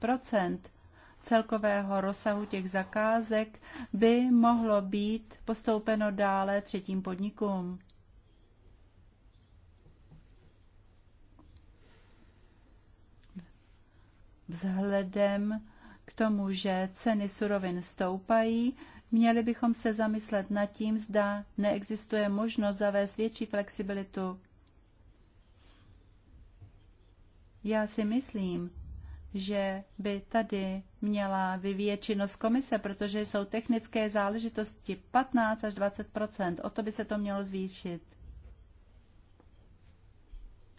celkového rozsahu těch zakázek by mohlo být postoupeno dále třetím podnikům. Vzhledem k tomu, že ceny surovin stoupají, měli bychom se zamyslet nad tím, zda neexistuje možnost zavést větší flexibilitu. Já si myslím, že by tady měla vyvíjet činnost komise, protože jsou technické záležitosti 15 až 20 o to by se to mělo zvýšit.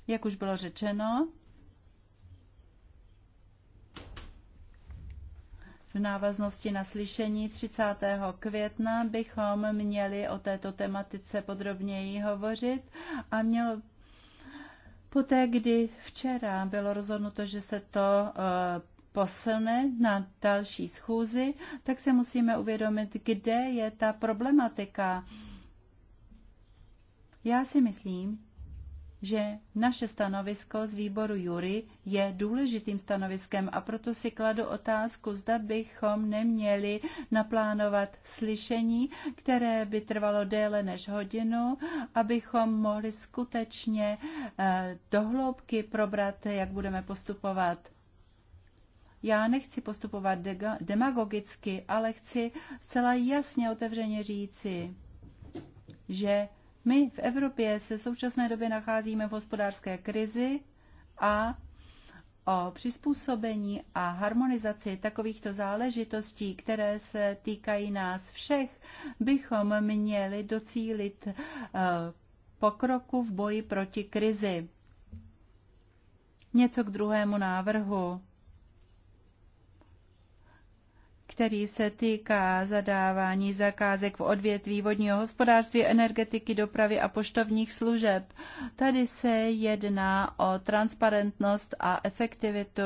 Jak už bylo řečeno, V návaznosti na slyšení 30. května bychom měli o této tematice podrobněji hovořit a mělo Poté, kdy včera bylo rozhodnuto, že se to eh, posilne na další schůzi, tak se musíme uvědomit, kde je ta problematika. Já si myslím, že naše stanovisko z výboru Jury je důležitým stanoviskem a proto si kladu otázku, zda bychom neměli naplánovat slyšení, které by trvalo déle než hodinu, abychom mohli skutečně eh, dohloubky probrat, jak budeme postupovat. Já nechci postupovat demagogicky, ale chci zcela jasně otevřeně říci, že my v Evropě se v současné době nacházíme v hospodářské krizi a o přizpůsobení a harmonizaci takovýchto záležitostí, které se týkají nás všech, bychom měli docílit eh, pokroku v boji proti krizi. Něco k druhému návrhu který se týká zadávání zakázek v odvětví vodního hospodářství, energetiky, dopravy a poštovních služeb. Tady se jedná o transparentnost a efektivitu.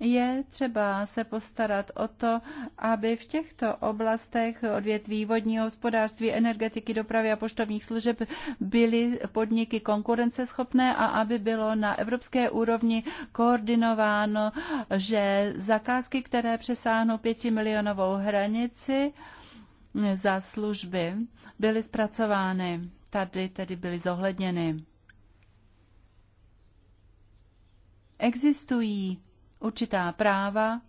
Je třeba se postarat o to, aby v těchto oblastech odvětví vodního hospodářství, energetiky, dopravy a poštovních služeb byly podniky konkurenceschopné a aby bylo na evropské úrovni koordinováno, že zakázky, které přesáhnou pětimilionovou hranici, za služby byly zpracovány, tady tedy byly zohledněny. Existují určitá práva,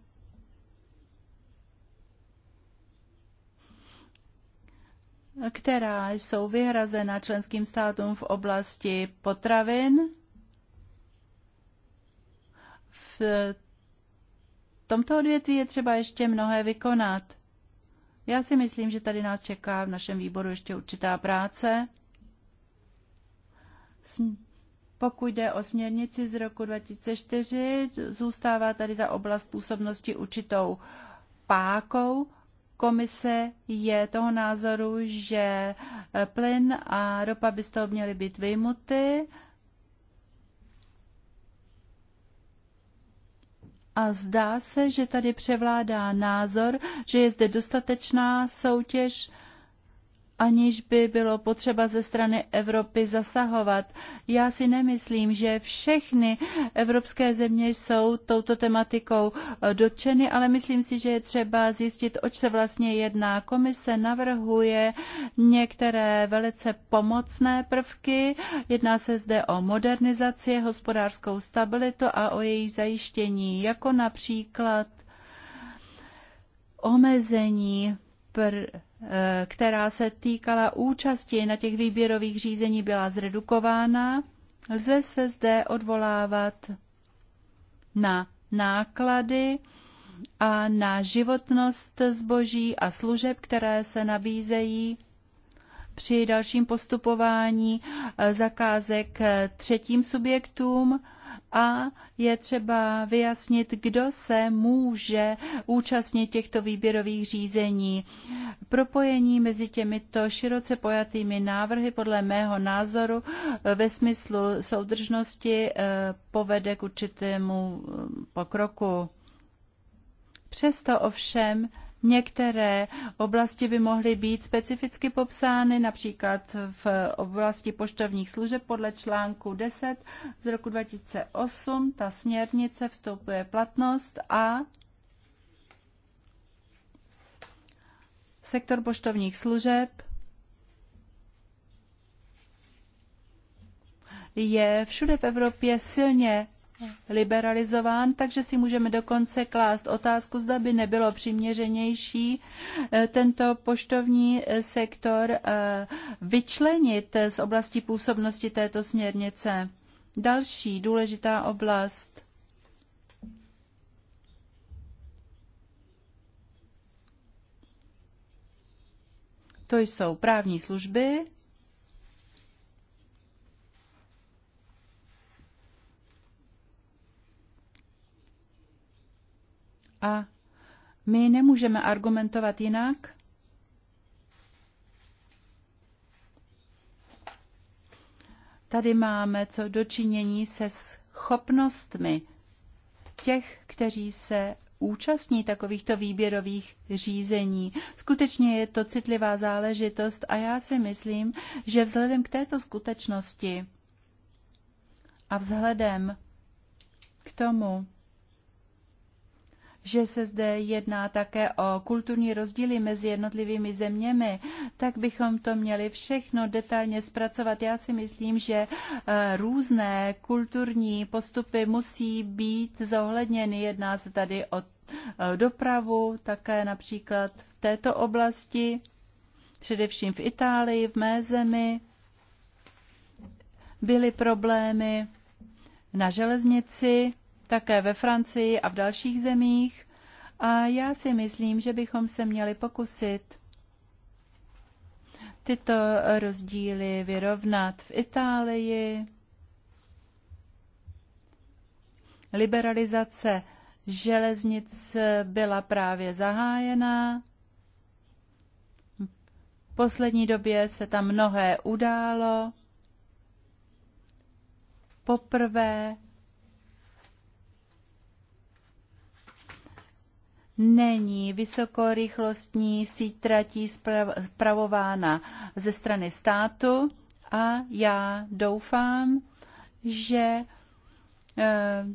která jsou vyhrazena členským státům v oblasti potravin. V tomto odvětví je třeba ještě mnohé vykonat. Já si myslím, že tady nás čeká v našem výboru ještě určitá práce. Pokud jde o směrnici z roku 2004, zůstává tady ta oblast působnosti určitou pákou. Komise je toho názoru, že plyn a ropa by z toho měly být vyjmuty. a zdá se, že tady převládá názor, že je zde dostatečná soutěž aniž by bylo potřeba ze strany Evropy zasahovat. Já si nemyslím, že všechny evropské země jsou touto tematikou eh, dotčeny, ale myslím si, že je třeba zjistit, oč se vlastně jedná. Komise navrhuje některé velice pomocné prvky. Jedná se zde o modernizaci, hospodářskou stabilitu a o její zajištění, jako například omezení pr- která se týkala účasti na těch výběrových řízení, byla zredukována. Lze se zde odvolávat na náklady a na životnost zboží a služeb, které se nabízejí při dalším postupování eh, zakázek eh, třetím subjektům a je třeba vyjasnit, kdo se může účastnit těchto výběrových řízení. Propojení mezi těmito široce pojatými návrhy podle mého názoru ve smyslu soudržnosti eh, povede k určitému eh, pokroku. Přesto ovšem Některé oblasti by mohly být specificky popsány, například v oblasti poštovních služeb podle článku 10 z roku 2008. Ta směrnice vstoupuje platnost a sektor poštovních služeb je všude v Evropě silně liberalizován, takže si můžeme dokonce klást otázku, zda by nebylo přiměřenější eh, tento poštovní eh, sektor eh, vyčlenit z oblasti působnosti této směrnice. Další důležitá oblast to jsou právní služby, A my nemůžeme argumentovat jinak, Tady máme co dočinění se schopnostmi těch, kteří se účastní takovýchto výběrových řízení. Skutečně je to citlivá záležitost a já si myslím, že vzhledem k této skutečnosti a vzhledem k tomu, že se zde jedná také o kulturní rozdíly mezi jednotlivými zeměmi, tak bychom to měli všechno detailně zpracovat. Já si myslím, že eh, různé kulturní postupy musí být zohledněny. Jedná se tady o eh, dopravu, také například v této oblasti, především v Itálii, v mé zemi, byly problémy na železnici, také ve Francii a v dalších zemích. A já si myslím, že bychom se měli pokusit tyto rozdíly vyrovnat v Itálii. Liberalizace železnic byla právě zahájena. V poslední době se tam mnohé událo. Poprvé není vysokorychlostní síť tratí spravována ze strany státu a já doufám, že eh,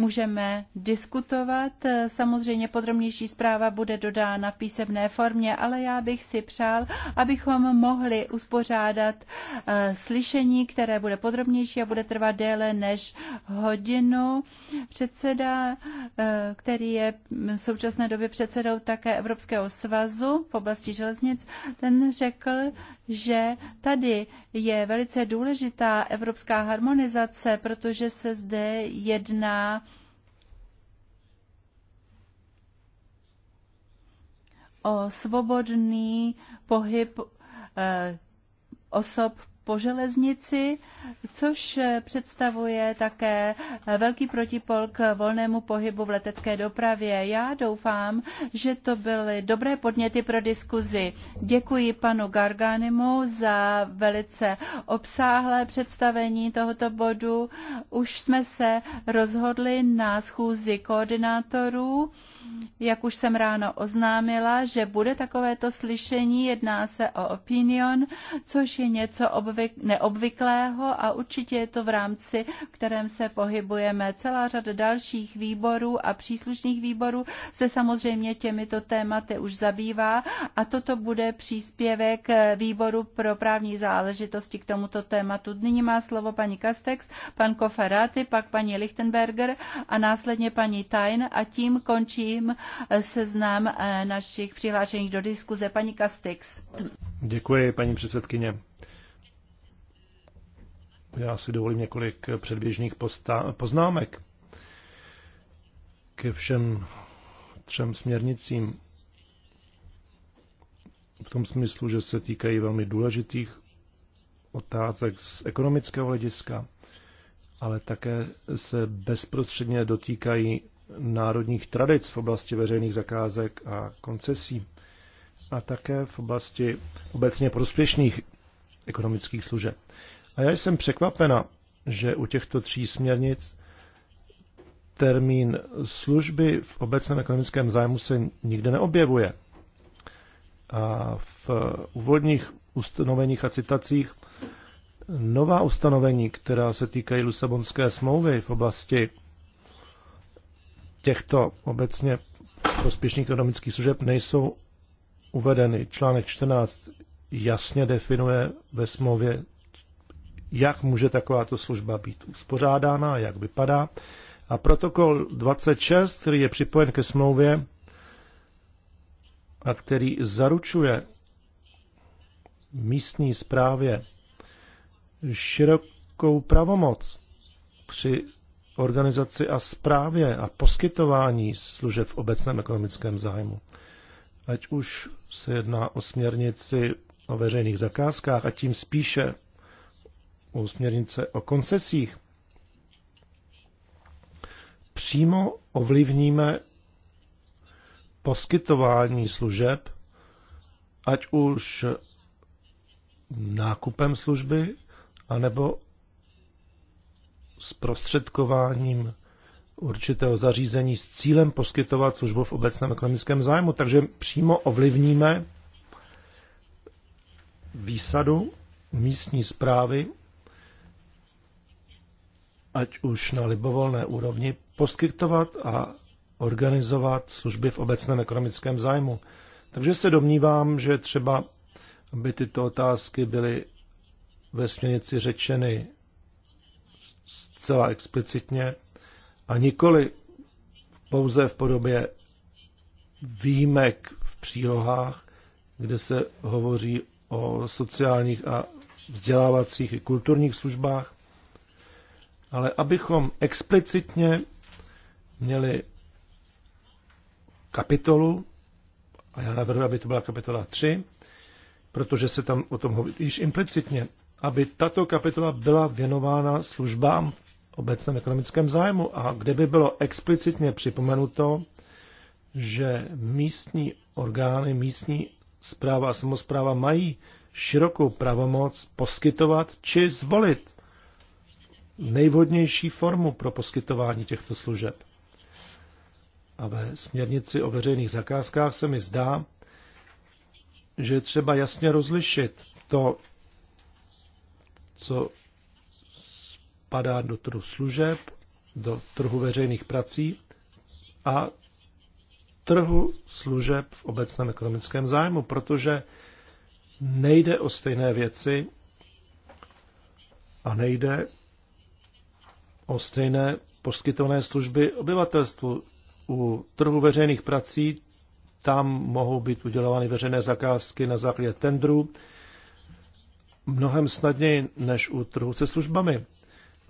můžeme diskutovat. Samozřejmě podrobnější zpráva bude dodána v písemné formě, ale já bych si přál, abychom mohli uspořádat eh, slyšení, které bude podrobnější a bude trvat déle než hodinu. Předseda, eh, který je v současné době předsedou také Evropského svazu v oblasti železnic, ten řekl, že tady je velice důležitá evropská harmonizace, protože se zde jedná o svobodný pohyb eh, osob po železnici, což představuje také velký protipol k volnému pohybu v letecké dopravě. Já doufám, že to byly dobré podněty pro diskuzi. Děkuji panu Garganimu za velice obsáhlé představení tohoto bodu. Už jsme se rozhodli na schůzi koordinátorů, jak už jsem ráno oznámila, že bude takovéto slyšení, jedná se o opinion, což je něco ob neobvyklého a určitě je to v rámci, v kterém se pohybujeme. Celá řada dalších výborů a příslušných výborů se samozřejmě těmito tématy už zabývá a toto bude příspěvek výboru pro právní záležitosti k tomuto tématu. Nyní má slovo paní Kastex, pan Koferáty, pak paní Lichtenberger a následně paní Tajn a tím končím seznam eh, našich přihlášených do diskuze. Paní Kastex. Děkuji, paní předsedkyně. Já si dovolím několik předběžných poznámek ke všem třem směrnicím. V tom smyslu, že se týkají velmi důležitých otázek z ekonomického hlediska, ale také se bezprostředně dotýkají národních tradic v oblasti veřejných zakázek a koncesí a také v oblasti obecně prospěšných ekonomických služeb. A já jsem překvapena, že u těchto tří směrnic termín služby v obecném ekonomickém zájmu se nikde neobjevuje. A v úvodních ustanoveních a citacích nová ustanovení, která se týkají Lusabonské smlouvy v oblasti těchto obecně prospěšných ekonomických služeb, nejsou uvedeny. Článek 14 jasně definuje ve smlouvě jak může takováto služba být uspořádána, jak vypadá. A protokol 26, který je připojen ke smlouvě a který zaručuje místní správě širokou pravomoc při organizaci a správě a poskytování služeb v obecném ekonomickém zájmu. Ať už se jedná o směrnici o veřejných zakázkách a tím spíše u směrnice o koncesích přímo ovlivníme poskytování služeb, ať už nákupem služby, anebo zprostředkováním určitého zařízení s cílem poskytovat službu v obecném ekonomickém zájmu. Takže přímo ovlivníme výsadu místní zprávy ať už na libovolné úrovni, poskytovat a organizovat služby v obecném ekonomickém zájmu. Takže se domnívám, že třeba, aby tyto otázky byly ve směnici řečeny zcela explicitně a nikoli pouze v podobě výjimek v přílohách, kde se hovoří o sociálních a vzdělávacích i kulturních službách, ale abychom explicitně měli kapitolu, a já navrhuji, aby to byla kapitola 3, protože se tam o tom hovoří již implicitně, aby tato kapitola byla věnována službám v obecném ekonomickém zájmu a kde by bylo explicitně připomenuto, že místní orgány, místní zpráva a samozpráva mají širokou pravomoc poskytovat či zvolit nejvhodnější formu pro poskytování těchto služeb. A ve směrnici o veřejných zakázkách se mi zdá, že je třeba jasně rozlišit to, co spadá do trhu služeb, do trhu veřejných prací a trhu služeb v obecném ekonomickém zájmu, protože nejde o stejné věci a nejde o stejné poskytované služby obyvatelstvu. U trhu veřejných prací tam mohou být udělovány veřejné zakázky na základě tendru mnohem snadněji než u trhu se službami.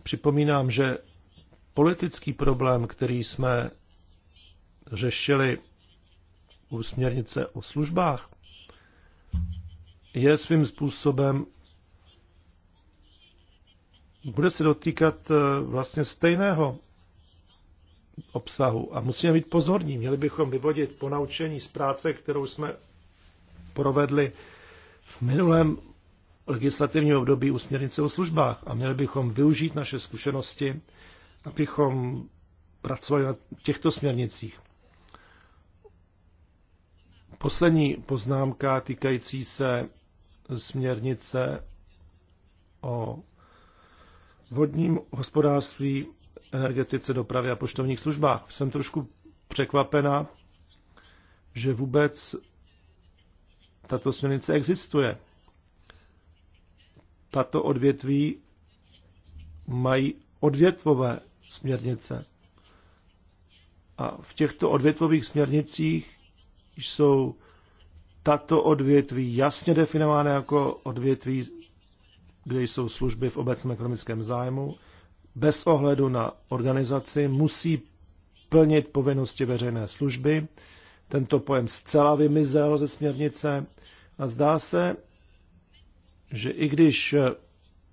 Připomínám, že politický problém, který jsme řešili u směrnice o službách, je svým způsobem bude se dotýkat eh, vlastně stejného obsahu. A musíme být pozorní, měli bychom vyvodit ponaučení z práce, kterou jsme provedli v minulém legislativním období u směrnice o službách a měli bychom využít naše zkušenosti, abychom pracovali na těchto směrnicích. Poslední poznámka týkající se směrnice o vodním hospodářství, energetice, dopravě a poštovních službách. Jsem trošku překvapena, že vůbec tato směrnice existuje. Tato odvětví mají odvětvové směrnice. A v těchto odvětvových směrnicích jsou tato odvětví jasně definována jako odvětví kde jsou služby v obecném ekonomickém zájmu, bez ohledu na organizaci musí plnit povinnosti veřejné služby. Tento pojem zcela vymizel ze směrnice a zdá se, že i když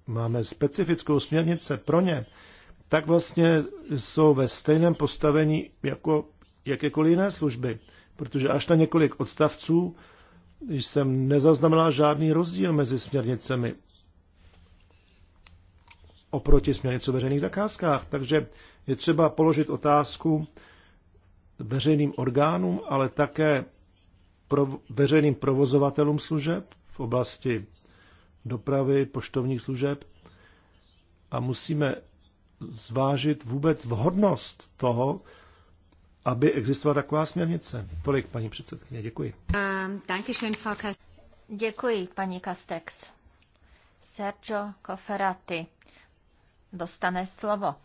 máme specifickou směrnice pro ně, tak vlastně jsou ve stejném postavení jako jakékoliv jiné služby. Protože až na několik odstavců jsem nezaznamenal žádný rozdíl mezi směrnicemi oproti směrnici o veřejných zakázkách. Takže je třeba položit otázku veřejným orgánům, ale také pro veřejným provozovatelům služeb v oblasti dopravy, poštovních služeb a musíme zvážit vůbec vhodnost toho, aby existovala taková směrnice. Tolik, paní předsedkyně, děkuji. Um, děkuji, paní Kastex. Sergio Coferati dostane slovo.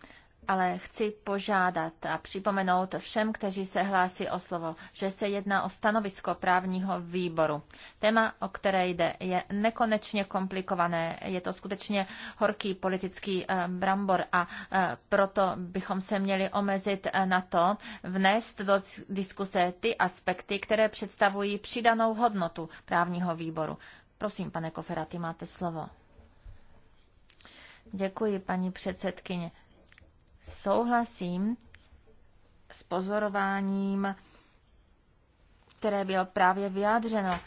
Ale chci požádat a připomenout všem, kteří se hlásí o slovo, že se jedná o stanovisko právního výboru. Téma, o které jde, je nekonečně komplikované. Je to skutečně horký politický eh, brambor a eh, proto bychom se měli omezit eh, na to, vnést do diskuse ty aspekty, které představují přidanou hodnotu právního výboru. Prosím, pane Koferaty, máte slovo. Děkuji, paní předsedkyně. Souhlasím s pozorováním, které bylo právě vyjádřeno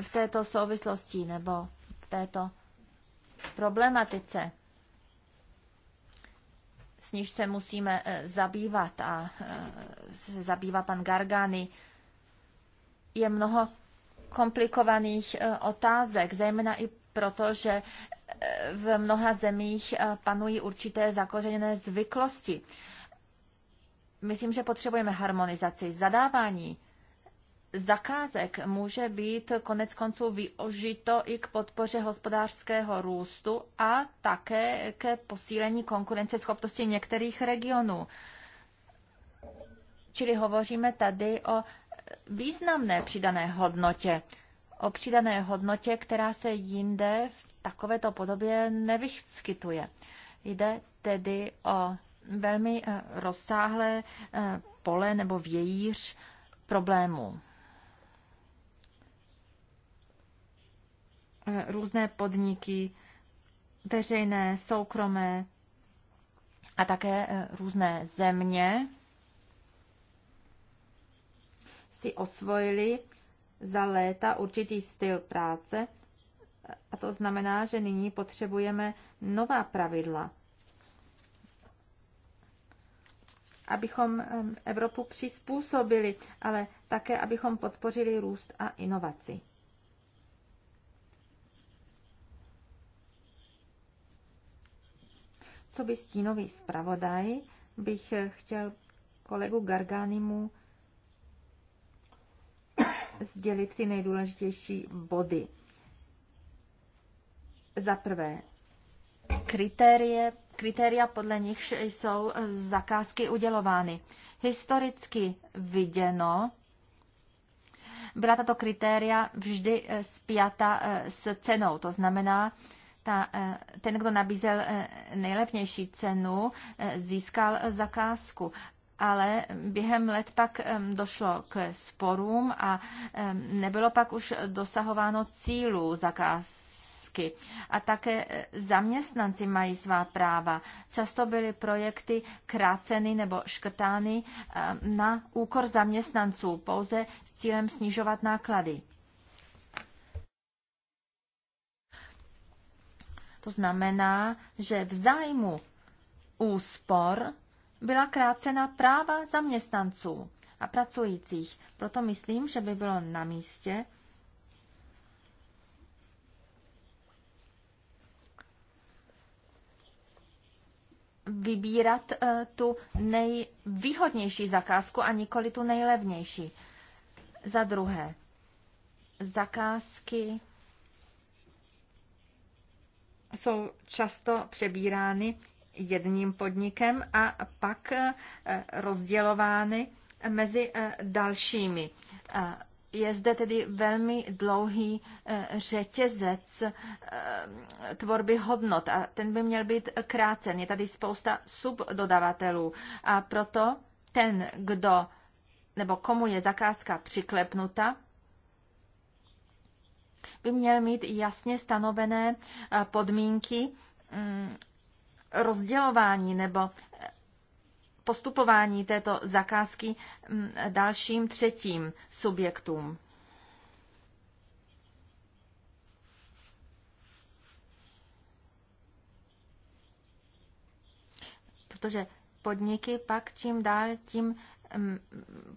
v této souvislosti nebo v této problematice, s níž se musíme eh, zabývat a eh, se zabývá pan Gargany, je mnoho komplikovaných eh, otázek, zejména i proto, že v mnoha zemích eh, panují určité zakořeněné zvyklosti. Myslím, že potřebujeme harmonizaci zadávání zakázek může být konec konců využito i k podpoře hospodářského růstu a také ke posílení konkurenceschopnosti některých regionů. Čili hovoříme tady o významné přidané hodnotě, o přidané hodnotě, která se jinde v takovéto podobě nevyskytuje. Jde tedy o velmi eh, rozsáhlé eh, pole nebo vějíř problémů. Eh, různé podniky, veřejné, soukromé a také různé země si osvojili za léta určitý styl práce, a to znamená, že nyní potřebujeme nová pravidla, abychom Evropu přizpůsobili, ale také, abychom podpořili růst a inovaci. Co by stínový zpravodaj, bych chtěl kolegu Garganimu sdělit ty nejdůležitější body. Za prvé, kritérie, kritéria, podle nichž jsou zakázky udělovány. Historicky viděno, byla tato kritéria vždy eh, spjata eh, s cenou. To znamená, ta, eh, ten, kdo nabízel nejlevnější cenu, získal zakázku. Ale během let pak došlo k sporům a nebylo pak už dosahováno cílů zakáz, zisky. A také e, zaměstnanci mají svá práva. Často byly projekty kráceny nebo škrtány e, na úkor zaměstnanců pouze s cílem snižovat náklady. To znamená, že v zájmu úspor byla krácena práva zaměstnanců a pracujících. Proto myslím, že by bylo na místě, vybírat eh, tu nejvýhodnější zakázku a nikoli tu nejlevnější. Za druhé, zakázky jsou často přebírány jedním podnikem a pak eh, rozdělovány mezi eh, dalšími je zde tedy velmi dlouhý eh, řetězec eh, tvorby hodnot a ten by měl být krácen. Je tady spousta subdodavatelů a proto ten, kdo nebo komu je zakázka přiklepnuta, by měl mít jasně stanovené eh, podmínky mm, rozdělování nebo postupování této zakázky mm, dalším třetím subjektům. Protože podniky pak čím dál tím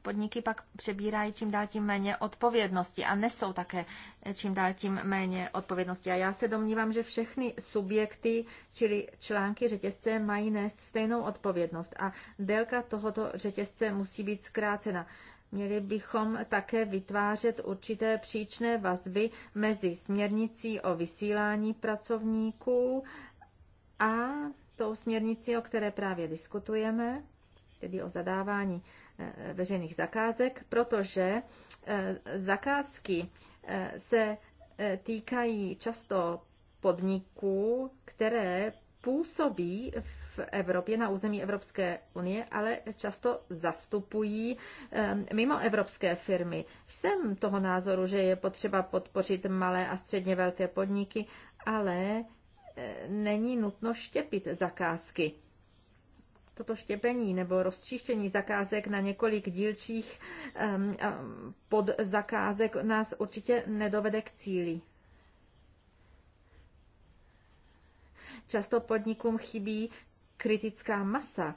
podniky pak přebírají čím dál tím méně odpovědnosti a nesou také čím dál tím méně odpovědnosti. A já se domnívám, že všechny subjekty, čili články řetězce, mají nést stejnou odpovědnost a délka tohoto řetězce musí být zkrácena. Měli bychom také vytvářet určité příčné vazby mezi směrnicí o vysílání pracovníků a tou směrnicí, o které právě diskutujeme, tedy o zadávání eh, veřejných zakázek, protože eh, zakázky eh, se týkají často podniků, které působí v Evropě, na území Evropské unie, ale často zastupují mimo evropské firmy. Jsem toho názoru, že je potřeba podpořit malé a středně velké podniky, ale není nutno štěpit zakázky toto štěpení nebo rozčištění zakázek na několik dílčích podzakázek nás určitě nedovede k cíli. Často podnikům chybí kritická masa,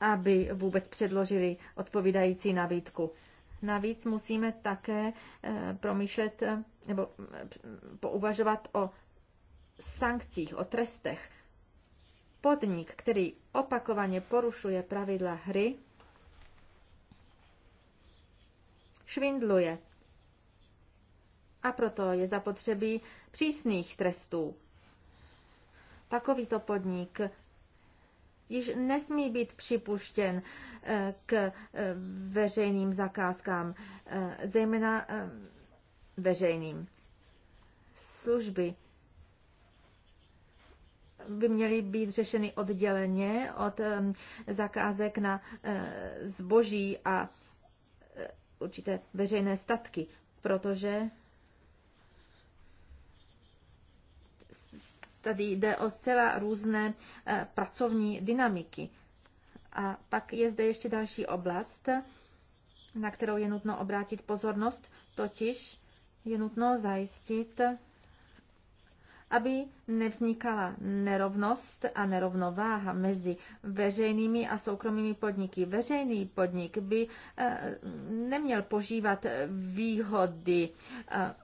aby vůbec předložili odpovídající nabídku. Navíc musíme také eh, promýšlet eh, nebo eh, pouvažovat o sankcích, o trestech podnik, který opakovaně porušuje pravidla hry, švindluje. A proto je zapotřebí přísných trestů. Takovýto podnik již nesmí být připuštěn eh, k eh, veřejným zakázkám, eh, zejména veřejným. Služby by měly být řešeny odděleně od zakázek na eh, zboží a eh, určité veřejné statky, protože tady jde o zcela různé eh, pracovní dynamiky. A pak je zde ještě další oblast, na kterou je nutno obrátit pozornost, totiž je nutno zajistit aby nevznikala nerovnost a nerovnováha mezi veřejnými a soukromými podniky. Veřejný podnik by eh, neměl požívat výhody eh,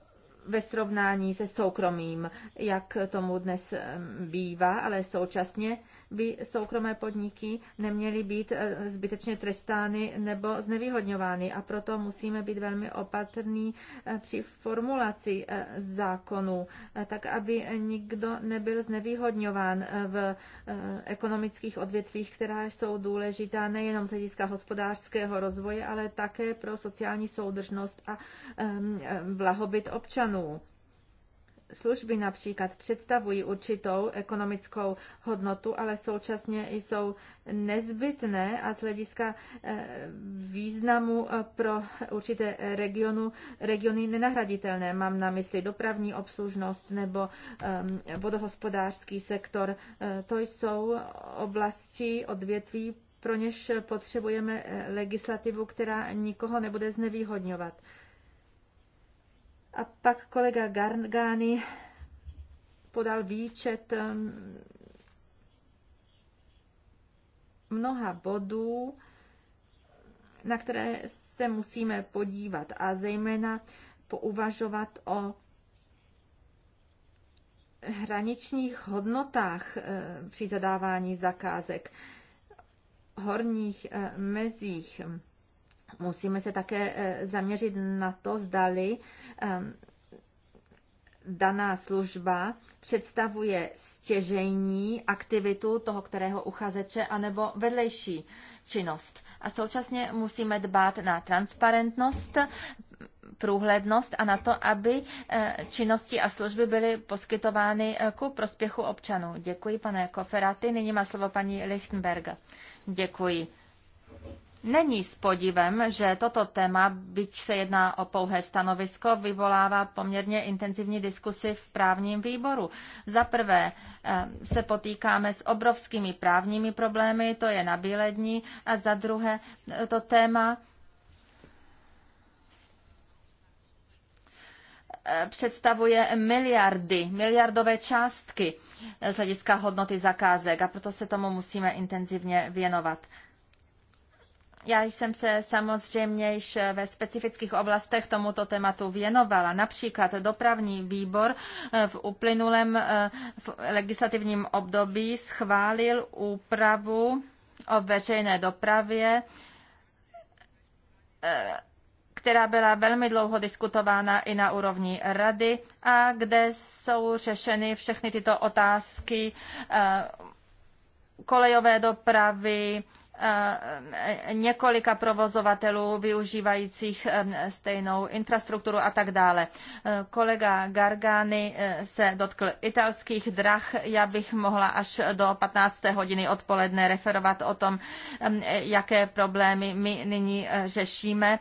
ve srovnání se soukromým, jak tomu dnes bývá, ale současně by soukromé podniky neměly být eh, zbytečně trestány nebo znevýhodňovány a proto musíme být velmi opatrní eh, při formulaci eh, zákonů, tak aby nikdo nebyl znevýhodňován v ekonomických odvětvích, která jsou důležitá nejenom z hlediska hospodářského rozvoje, ale také pro sociální soudržnost a blahobyt občanů občanů. Služby například představují určitou ekonomickou hodnotu, ale současně jsou nezbytné a z hlediska eh, významu eh, pro určité regionu, regiony nenahraditelné. Mám na mysli dopravní obslužnost nebo eh, vodohospodářský sektor. To jsou oblasti odvětví, pro něž potřebujeme legislativu, která nikoho nebude znevýhodňovat. A pak kolega Gargani podal výčet um, mnoha bodů, na které se musíme podívat a zejména pouvažovat o hraničních hodnotách eh, při zadávání zakázek, horních eh, mezích. Musíme se také eh, zaměřit na to, zdali ehm, daná služba představuje stěžejní aktivitu toho, kterého uchazeče, anebo vedlejší činnost. A současně musíme dbát na transparentnost, průhlednost a na to, aby eh, činnosti a služby byly poskytovány eh, ku prospěchu občanů. Děkuji, pane Koferaty. Nyní má slovo paní Lichtenberg. Děkuji. Není s podivem, že toto téma, byť se jedná o pouhé stanovisko, vyvolává poměrně intenzivní diskusy v právním výboru. Za prvé eh, se potýkáme s obrovskými právními problémy, to je na dní, a za druhé eh, to téma eh, představuje miliardy, miliardové částky z hlediska hodnoty zakázek a proto se tomu musíme intenzivně věnovat. Já jsem se samozřejmě již ve specifických oblastech tomuto tématu věnovala. Například dopravní výbor eh, v uplynulém eh, v legislativním období schválil úpravu o veřejné dopravě, eh, která byla velmi dlouho diskutována i na úrovni rady a kde jsou řešeny všechny tyto otázky kolejové dopravy, Eh, několika provozovatelů využívajících eh, stejnou infrastrukturu a tak dále. Eh, kolega Gargani se dotkl italských drah. Já bych mohla až do 15. hodiny odpoledne referovat o tom, jaké problémy my nyní řešíme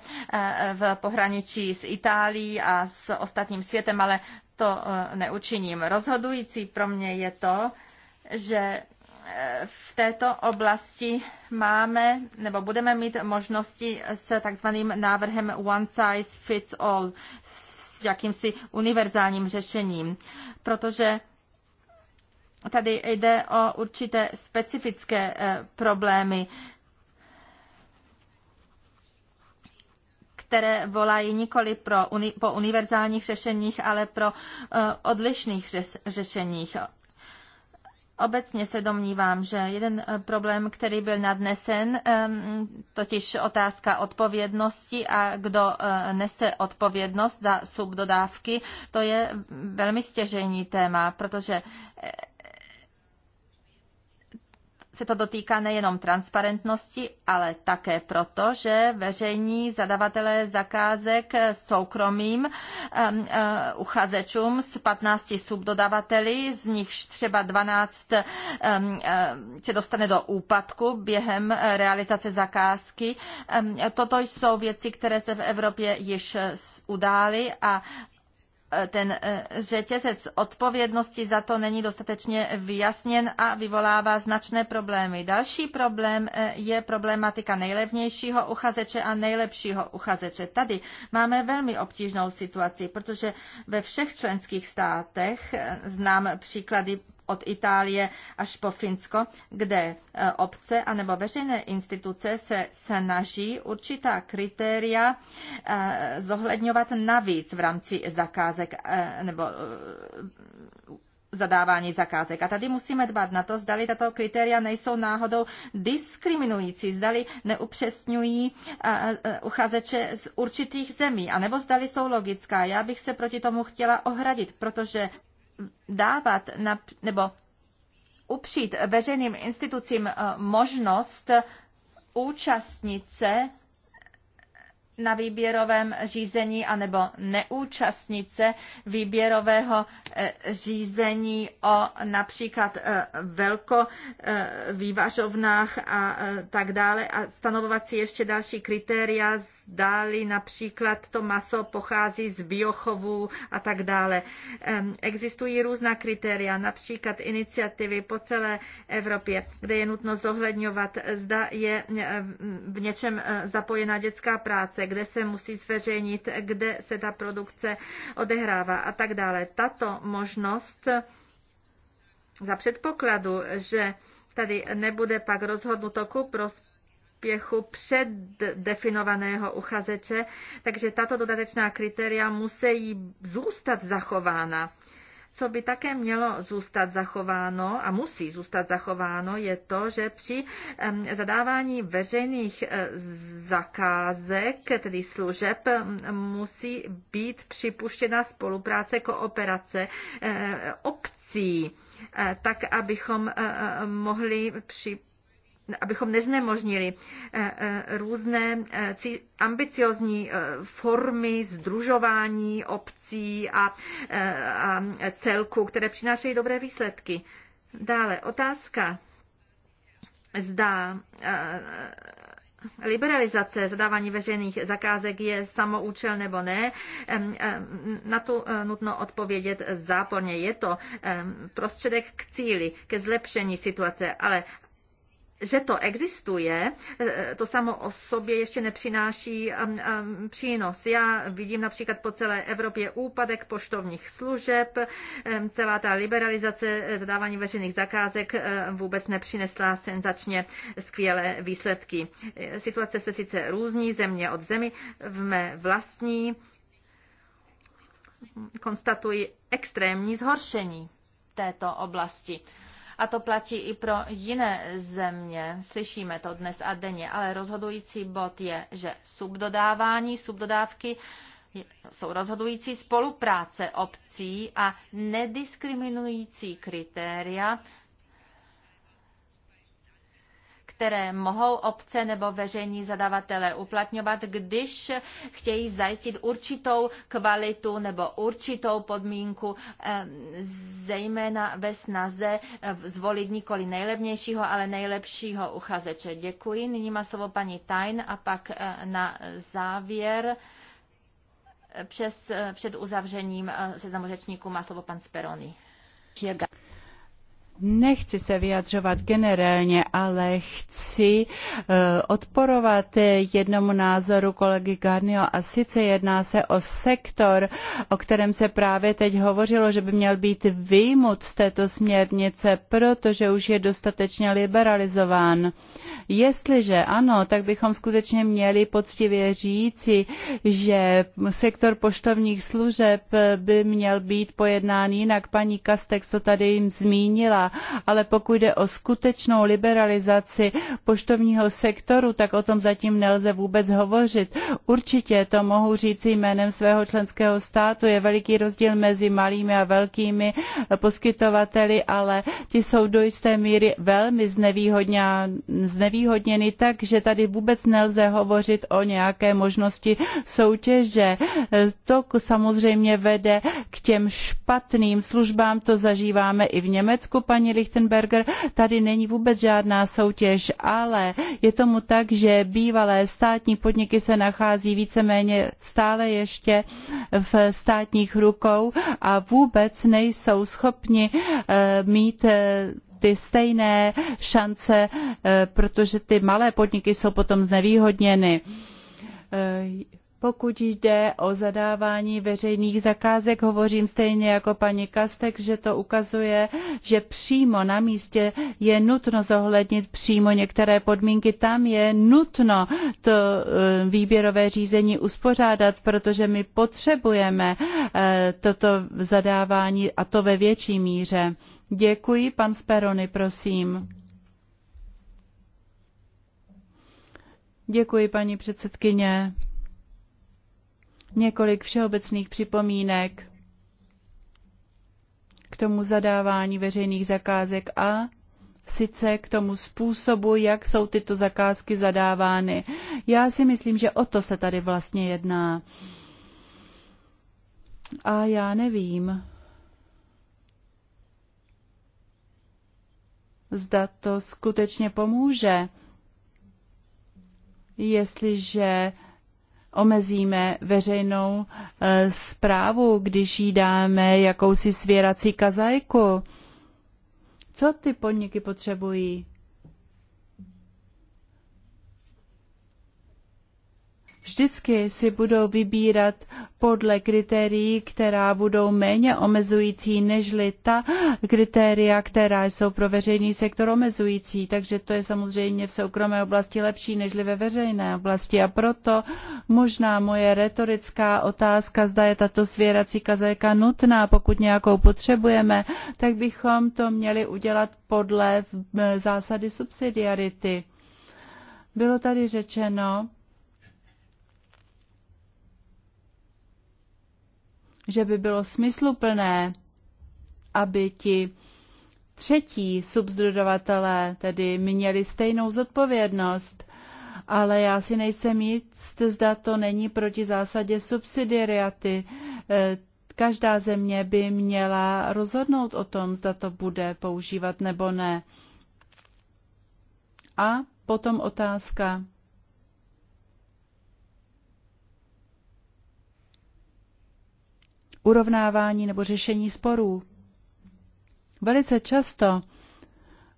v pohraničí s Itálií a s ostatním světem, ale to neučiním. Rozhodující pro mě je to, že v této oblasti máme nebo budeme mít možnosti s takzvaným návrhem one size fits all, s jakýmsi univerzálním řešením, protože tady jde o určité specifické eh, problémy, které volají nikoli pro, uni po univerzálních řešeních, ale pro eh, odlišných řešeních. Obecně se domnívám, že jeden eh, problém, který byl nadnesen, ehm, totiž otázka odpovědnosti a kdo eh, nese odpovědnost za subdodávky, to je velmi stěžení téma, protože eh, se to dotýká nejenom transparentnosti, ale také proto, že veřejní zadavatelé zakázek soukromým eh, uchazečům z 15 subdodavateli, z nichž třeba 12 eh, se dostane do úpadku během realizace zakázky. Toto jsou věci, které se v Evropě již udály a E, ten e, řetězec odpovědnosti za to není dostatečně vyjasněn a vyvolává značné problémy. Další problém e, je problematika nejlevnějšího uchazeče a nejlepšího uchazeče. Tady máme velmi obtížnou situaci, protože ve všech členských státech znám příklady od Itálie až po Finsko, kde e, obce anebo veřejné instituce se snaží určitá kritéria e, zohledňovat navíc v rámci zakázek e, nebo zadávání zakázek. A tady musíme dbát na to, zdali tato kritéria nejsou náhodou diskriminující, zdali neupřesňují uchazeče z určitých zemí, anebo zdali jsou logická. Já bych se proti tomu chtěla ohradit, protože dávat na, nebo upřít veřejným institucím eh, možnost eh, účastnit se na výběrovém řízení anebo neúčastnit se výběrového eh, řízení o například velko vývažovnách a tak dále a stanovovat si ještě další kritéria zdáli například to maso pochází z biochovů a tak dále. Existují různá kritéria, například iniciativy po celé Evropě, kde je nutno zohledňovat, zda je v něčem zapojená dětská práce, kde se musí zveřejnit, kde se ta produkce odehrává a tak dále. Tato možnost za předpokladu, že tady nebude pak rozhodnuto ku prospěchu úspěchu předdefinovaného uchazeče, takže tato dodatečná kritéria musí zůstat zachována. Co by také mělo zůstat zachováno a musí zůstat zachováno, je to, že při zadávání veřejných e, zakázek, tedy služeb, musí být připuštěna spolupráce kooperace e, e, obcí, tak abychom mohli při abychom neznemožnili eh, eh, různé eh, ambiciozní formy združování obcí a, celků, které přinášejí dobré výsledky. Dále otázka, zda liberalizace zadávání veřejných zakázek je samoučel nebo ne, na to nutno odpovědět záporně. Je to prostředek k cíli, ke zlepšení situace, ale že to existuje, e, e, to samo o sobě ještě nepřináší um, um, přínos. Já vidím například po celé Evropě úpadek poštovních služeb, um, celá ta liberalizace e, zadávání veřejných zakázek vůbec nepřinesla senzačně skvělé výsledky. Situace se sice různí země od zemi, v mé vlastní konstatuji extrémní zhoršení této oblasti. A to platí i pro jiné země. Slyšíme to dnes a denně, ale rozhodující bod je, že subdodávání, subdodávky jsou rozhodující spolupráce obcí a nediskriminující kritéria které mohou obce nebo veřejní zadavatele uplatňovat, když chtějí zajistit určitou kvalitu nebo určitou podmínku, zejména ve snaze zvolit nikoli nejlevnějšího, ale nejlepšího uchazeče. Děkuji. Nyní má slovo paní Tajn a pak eh, na závěr eh, přes, eh, před uzavřením seznamu řečníků má slovo pan Speroni. Nechci se vyjadřovat generálně, ale chci eh, odporovat jednomu názoru kolegy Garnio a sice jedná se o sektor, o kterém se právě teď hovořilo, že by měl být výjimut z této směrnice, protože už je dostatečně liberalizován. Jestliže ano, tak bychom skutečně měli poctivě říci, že sektor poštovních služeb by měl být pojednán jinak. Paní Kastex to tady jim zmínila, ale pokud jde o skutečnou liberalizaci poštovního sektoru, tak o tom zatím nelze vůbec hovořit. Určitě to mohu říci jménem svého členského státu. Je veliký rozdíl mezi malými a velkými poskytovateli, ale ti jsou do jisté míry velmi znevýhodňováni znevýhodněny tak, že tady vůbec nelze hovořit o nějaké možnosti soutěže. To samozřejmě vede k těm špatným službám, to zažíváme i v Německu, paní Lichtenberger. Tady není vůbec žádná soutěž, ale je tomu tak, že bývalé státní podniky se nachází víceméně stále ještě v státních rukou a vůbec nejsou schopni eh, mít eh, ty stejné šance, eh, protože ty malé podniky jsou potom znevýhodněny. Eh, pokud jde o zadávání veřejných zakázek, hovořím stejně jako paní Kastek, že to ukazuje, že přímo na místě je nutno zohlednit přímo některé podmínky. Tam je nutno to eh, výběrové řízení uspořádat, protože my potřebujeme toto zadávání a to ve větší míře. Děkuji, pan Sperony, prosím. Děkuji, paní předsedkyně. Několik všeobecných připomínek k tomu zadávání veřejných zakázek a sice k tomu způsobu, jak jsou tyto zakázky zadávány. Já si myslím, že o to se tady vlastně jedná. A já nevím, zda to skutečně pomůže, jestliže omezíme veřejnou zprávu, eh, když jí dáme jakousi svěrací kazajku. Co ty podniky potřebují? vždycky si budou vybírat podle kritérií, která budou méně omezující nežli ta kritéria, která jsou pro veřejný sektor omezující. Takže to je samozřejmě v soukromé oblasti lepší nežli ve veřejné oblasti. A proto možná moje retorická otázka, zda je tato svěrací kazajka nutná, pokud nějakou potřebujeme, tak bychom to měli udělat podle e, zásady subsidiarity. Bylo tady řečeno, že by bylo smysluplné, aby ti třetí subzdodavatelé tedy měli stejnou zodpovědnost. Ale já si nejsem jist, zda to není proti zásadě subsidiariaty. E, každá země by měla rozhodnout o tom, zda to bude používat nebo ne. A potom otázka urovnávání nebo řešení sporů. Velice často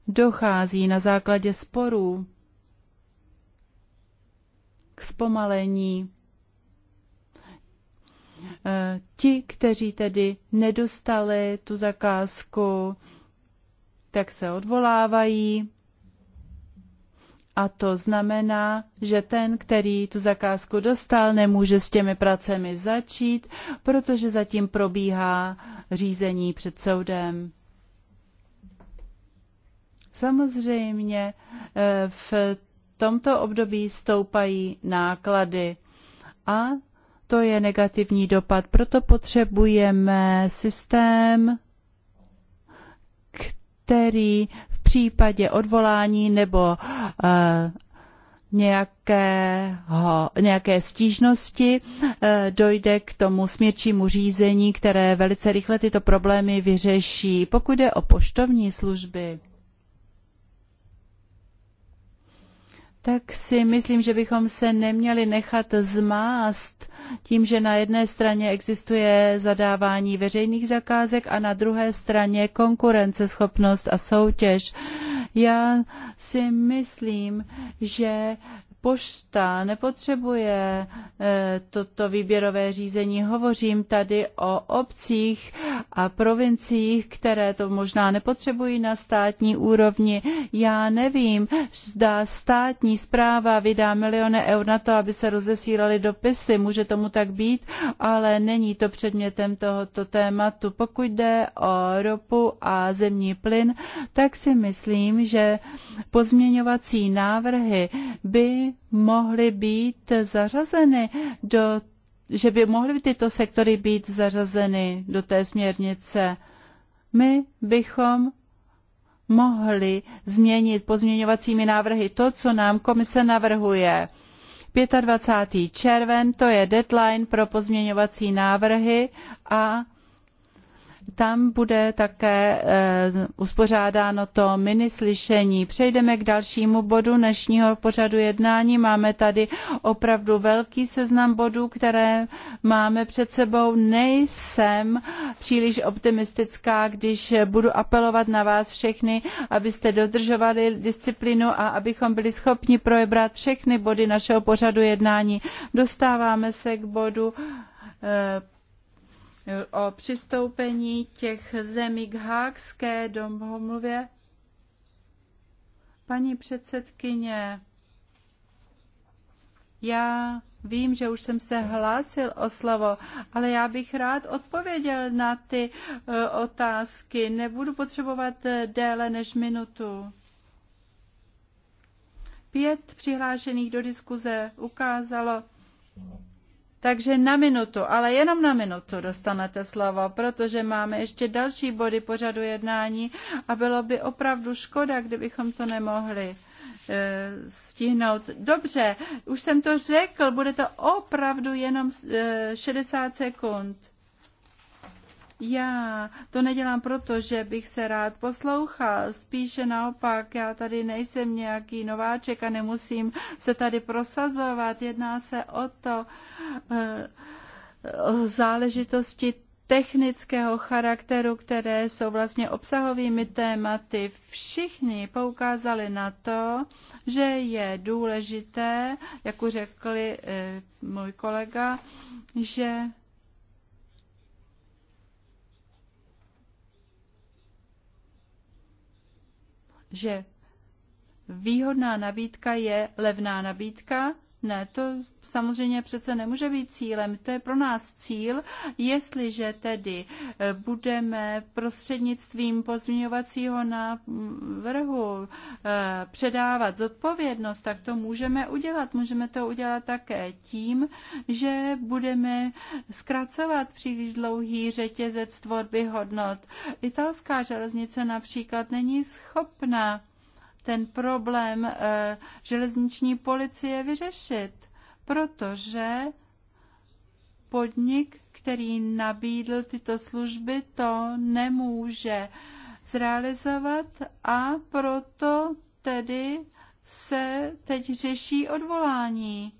dochází na základě sporů k zpomalení. Eh, ti, kteří tedy nedostali tu zakázku, tak se odvolávají a to znamená, že ten, který tu zakázku dostal, nemůže s těmi pracemi začít, protože zatím probíhá řízení před soudem. Samozřejmě eh, v tomto období stoupají náklady a to je negativní dopad. Proto potřebujeme systém, který případě odvolání nebo eh, nějakého, nějaké stížnosti eh, dojde k tomu smírčímu řízení, které velice rychle tyto problémy vyřeší. Pokud je o poštovní služby, tak si myslím, že bychom se neměli nechat zmást tím, že na jedné straně existuje zadávání veřejných zakázek a na druhé straně konkurenceschopnost a soutěž. Já si myslím, že pošta nepotřebuje eh, toto výběrové řízení. Hovořím tady o obcích a provinciích, které to možná nepotřebují na státní úrovni. Já nevím, zda státní zpráva vydá miliony eur na to, aby se rozesílaly dopisy. Může tomu tak být, ale není to předmětem tohoto tématu. Pokud jde o ropu a zemní plyn, tak si myslím, že pozměňovací návrhy by mohly být zařazeny do že by mohly tyto sektory být zařazeny do té směrnice. My bychom mohli změnit pozměňovacími návrhy to, co nám komise navrhuje. 25. červen to je deadline pro pozměňovací návrhy a tam bude také eh, uspořádáno to mini slyšení. Přejdeme k dalšímu bodu dnešního pořadu jednání. Máme tady opravdu velký seznam bodů, které máme před sebou. Nejsem příliš optimistická, když budu apelovat na vás všechny, abyste dodržovali disciplinu a abychom byli schopni projebrat všechny body našeho pořadu jednání. Dostáváme se k bodu eh, o přistoupení těch zemí k Hákské domluvě. Paní předsedkyně, já vím, že už jsem se hlásil o slovo, ale já bych rád odpověděl na ty e, otázky. Nebudu potřebovat e, déle než minutu. Pět přihlášených do diskuze ukázalo, takže na minutu, ale jenom na minutu dostanete slovo, protože máme ještě další body pořadu jednání a bylo by opravdu škoda, kdybychom to nemohli e, stihnout. Dobře, už jsem to řekl, bude to opravdu jenom 60 e, sekund. Já to nedělám proto, že bych se rád poslouchal, spíše naopak, já tady nejsem nějaký nováček a nemusím se tady prosazovat. Jedná se o to, eh, o záležitosti technického charakteru, které jsou vlastně obsahovými tématy, všichni poukázali na to, že je důležité, jak už řekli e, můj kolega, že že výhodná nabídka je levná nabídka ne, to samozřejmě přece nemůže být cílem. To je pro nás cíl, jestliže tedy eh, budeme prostřednictvím pozměňovacího návrhu eh, předávat zodpovědnost, tak to můžeme udělat. Můžeme to udělat také tím, že budeme zkracovat příliš dlouhý řetězec tvorby hodnot. Italská železnice například není schopna ten problém eh, železniční policie vyřešit, protože podnik, který nabídl tyto služby, to nemůže zrealizovat a proto tedy se teď řeší odvolání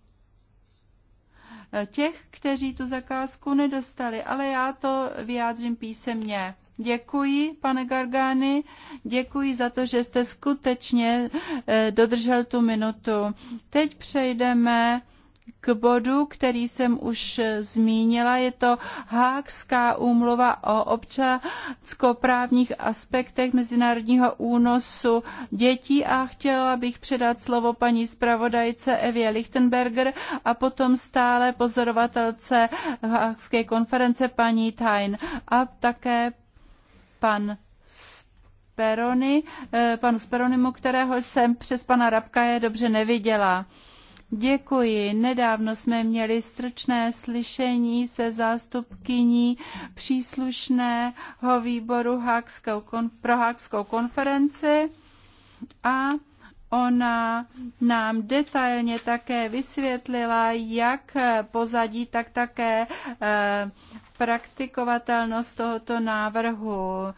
eh, těch, kteří tu zakázku nedostali, ale já to vyjádřím písemně. Děkuji, pane Gargány, děkuji za to, že jste skutečně eh, dodržel tu minutu. Teď přejdeme k bodu, který jsem už eh, zmínila. Je to Hákská úmluva o občanskoprávních aspektech mezinárodního únosu dětí a chtěla bych předat slovo paní zpravodajce Evě Lichtenberger a potom stále pozorovatelce Hákské konference paní Tain a také pan Sperony, eh, panu Speronimu, kterého jsem přes pana Rabka je dobře neviděla. Děkuji. Nedávno jsme měli strčné slyšení se zástupkyní příslušného výboru Hákskou kon- pro Hákskou konferenci a ona nám detailně také vysvětlila, jak pozadí, tak také eh, praktikovatelnost tohoto návrhu.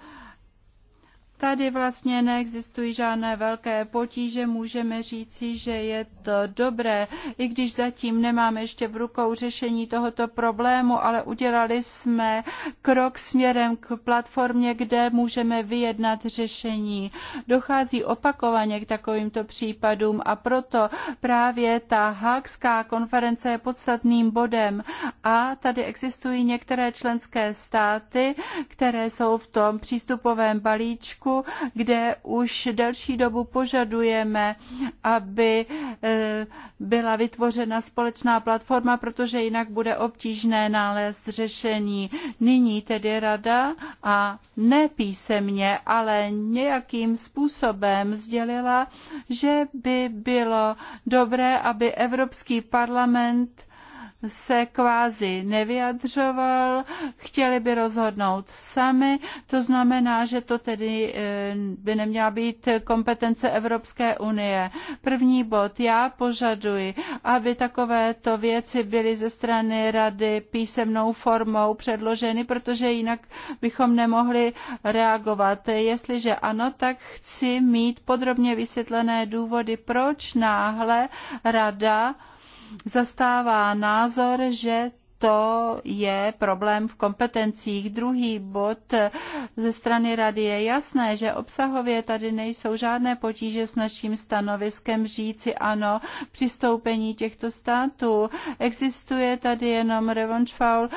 Tady vlastně neexistují žádné velké potíže, můžeme říci, že je to dobré, i když zatím nemáme ještě v rukou řešení tohoto problému, ale udělali jsme krok směrem k platformě, kde můžeme vyjednat řešení. Dochází opakovaně k takovýmto případům a proto právě ta Hákská konference je podstatným bodem a tady existují některé členské státy, které jsou v tom přístupovém balíčku Česku, kde už delší dobu požadujeme, aby eh, byla vytvořena společná platforma, protože jinak bude obtížné nalézt řešení. Nyní tedy rada a ne písemně, ale nějakým způsobem sdělila, že by bylo dobré, aby Evropský parlament se kvázi nevyjadřoval, chtěli by rozhodnout sami, to znamená, že to tedy eh, by neměla být kompetence Evropské unie. První bod, já požaduji, aby takovéto věci byly ze strany rady písemnou formou předloženy, protože jinak bychom nemohli reagovat. Jestliže ano, tak chci mít podrobně vysvětlené důvody, proč náhle rada zastává názor, že to je problém v kompetencích. Druhý bod ze strany rady je jasné, že obsahově tady nejsou žádné potíže s naším stanoviskem říci ano přistoupení těchto států. Existuje tady jenom revenge foul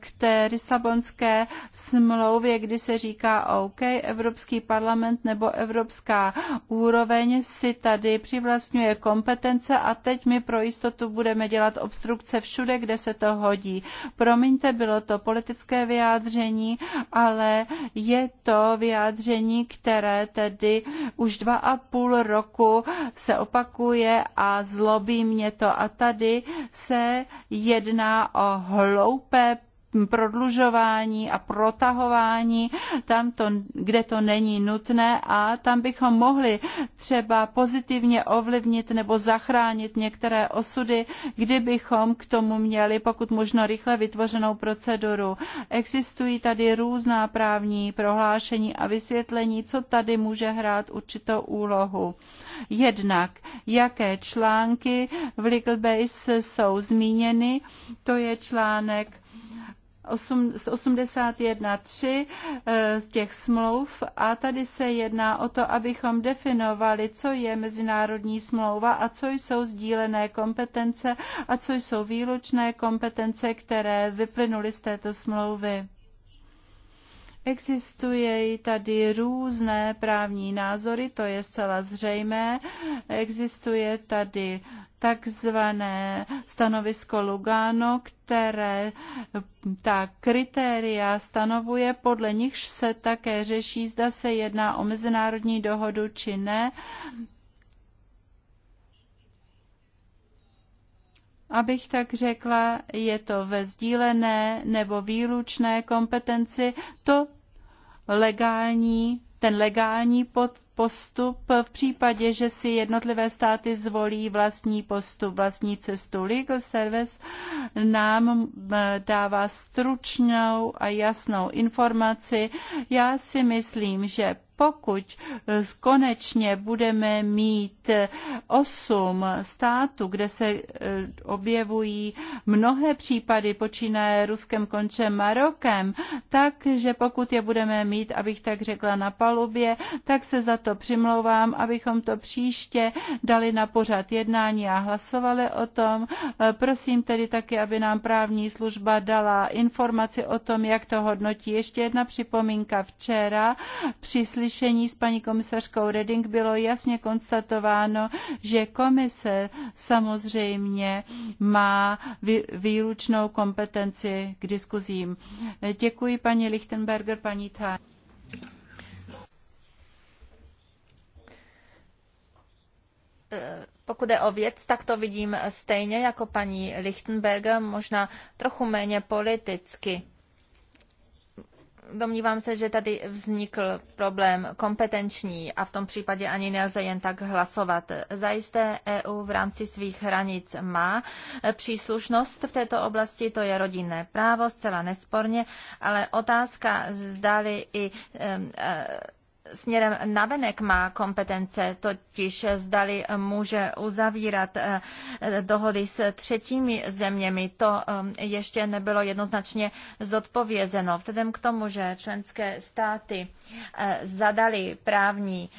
k té Lisabonské smlouvě, kdy se říká OK, Evropský parlament nebo Evropská úroveň si tady přivlastňuje kompetence a teď my pro jistotu budeme dělat obstrukce všude, kde se toho hodí. Promiňte, bylo to politické vyjádření, ale je to vyjádření, které tedy už dva a půl roku se opakuje a zlobí mě to. A tady se jedná o hloupé prodlužování a protahování tam, to, kde to není nutné a tam bychom mohli třeba pozitivně ovlivnit nebo zachránit některé osudy, kdybychom k tomu měli pokud možno rychle vytvořenou proceduru. Existují tady různá právní prohlášení a vysvětlení, co tady může hrát určitou úlohu. Jednak, jaké články v Legal Base jsou zmíněny, to je článek 813 eh, z těch smlouv a tady se jedná o to, abychom definovali, co je mezinárodní smlouva a co jsou sdílené kompetence a co jsou výlučné kompetence, které vyplynuly z této smlouvy. Existují tady různé právní názory, to je zcela zřejmé. Existuje tady uh, takzvané stanovisko Lugano, které ta kritéria stanovuje, podle nichž se také řeší, zda se jedná o mezinárodní dohodu či ne, abych tak řekla, je to ve sdílené nebo výlučné kompetenci, to legální, ten legální pod postup v případě, že si jednotlivé státy zvolí vlastní postup, vlastní cestu. Legal Service nám dává stručnou a jasnou informaci. Já si myslím, že pokud eh, konečně budeme mít eh, osm států, kde se eh, objevují mnohé případy, počínaje Ruskem, končem Marokem, takže pokud je budeme mít, abych tak řekla, na palubě, tak se za to přimlouvám, abychom to příště dali na pořad jednání a hlasovali o tom. Prosím tedy taky, aby nám právní služba dala informaci o tom, jak to hodnotí. Ještě jedna připomínka včera přislí slyšení s paní komisařkou Reding bylo jasně konstatováno, že komise samozřejmě má výlučnou kompetenci k diskuzím. Děkuji paní Lichtenberger, paní Thá. Pokud je o věc, tak to vidím stejně jako paní Lichtenberger, možná trochu méně politicky. Domnívám se, že tady vznikl problém kompetenční a v tom případě ani nelze jen tak hlasovat. Zajisté EU v rámci svých hranic má příslušnost v této oblasti, to je rodinné právo, zcela nesporně, ale otázka zdali i e, směrem navenek má kompetence, totiž zdali může uzavírat eh, dohody s třetími zeměmi. To eh, ještě nebylo jednoznačně zodpovězeno. Vzhledem k tomu, že členské státy eh, zadali právní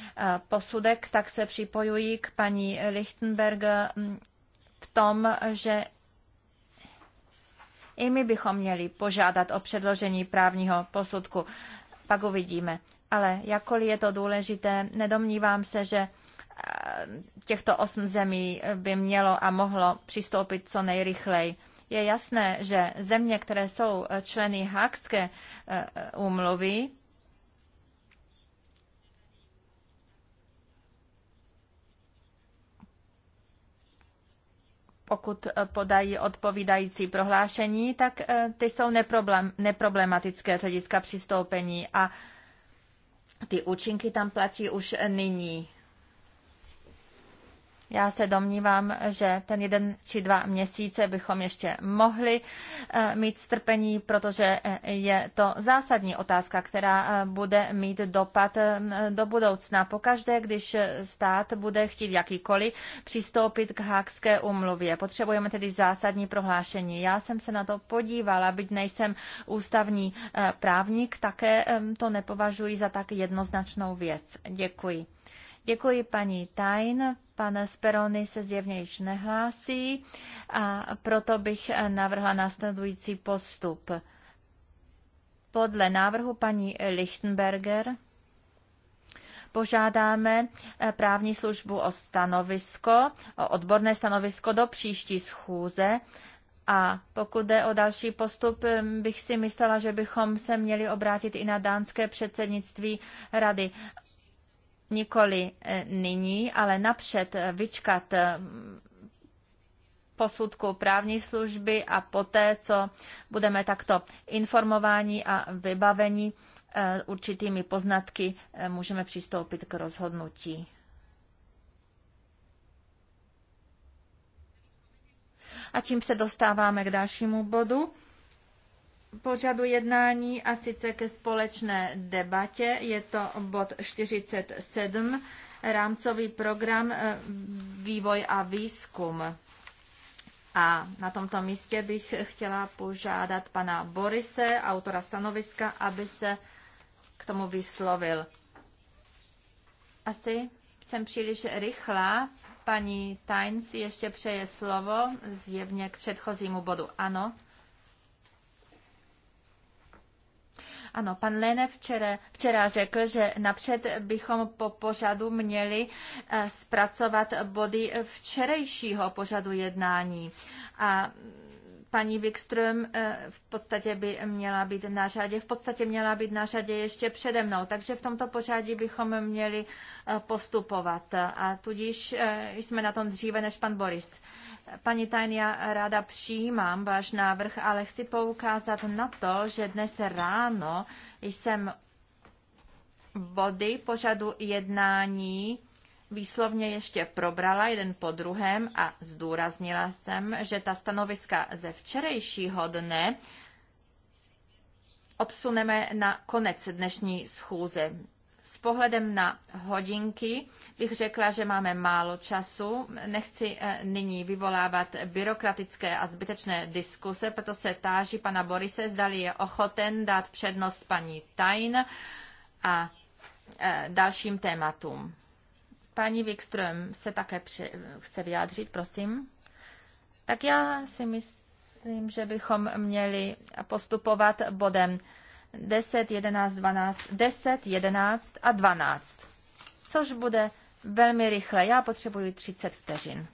posudek, tak se připojují k paní Lichtenberg hm, v tom, že i my bychom měli požádat o předložení právního posudku. Pak uvidíme. Ale jakkoliv je to důležité, nedomnívám se, že eh, těchto osm zemí by mělo a mohlo přistoupit co nejrychleji. Je jasné, že země, které jsou členy Hákské eh, úmluvy, pokud eh, podají odpovídající prohlášení, tak ty jsou neproblem, neproblematické z hlediska přistoupení a ty účinky tam platí už nyní. Já se domnívám, že ten jeden či dva měsíce bychom ještě mohli eh, mít strpení, protože eh, je to zásadní otázka, která eh, bude mít dopad mm, do budoucna. Pokaždé, když stát bude chtít jakýkoliv přistoupit k hákské umluvě. Potřebujeme tedy zásadní prohlášení. Já jsem se na to podívala, byť nejsem ústavní právník, také to nepovažuji za tak jednoznačnou věc. Děkuji. Děkuji paní Tajn. Pan Sperony se zjevně již nehlásí a proto bych navrhla následující postup. Podle návrhu paní Lichtenberger požádáme právní službu o stanovisko, o odborné stanovisko do příští schůze. A pokud jde o další postup, bych si myslela, že bychom se měli obrátit i na dánské předsednictví rady nikoli eh, nyní, ale napřed eh, vyčkat eh, posudku právní služby a poté, co budeme takto informováni a vybaveni určitými poznatky, můžeme přistoupit k rozhodnutí. A tím se dostáváme k dalšímu bodu pořadu jednání a sice ke společné debatě. Je to bod 47, rámcový program eh, vývoj a výzkum. A na tomto místě bych chtěla požádat pana Borise, autora stanoviska, aby se k tomu vyslovil. Asi jsem příliš rychlá. Paní Tynes ještě přeje slovo zjevně k předchozímu bodu. Ano. Ano, pan Lene včera, včera řekl, že napřed bychom po pořadu měli eh, zpracovat body včerejšího pořadu jednání. A paní Wikström eh, v podstatě by měla být na řadě, v podstatě měla být na řadě ještě přede mnou, takže v tomto pořadí bychom měli eh, postupovat a tudíž eh, jsme na tom dříve než pan Boris. Paní Tajn, já ráda přijímám váš návrh, ale chci poukázat na to, že dnes ráno jsem body pořadu jednání výslovně ještě probrala jeden po druhém a zdůraznila jsem, že ta stanoviska ze včerejšího dne odsuneme na konec dnešní schůze. S pohledem na hodinky bych řekla, že máme málo času. Nechci eh, nyní vyvolávat byrokratické a zbytečné diskuse, proto se táží pana Borise, zdali je ochoten dát přednost paní Tajn a eh, dalším tématům. Paní Wikström se také při, chce vyjádřit, prosím. Tak já si myslím, že bychom měli postupovat bodem 10, 11, 12, 10, 11 a 12, což bude velmi rychle. Já potřebuji 30 vteřin.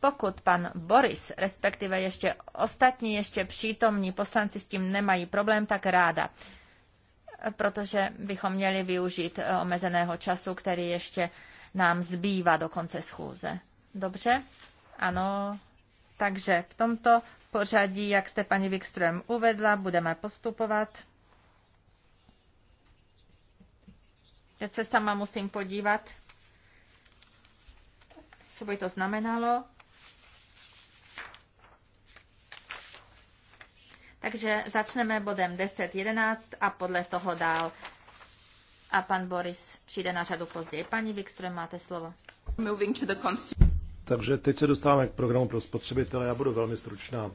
Pokud pan Boris, respektive ještě ostatní, ještě přítomní poslanci s tím nemají problém, tak ráda protože bychom měli využít eh, omezeného času, který ještě nám zbývá do konce schůze. Dobře? Ano. Takže v tomto pořadí, jak jste paní Wikström uvedla, budeme postupovat. Teď se sama musím podívat, co by to znamenalo. Takže začneme bodem 10.11 a podle toho dál. A pan Boris přijde na řadu později. Paní Wikström, máte slovo. Takže teď se dostáváme k programu pro spotřebitele. Já budu velmi stručná.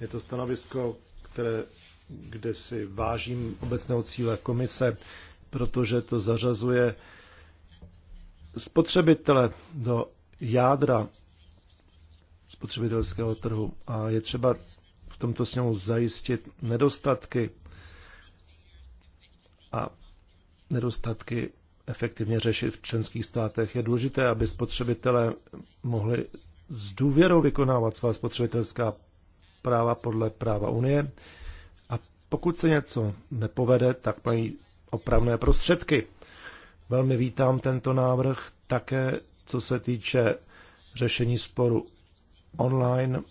Je to stanovisko, které, kde si vážím obecného cíle komise, protože to zařazuje spotřebitele do jádra spotřebitelského trhu. A je třeba tomto sněmu zajistit nedostatky a nedostatky efektivně řešit v členských státech. Je důležité, aby spotřebitelé mohli s důvěrou vykonávat svá spotřebitelská práva podle práva Unie a pokud se něco nepovede, tak mají opravné prostředky. Velmi vítám tento návrh také, co se týče řešení sporu online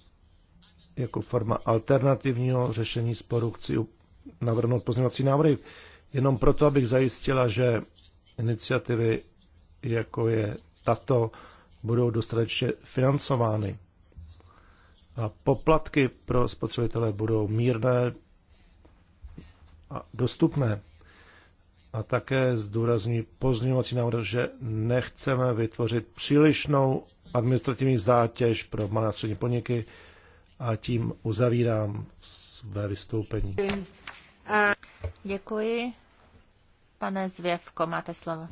jako forma alternativního řešení sporu chci navrhnout pozměňovací návrhy, jenom proto, abych zajistila, že iniciativy, jako je tato, budou dostatečně financovány. A poplatky pro spotřebitele budou mírné a dostupné. A také zdůrazní pozměňovací návrh, že nechceme vytvořit přílišnou administrativní zátěž pro malé a střední podniky, a tím uzavírám své vystoupení. Děkuji. Pane Zvěvko, máte slovo.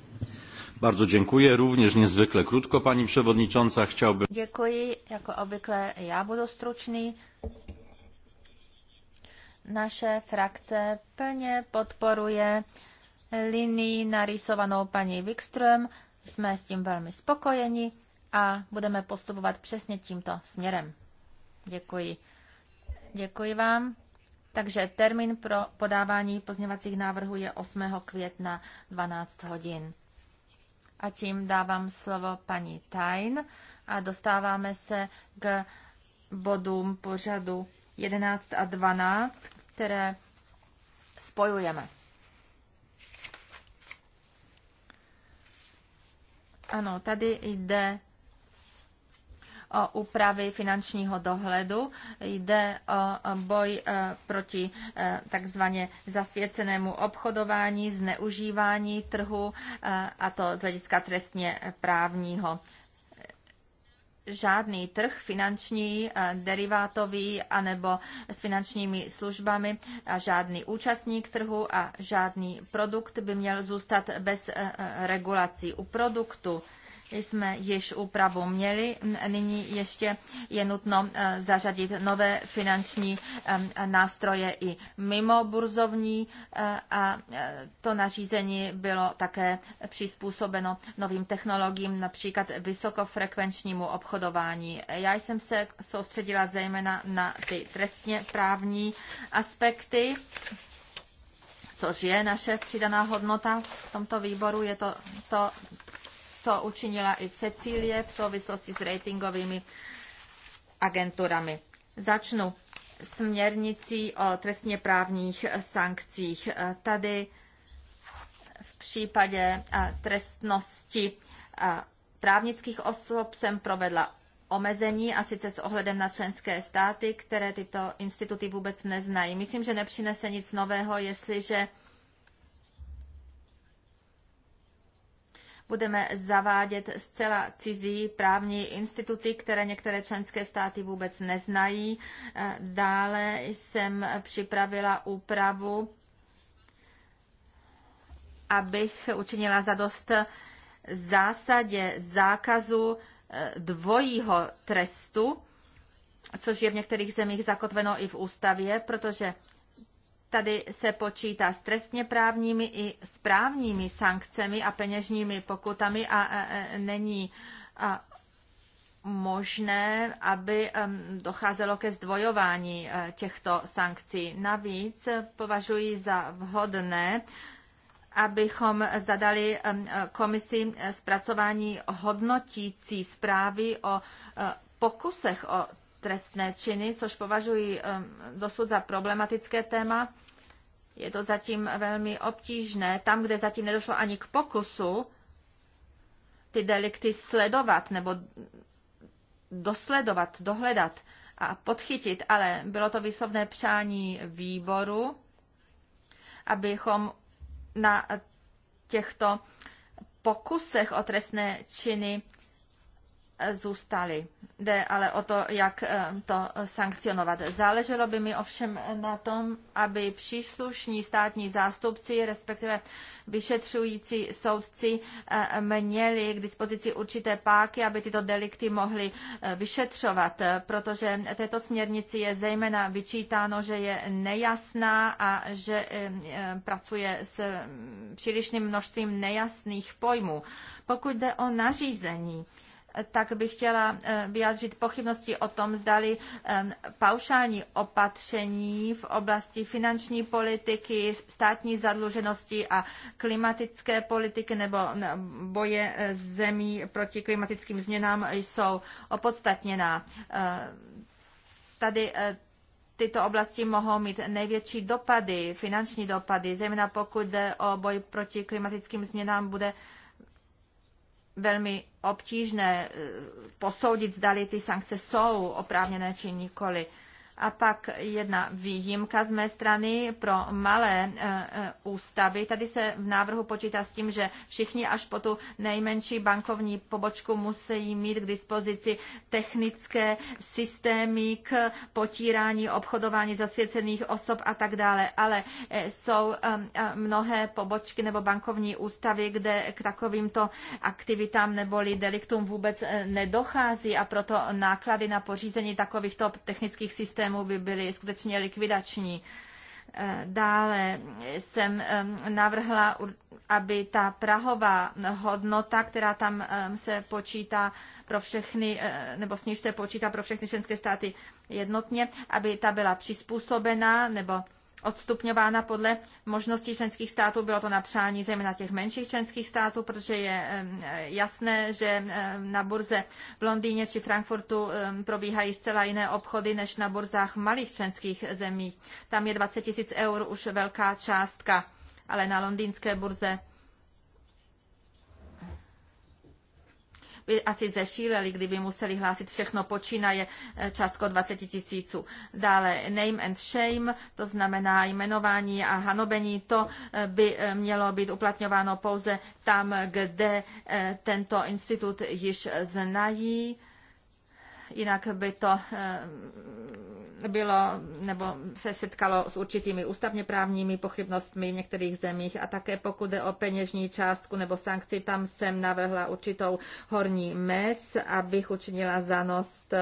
Bardzo dziękuję. Również niezwykle krótko, pani przewodnicząca. Chciałbym... Děkuji. Jako obvykle já budu stručný. Nasze frakce plně podporuje linii narysowaną paní Wikström. Jsme s tím velmi spokojeni a budeme postupovat přesně tímto směrem. Děkuji. Děkuji vám. Takže termín pro podávání pozněvacích návrhů je 8. května 12 hodin. A tím dávám slovo paní Tajn a dostáváme se k bodům pořadu 11 a 12, které spojujeme. Ano, tady jde o úpravy finančního dohledu. Jde o boj e, proti e, takzvaně zasvěcenému obchodování, zneužívání trhu e, a to z hlediska trestně právního žádný trh finanční, derivátový anebo s finančními službami a žádný účastník trhu a žádný produkt by měl zůstat bez regulací. U produktu jsme již úpravu měli. Nyní ještě je nutno eh, zařadit nové finanční eh, nástroje i mimo burzovní eh, a to nařízení bylo také přizpůsobeno novým technologiím, například vysokofrekvenčnímu obchodování. Já jsem se soustředila zejména na ty trestně právní aspekty což je naše přidaná hodnota v tomto výboru, je to, to co učinila i Cecílie v souvislosti s ratingovými agenturami. Začnu směrnicí o trestně právních sankcích. Tady v případě trestnosti právnických osob jsem provedla omezení a sice s ohledem na členské státy, které tyto instituty vůbec neznají. Myslím, že nepřinese nic nového, jestliže budeme zavádět zcela cizí právní instituty, které některé členské státy vůbec neznají. E, dále jsem připravila úpravu, abych učinila zadost zásadě zákazu e, dvojího trestu, což je v některých zemích zakotveno i v ústavě, protože Tady se počítá s trestně právními i správními sankcemi a peněžními pokutami a, a, a není a, možné, aby docházelo ke zdvojování e, těchto sankcí. Navíc považuji za vhodné, abychom zadali komisi e, zpracování hodnotící zprávy o e, pokusech o trestné činy, což považuji dosud za problematické téma. Je to zatím velmi obtížné. Tam, kde zatím nedošlo ani k pokusu ty delikty sledovat nebo dosledovat, dohledat a podchytit, ale bylo to výslovné přání výboru, abychom na těchto pokusech o trestné činy zůstaly. Jde ale o to, jak eh, to sankcionovat. Záleželo by mi ovšem na tom, aby příslušní státní zástupci, respektive vyšetřující soudci, eh, měli k dispozici určité páky, aby tyto delikty mohli eh, vyšetřovat, protože této směrnici je zejména vyčítáno, že je nejasná a že pracuje s mm, přílišným množstvím nejasných pojmů. Pokud jde o nařízení, tak bych chtěla eh, vyjádřit pochybnosti o tom, zdali eh, paušální opatření v oblasti finanční politiky, státní zadluženosti a klimatické politiky nebo boje eh, zemí proti klimatickým změnám jsou opodstatněná. Tady tyto oblasti mohou mít největší dopady, finanční dopady, zejména pokud jde o boj proti klimatickým změnám, bude velmi obtížné eh, posoudit, zdali ty sankce jsou oprávněné či nikoli. A pak jedna výjimka z mé strany pro malé eh, eh, ústavy. Tady se v návrhu počítá s tím, že všichni až po tu nejmenší bankovní pobočku musí mít k dispozici technické systémy k potírání, obchodování zasvěcených osob a tak dále. Ale eh, jsou mnohé pobočky nebo bankovní ústavy, kde k takovýmto aktivitám neboli deliktům vůbec nedochází a proto náklady na pořízení takovýchto technických systémů systému by byly skutečně likvidační. Eh, dále jsem eh, navrhla, aby ta prahová hodnota, která tam eh, se počítá pro všechny, nebo s níž se počítá pro všechny členské státy jednotně, aby ta byla přizpůsobena nebo odstupňována podle možností členských států. Bylo to na přání zejména těch menších členských států, protože je jasné, že na burze v Londýně či Frankfurtu probíhají zcela jiné obchody než na burzách malých členských zemí. Tam je 20 tisíc eur už velká částka, ale na londýnské burze by asi zešíleli, kdyby museli hlásit všechno počínaje eh, částko 20 tisíců. Dále name and shame, to znamená jmenování a hanobení, to eh, by eh, mělo být uplatňováno pouze tam, kde tento institut již znají jinak by to eh, bylo nebo se setkalo s určitými ústavně právními pochybnostmi v některých zemích a také pokud jde o peněžní částku nebo sankci, tam jsem navrhla určitou horní mez, abych učinila zanost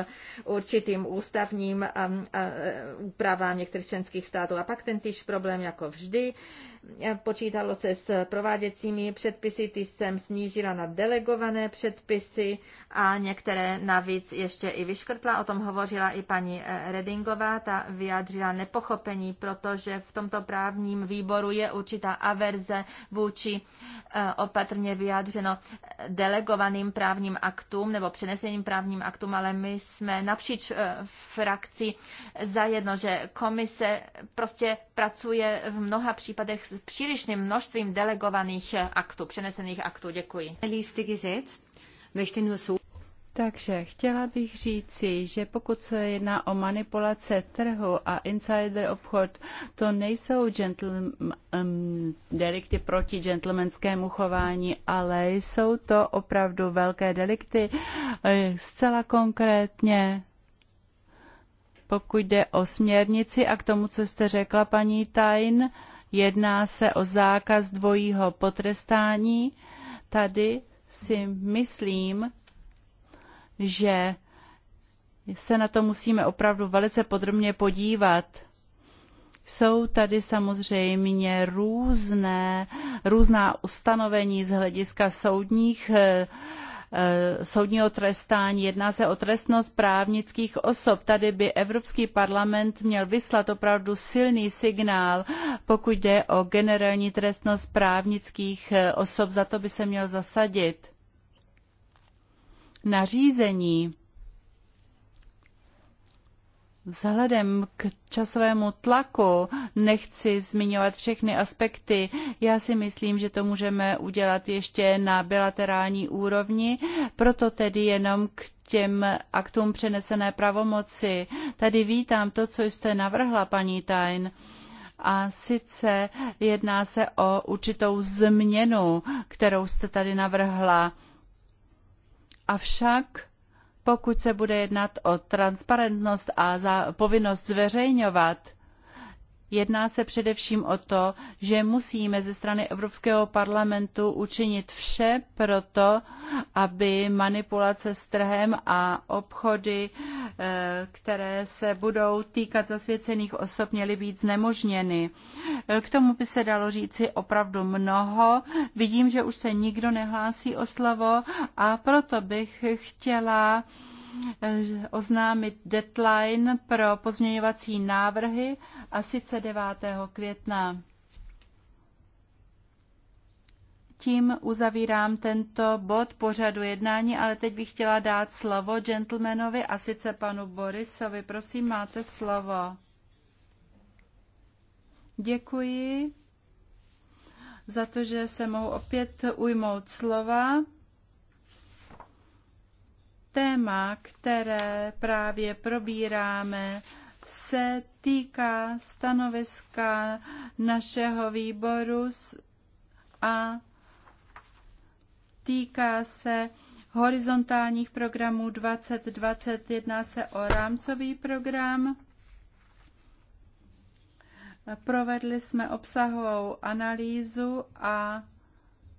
určitým ústavním eh, eh, úpravám některých členských států. A pak ten týž problém jako vždy počítalo se s prováděcími předpisy, ty jsem snížila na delegované předpisy a některé navíc ještě i vyškrtla. O tom hovořila i paní eh, Redingová, ta vyjádřila nepochopení, protože v tomto právním výboru je určitá averze vůči eh, opatrně vyjádřeno eh, delegovaným právním aktům nebo přeneseným právním aktům, ale my jsme napříč frakci zajedno, že komise prostě pracuje v mnoha případech s přílišným množstvím delegovaných aktů, přenesených aktů. Děkuji. Takže chtěla bych říci, že pokud se jedná o manipulace trhu a insider obchod, to nejsou gentleman, um, mm, delikty proti gentlemanskému chování, ale jsou to opravdu velké delikty. Eh, zcela konkrétně pokud jde o směrnici a k tomu, co jste řekla, paní Tajn, Jedná se o zákaz dvojího potrestání. Tady si myslím, že se na to musíme opravdu velice podrobně podívat. Jsou tady samozřejmě různé, různá ustanovení z hlediska soudních eh, Eh, soudního trestání. Jedná se o trestnost právnických osob. Tady by Evropský parlament měl vyslat opravdu silný signál, pokud jde o generální trestnost právnických eh, osob. Za to by se měl zasadit. Nařízení Vzhledem k časovému tlaku nechci zmiňovat všechny aspekty. Já si myslím, že to můžeme udělat ještě na bilaterální úrovni, proto tedy jenom k těm aktům přenesené pravomoci. Tady vítám to, co jste navrhla, paní Tajn a sice jedná se o určitou změnu, kterou jste tady navrhla. Avšak pokud se bude jednat o transparentnost a za povinnost zveřejňovat Jedná se především o to, že musíme ze strany Evropského parlamentu učinit vše pro to, aby manipulace s trhem a obchody, eh, které se budou týkat zasvěcených osob, měly být znemožněny. Eh, k tomu by se dalo říci opravdu mnoho. Vidím, že už se nikdo nehlásí o slovo a proto bych chtěla oznámit deadline pro pozměňovací návrhy a sice 9. května. Tím uzavírám tento bod pořadu jednání, ale teď bych chtěla dát slovo gentlemanovi a sice panu Borisovi. Prosím, máte slovo. Děkuji za to, že se mohu opět ujmout slova téma, které právě probíráme, se týká stanoviska našeho výboru a týká se horizontálních programů 2020. Jedná se o rámcový program. Provedli jsme obsahovou analýzu a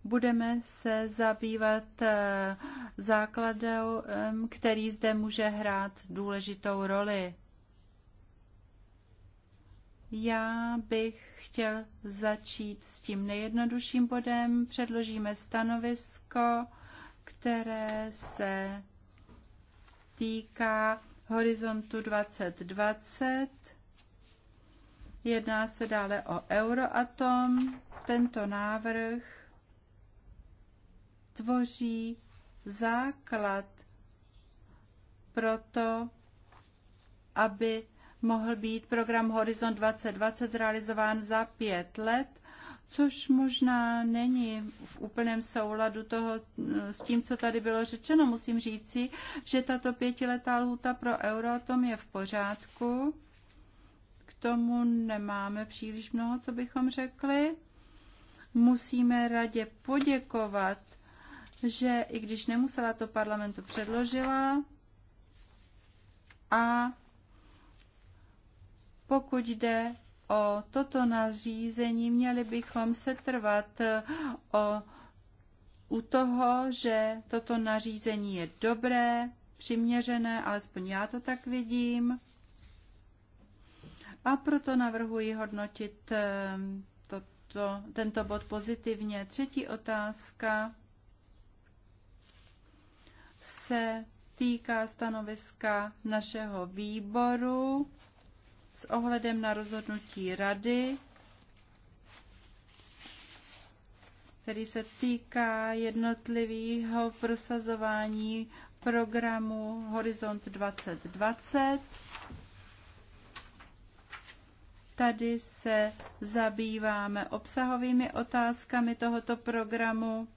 budeme se zabývat eh, základem, který zde může hrát důležitou roli. Já bych chtěl začít s tím nejjednodušším bodem. Předložíme stanovisko, které se týká horizontu 2020. Jedná se dále o Euroatom. Tento návrh tvoří základ pro to, aby mohl být program Horizon 2020 zrealizován za pět let, což možná není v úplném souladu toho, eh, s tím, co tady bylo řečeno. Musím říci, že tato pětiletá lhůta pro Euratom je v pořádku. K tomu nemáme příliš mnoho, co bychom řekli. Musíme radě poděkovat že i když nemusela to parlamentu předložila a pokud jde o toto nařízení, měli bychom se trvat o, u toho, že toto nařízení je dobré, přiměřené, alespoň já to tak vidím. A proto navrhuji hodnotit ehm, to, tento bod pozitivně. Třetí otázka se týká stanoviska našeho výboru s ohledem na rozhodnutí rady, který se týká jednotlivého prosazování programu Horizont 2020. Tady se zabýváme obsahovými otázkami tohoto programu.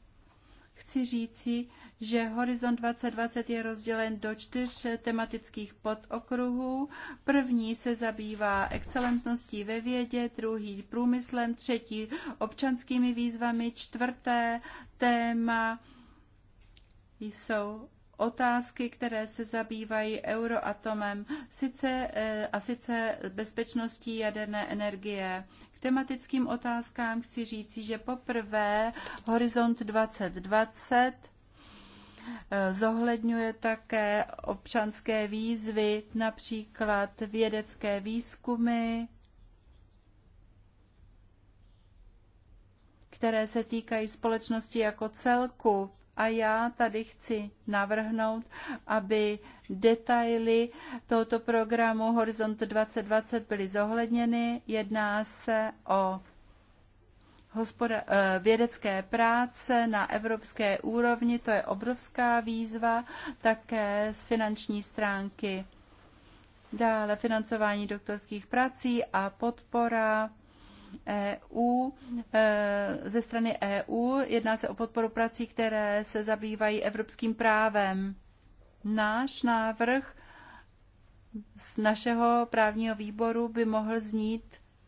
Chci říci, že Horizont 2020 je rozdělen do čtyř tematických podokruhů. První se zabývá excelentností ve vědě, druhý průmyslem, třetí občanskými výzvami, čtvrté téma jsou otázky, které se zabývají euroatomem sice, eh, a sice bezpečností jaderné energie. K tematickým otázkám chci říci, že poprvé Horizont 2020 Zohledňuje také občanské výzvy, například vědecké výzkumy, které se týkají společnosti jako celku. A já tady chci navrhnout, aby detaily tohoto programu Horizont 2020 byly zohledněny. Jedná se o hospoda- eh, vědecké práce na evropské úrovni, to je obrovská výzva, také z finanční stránky. Dále financování doktorských prací a podpora EU, eh, ze strany EU. Jedná se o podporu prací, které se zabývají evropským právem. Náš návrh z našeho právního výboru by mohl znít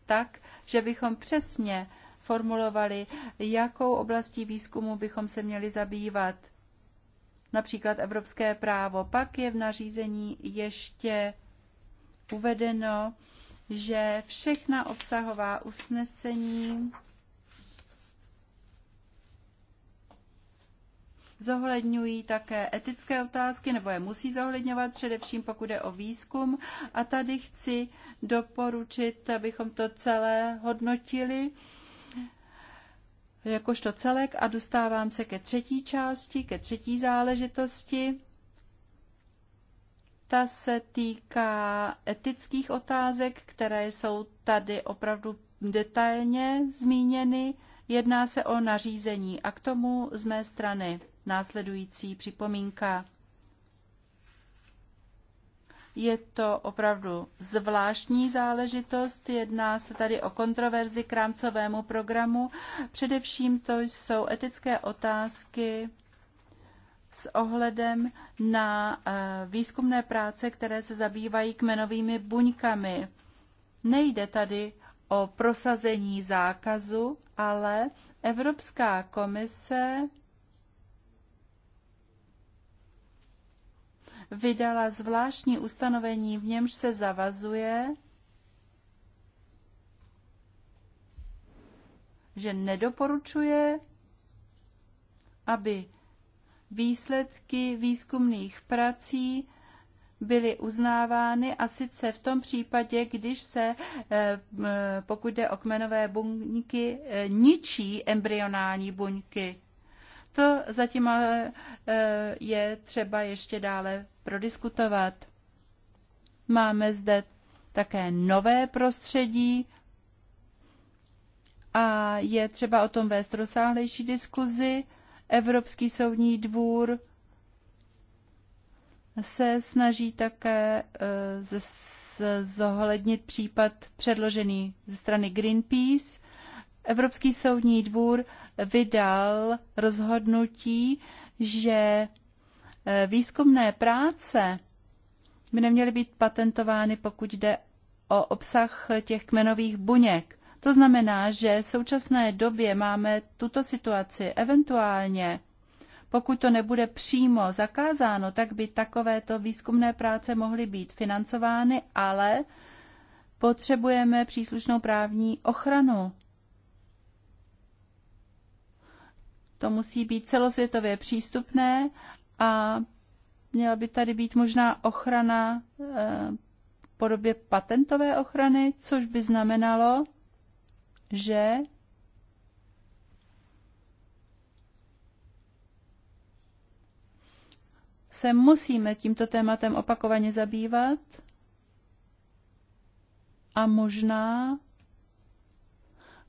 tak, že bychom přesně formulovali, jakou oblastí výzkumu bychom se měli zabývat, například evropské právo. Pak je v nařízení ještě uvedeno, že všechna obsahová usnesení zohledňují také etické otázky, nebo je musí zohledňovat, především pokud je o výzkum. A tady chci doporučit, abychom to celé hodnotili jakožto celek a dostávám se ke třetí části, ke třetí záležitosti. Ta se týká etických otázek, které jsou tady opravdu detailně zmíněny. Jedná se o nařízení a k tomu z mé strany následující připomínka. Je to opravdu zvláštní záležitost, jedná se tady o kontroverzi k rámcovému programu. Především to jsou etické otázky s ohledem na eh, výzkumné práce, které se zabývají kmenovými buňkami. Nejde tady o prosazení zákazu, ale Evropská komise vydala zvláštní ustanovení, v němž se zavazuje, že nedoporučuje, aby výsledky výzkumných prací byly uznávány a sice v tom případě, když se, eh, pokud jde o kmenové buňky, eh, ničí embryonální buňky. To zatím ale e, je třeba ještě dále prodiskutovat. Máme zde také nové prostředí a je třeba o tom vést rozsáhlejší diskuzi. Evropský soudní dvůr se snaží také e, zohlednit případ předložený ze strany Greenpeace. Evropský soudní dvůr vydal rozhodnutí, že eh, výzkumné práce by neměly být patentovány, pokud jde o obsah těch kmenových buněk. To znamená, že v současné době máme tuto situaci. Eventuálně, pokud to nebude přímo zakázáno, tak by takovéto výzkumné práce mohly být financovány, ale potřebujeme příslušnou právní ochranu. To musí být celosvětově přístupné a měla by tady být možná ochrana v eh, podobě patentové ochrany, což by znamenalo, že se musíme tímto tématem opakovaně zabývat a možná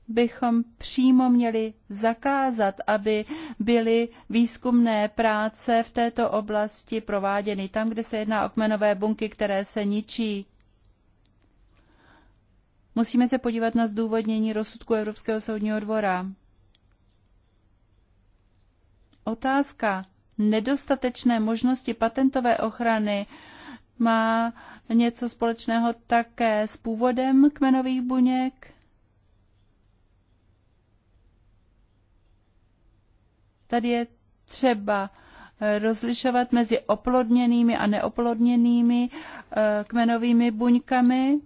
bychom přímo měli zakázat, aby byly výzkumné práce v této oblasti prováděny tam, kde se jedná o kmenové bunky, které se ničí. Musíme se podívat na zdůvodnění rozsudku Evropského soudního dvora. Otázka nedostatečné možnosti patentové ochrany má něco společného také s původem kmenových buněk? Tady je třeba eh, rozlišovat mezi oplodněnými a neoplodněnými eh, kmenovými buňkami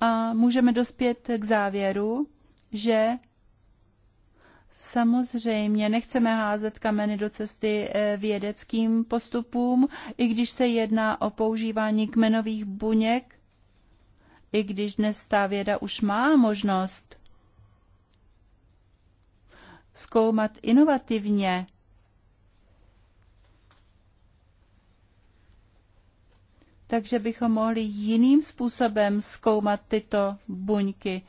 a můžeme dospět k závěru, že Samozřejmě nechceme házet kameny do cesty eh, vědeckým postupům, i když se jedná o používání kmenových buněk, i když dnes ta věda už má možnost zkoumat inovativně. Takže bychom mohli jiným způsobem zkoumat tyto buňky.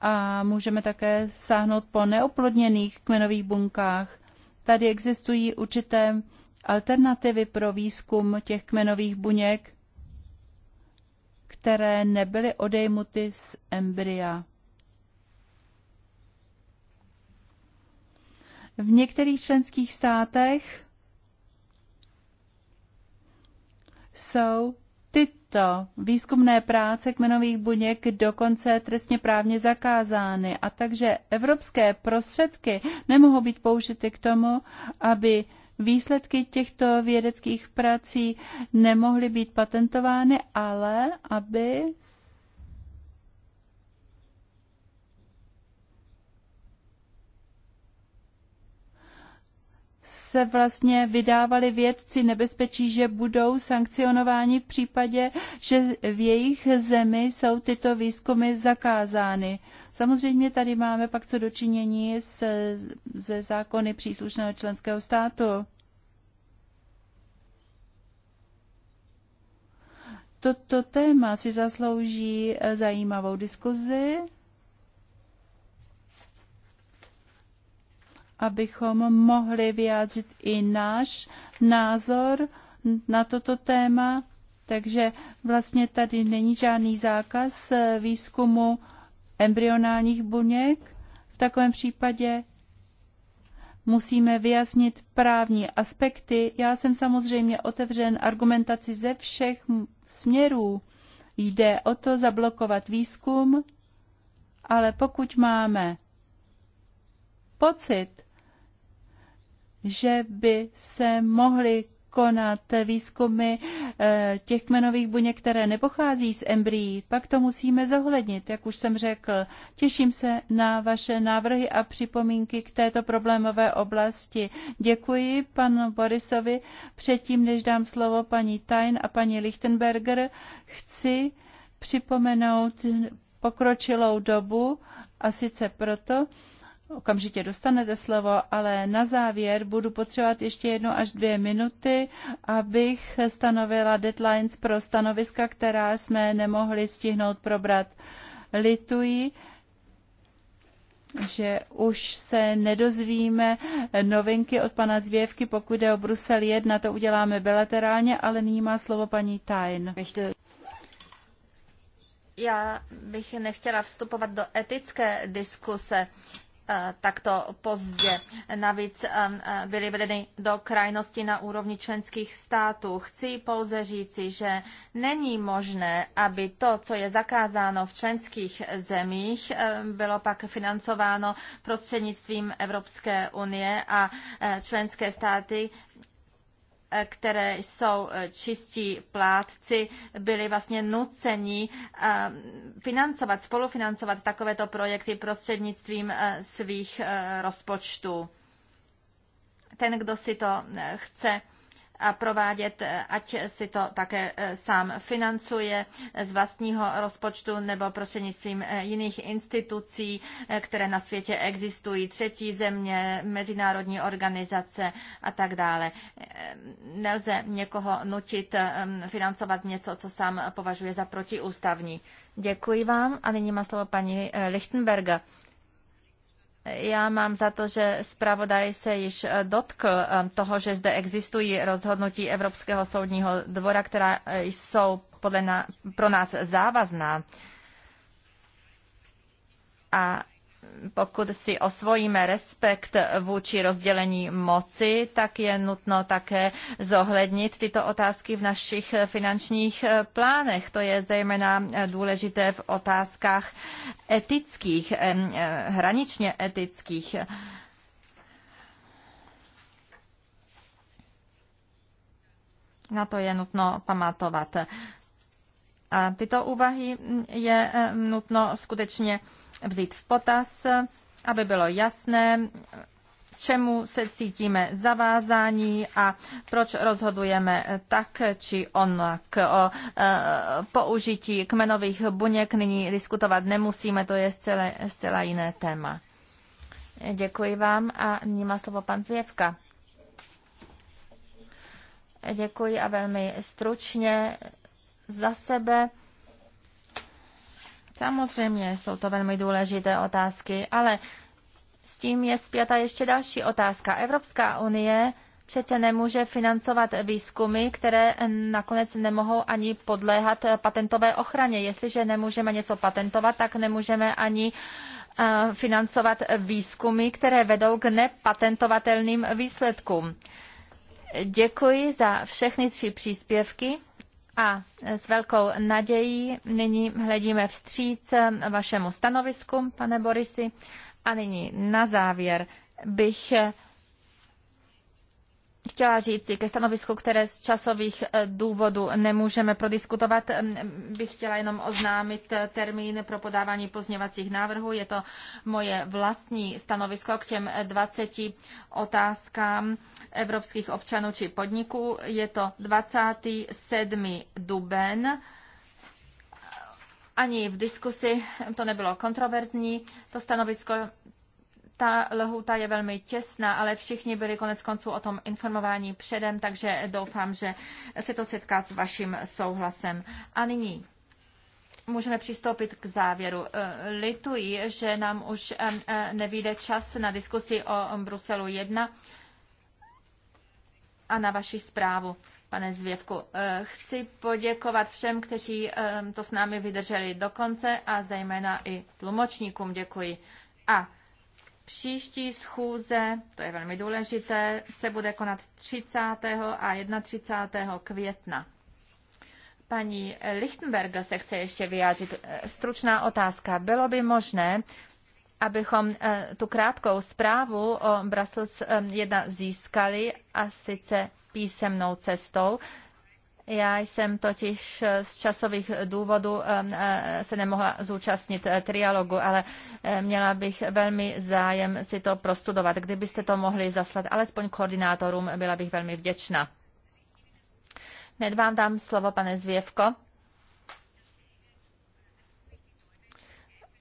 A můžeme také sáhnout po neoplodněných kmenových buňkách. Tady existují určité alternativy pro výzkum těch kmenových buněk, které nebyly odejmuty z embrya. V některých členských státech jsou tyto výzkumné práce kmenových buněk dokonce trestně právně zakázány a takže evropské prostředky nemohou být použity k tomu, aby výsledky těchto vědeckých prací nemohly být patentovány, ale aby se vlastně vydávali vědci nebezpečí, že budou sankcionováni v případě, že v jejich zemi jsou tyto výzkumy zakázány. Samozřejmě tady máme pak co dočinění se, ze zákony příslušného členského státu. Toto téma si zaslouží eh, zajímavou diskuzi. abychom mohli vyjádřit i náš názor na toto téma. Takže vlastně tady není žádný zákaz eh, výzkumu embryonálních buněk. V takovém případě musíme vyjasnit právní aspekty. Já jsem samozřejmě otevřen argumentaci ze všech směrů. Jde o to zablokovat výzkum, ale pokud máme pocit, že by se mohly konat výzkumy eh, těch kmenových buněk, které nepochází z embryí, pak to musíme zohlednit, jak už jsem řekl. Těším se na vaše návrhy a připomínky k této problémové oblasti. Děkuji panu Borisovi. Předtím, než dám slovo paní Tain a paní Lichtenberger, chci připomenout pokročilou dobu a sice proto, okamžitě dostanete slovo, ale na závěr budu potřebovat ještě jednu až dvě minuty, abych stanovila deadlines pro stanoviska, která jsme nemohli stihnout probrat. Lituji, že už se nedozvíme novinky od pana Zvěvky, pokud je o Brusel 1, to uděláme bilaterálně, ale nyní má slovo paní Tajn. Já bych nechtěla vstupovat do etické diskuse. Eh, takto pozdě. Navíc eh, eh, byly vedeny do krajnosti na úrovni členských států. Chci pouze říci, že není možné, aby to, co je zakázáno v členských zemích, bylo pak financováno prostřednictvím Evropské unie a členské státy Eh, které jsou eh, čistí plátci, byli vlastně nuceni eh, financovat, spolufinancovat takovéto projekty prostřednictvím svých rozpočtů. Ten, kdo si to chce a provádět, eh, ať si to také eh, sám financuje z vlastního rozpočtu nebo prostřednictvím eh, jiných institucí, které na světě existují, třetí země, mezinárodní organizace a tak dále. Nelze někoho nutit financovat něco, co sám považuje za protiústavní. Děkuji vám a nyní má slovo paní Lichtenberga. Já mám za to, že zpravodaj se již eh, dotkl eh, toho, že zde existují rozhodnutí Evropského soudního dvora, která eh, jsou podle na, pro nás závazná. A pokud si osvojíme respekt vůči rozdělení moci, tak je nutno také zohlednit tyto otázky v našich finančních plánech. To je zejména důležité v otázkách etických, eh, hraničně etických. Na to je nutno pamatovat. A tyto úvahy je eh, nutno skutečně vzít v potaz, aby bylo jasné, čemu se cítíme zavázání a proč rozhodujeme tak či onak. O e, použití kmenových buněk nyní diskutovat nemusíme, to je zcela, zcela jiné téma. Děkuji vám a nyní má slovo pan Zvěvka. Děkuji a velmi stručně za sebe. Samozřejmě jsou to velmi důležité otázky, ale s tím je zpěta ještě další otázka. Evropská unie přece nemůže financovat výzkumy, které nakonec nemohou ani podléhat patentové ochraně. Jestliže nemůžeme něco patentovat, tak nemůžeme ani eh, financovat výzkumy, které vedou k nepatentovatelným výsledkům. Děkuji za všechny tři příspěvky a s velkou nadějí nyní hledíme vstříc vašemu stanovisku, pane Borisi. A nyní na závěr bych chtěla říci ke stanovisku, které z časových eh, důvodů nemůžeme prodiskutovat, bych chtěla jenom oznámit eh, termín pro podávání pozněvacích návrhů. Je to moje vlastní stanovisko k těm 20 eh, otázkám evropských občanů či podniků. Je to 27. duben ani v diskusi to nebylo kontroverzní. To stanovisko ta lhůta je velmi těsná, ale všichni byli konec konců o tom informováni předem, takže doufám, že se to setká s vaším souhlasem. A nyní můžeme přistoupit k závěru. Eh, lituji, že nám už eh, eh, nevíde čas na diskusi o Bruselu 1 a na vaši zprávu. Pane Zvěvku, chci poděkovat všem, kteří to s námi vydrželi do konce a zejména i tlumočníkům děkuji. A Příští schůze, to je velmi důležité, se bude konat 30. a 31. května. Paní Lichtenberg se chce ještě vyjádřit. Stručná otázka. Bylo by možné, abychom eh, tu krátkou zprávu o Brussels 1 eh, získali a sice písemnou cestou. Já jsem totiž z časových důvodů eh, eh, se nemohla zúčastnit eh, trialogu, ale měla bych velmi zájem si to prostudovat. Kdybyste to mohli zaslat alespoň koordinátorům, byla bych velmi vděčná. Hned vám dám slovo, pane Zvěvko.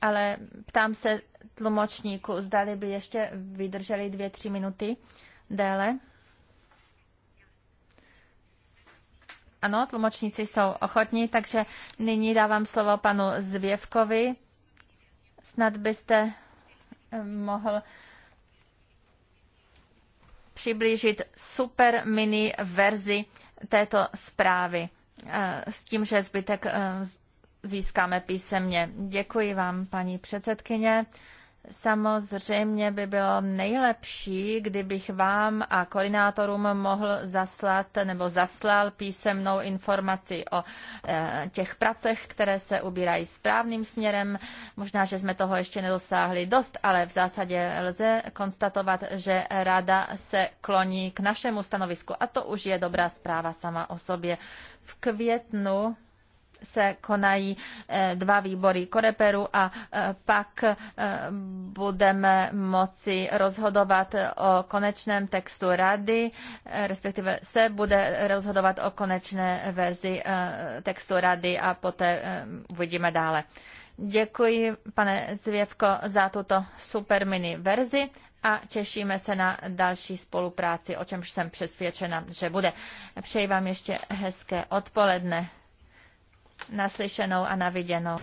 Ale ptám se tlumočníku, zdali by ještě vydrželi dvě, tři minuty déle. Ano, tlumočníci jsou ochotní, takže nyní dávám slovo panu Zvěvkovi. Snad byste eh, mohl přiblížit super mini verzi této zprávy eh, s tím, že zbytek eh, získáme písemně. Děkuji vám, paní předsedkyně. Samozřejmě by bylo nejlepší, kdybych vám a koordinátorům mohl zaslat nebo zaslal písemnou informaci o e, těch pracech, které se ubírají správným směrem. Možná, že jsme toho ještě nedosáhli dost, ale v zásadě lze konstatovat, že rada se kloní k našemu stanovisku a to už je dobrá zpráva sama o sobě. V květnu se konají eh, dva výbory Koreperu a eh, pak eh, budeme moci rozhodovat o konečném textu rady, respektive se bude rozhodovat o konečné verzi textu rady a poté uvidíme dále. Děkuji, pane Zvěvko, za tuto super mini verzi a těšíme se na další spolupráci, o čemž jsem přesvědčena, že bude. Přeji vám ještě hezké odpoledne naslyšenou a naviděnou.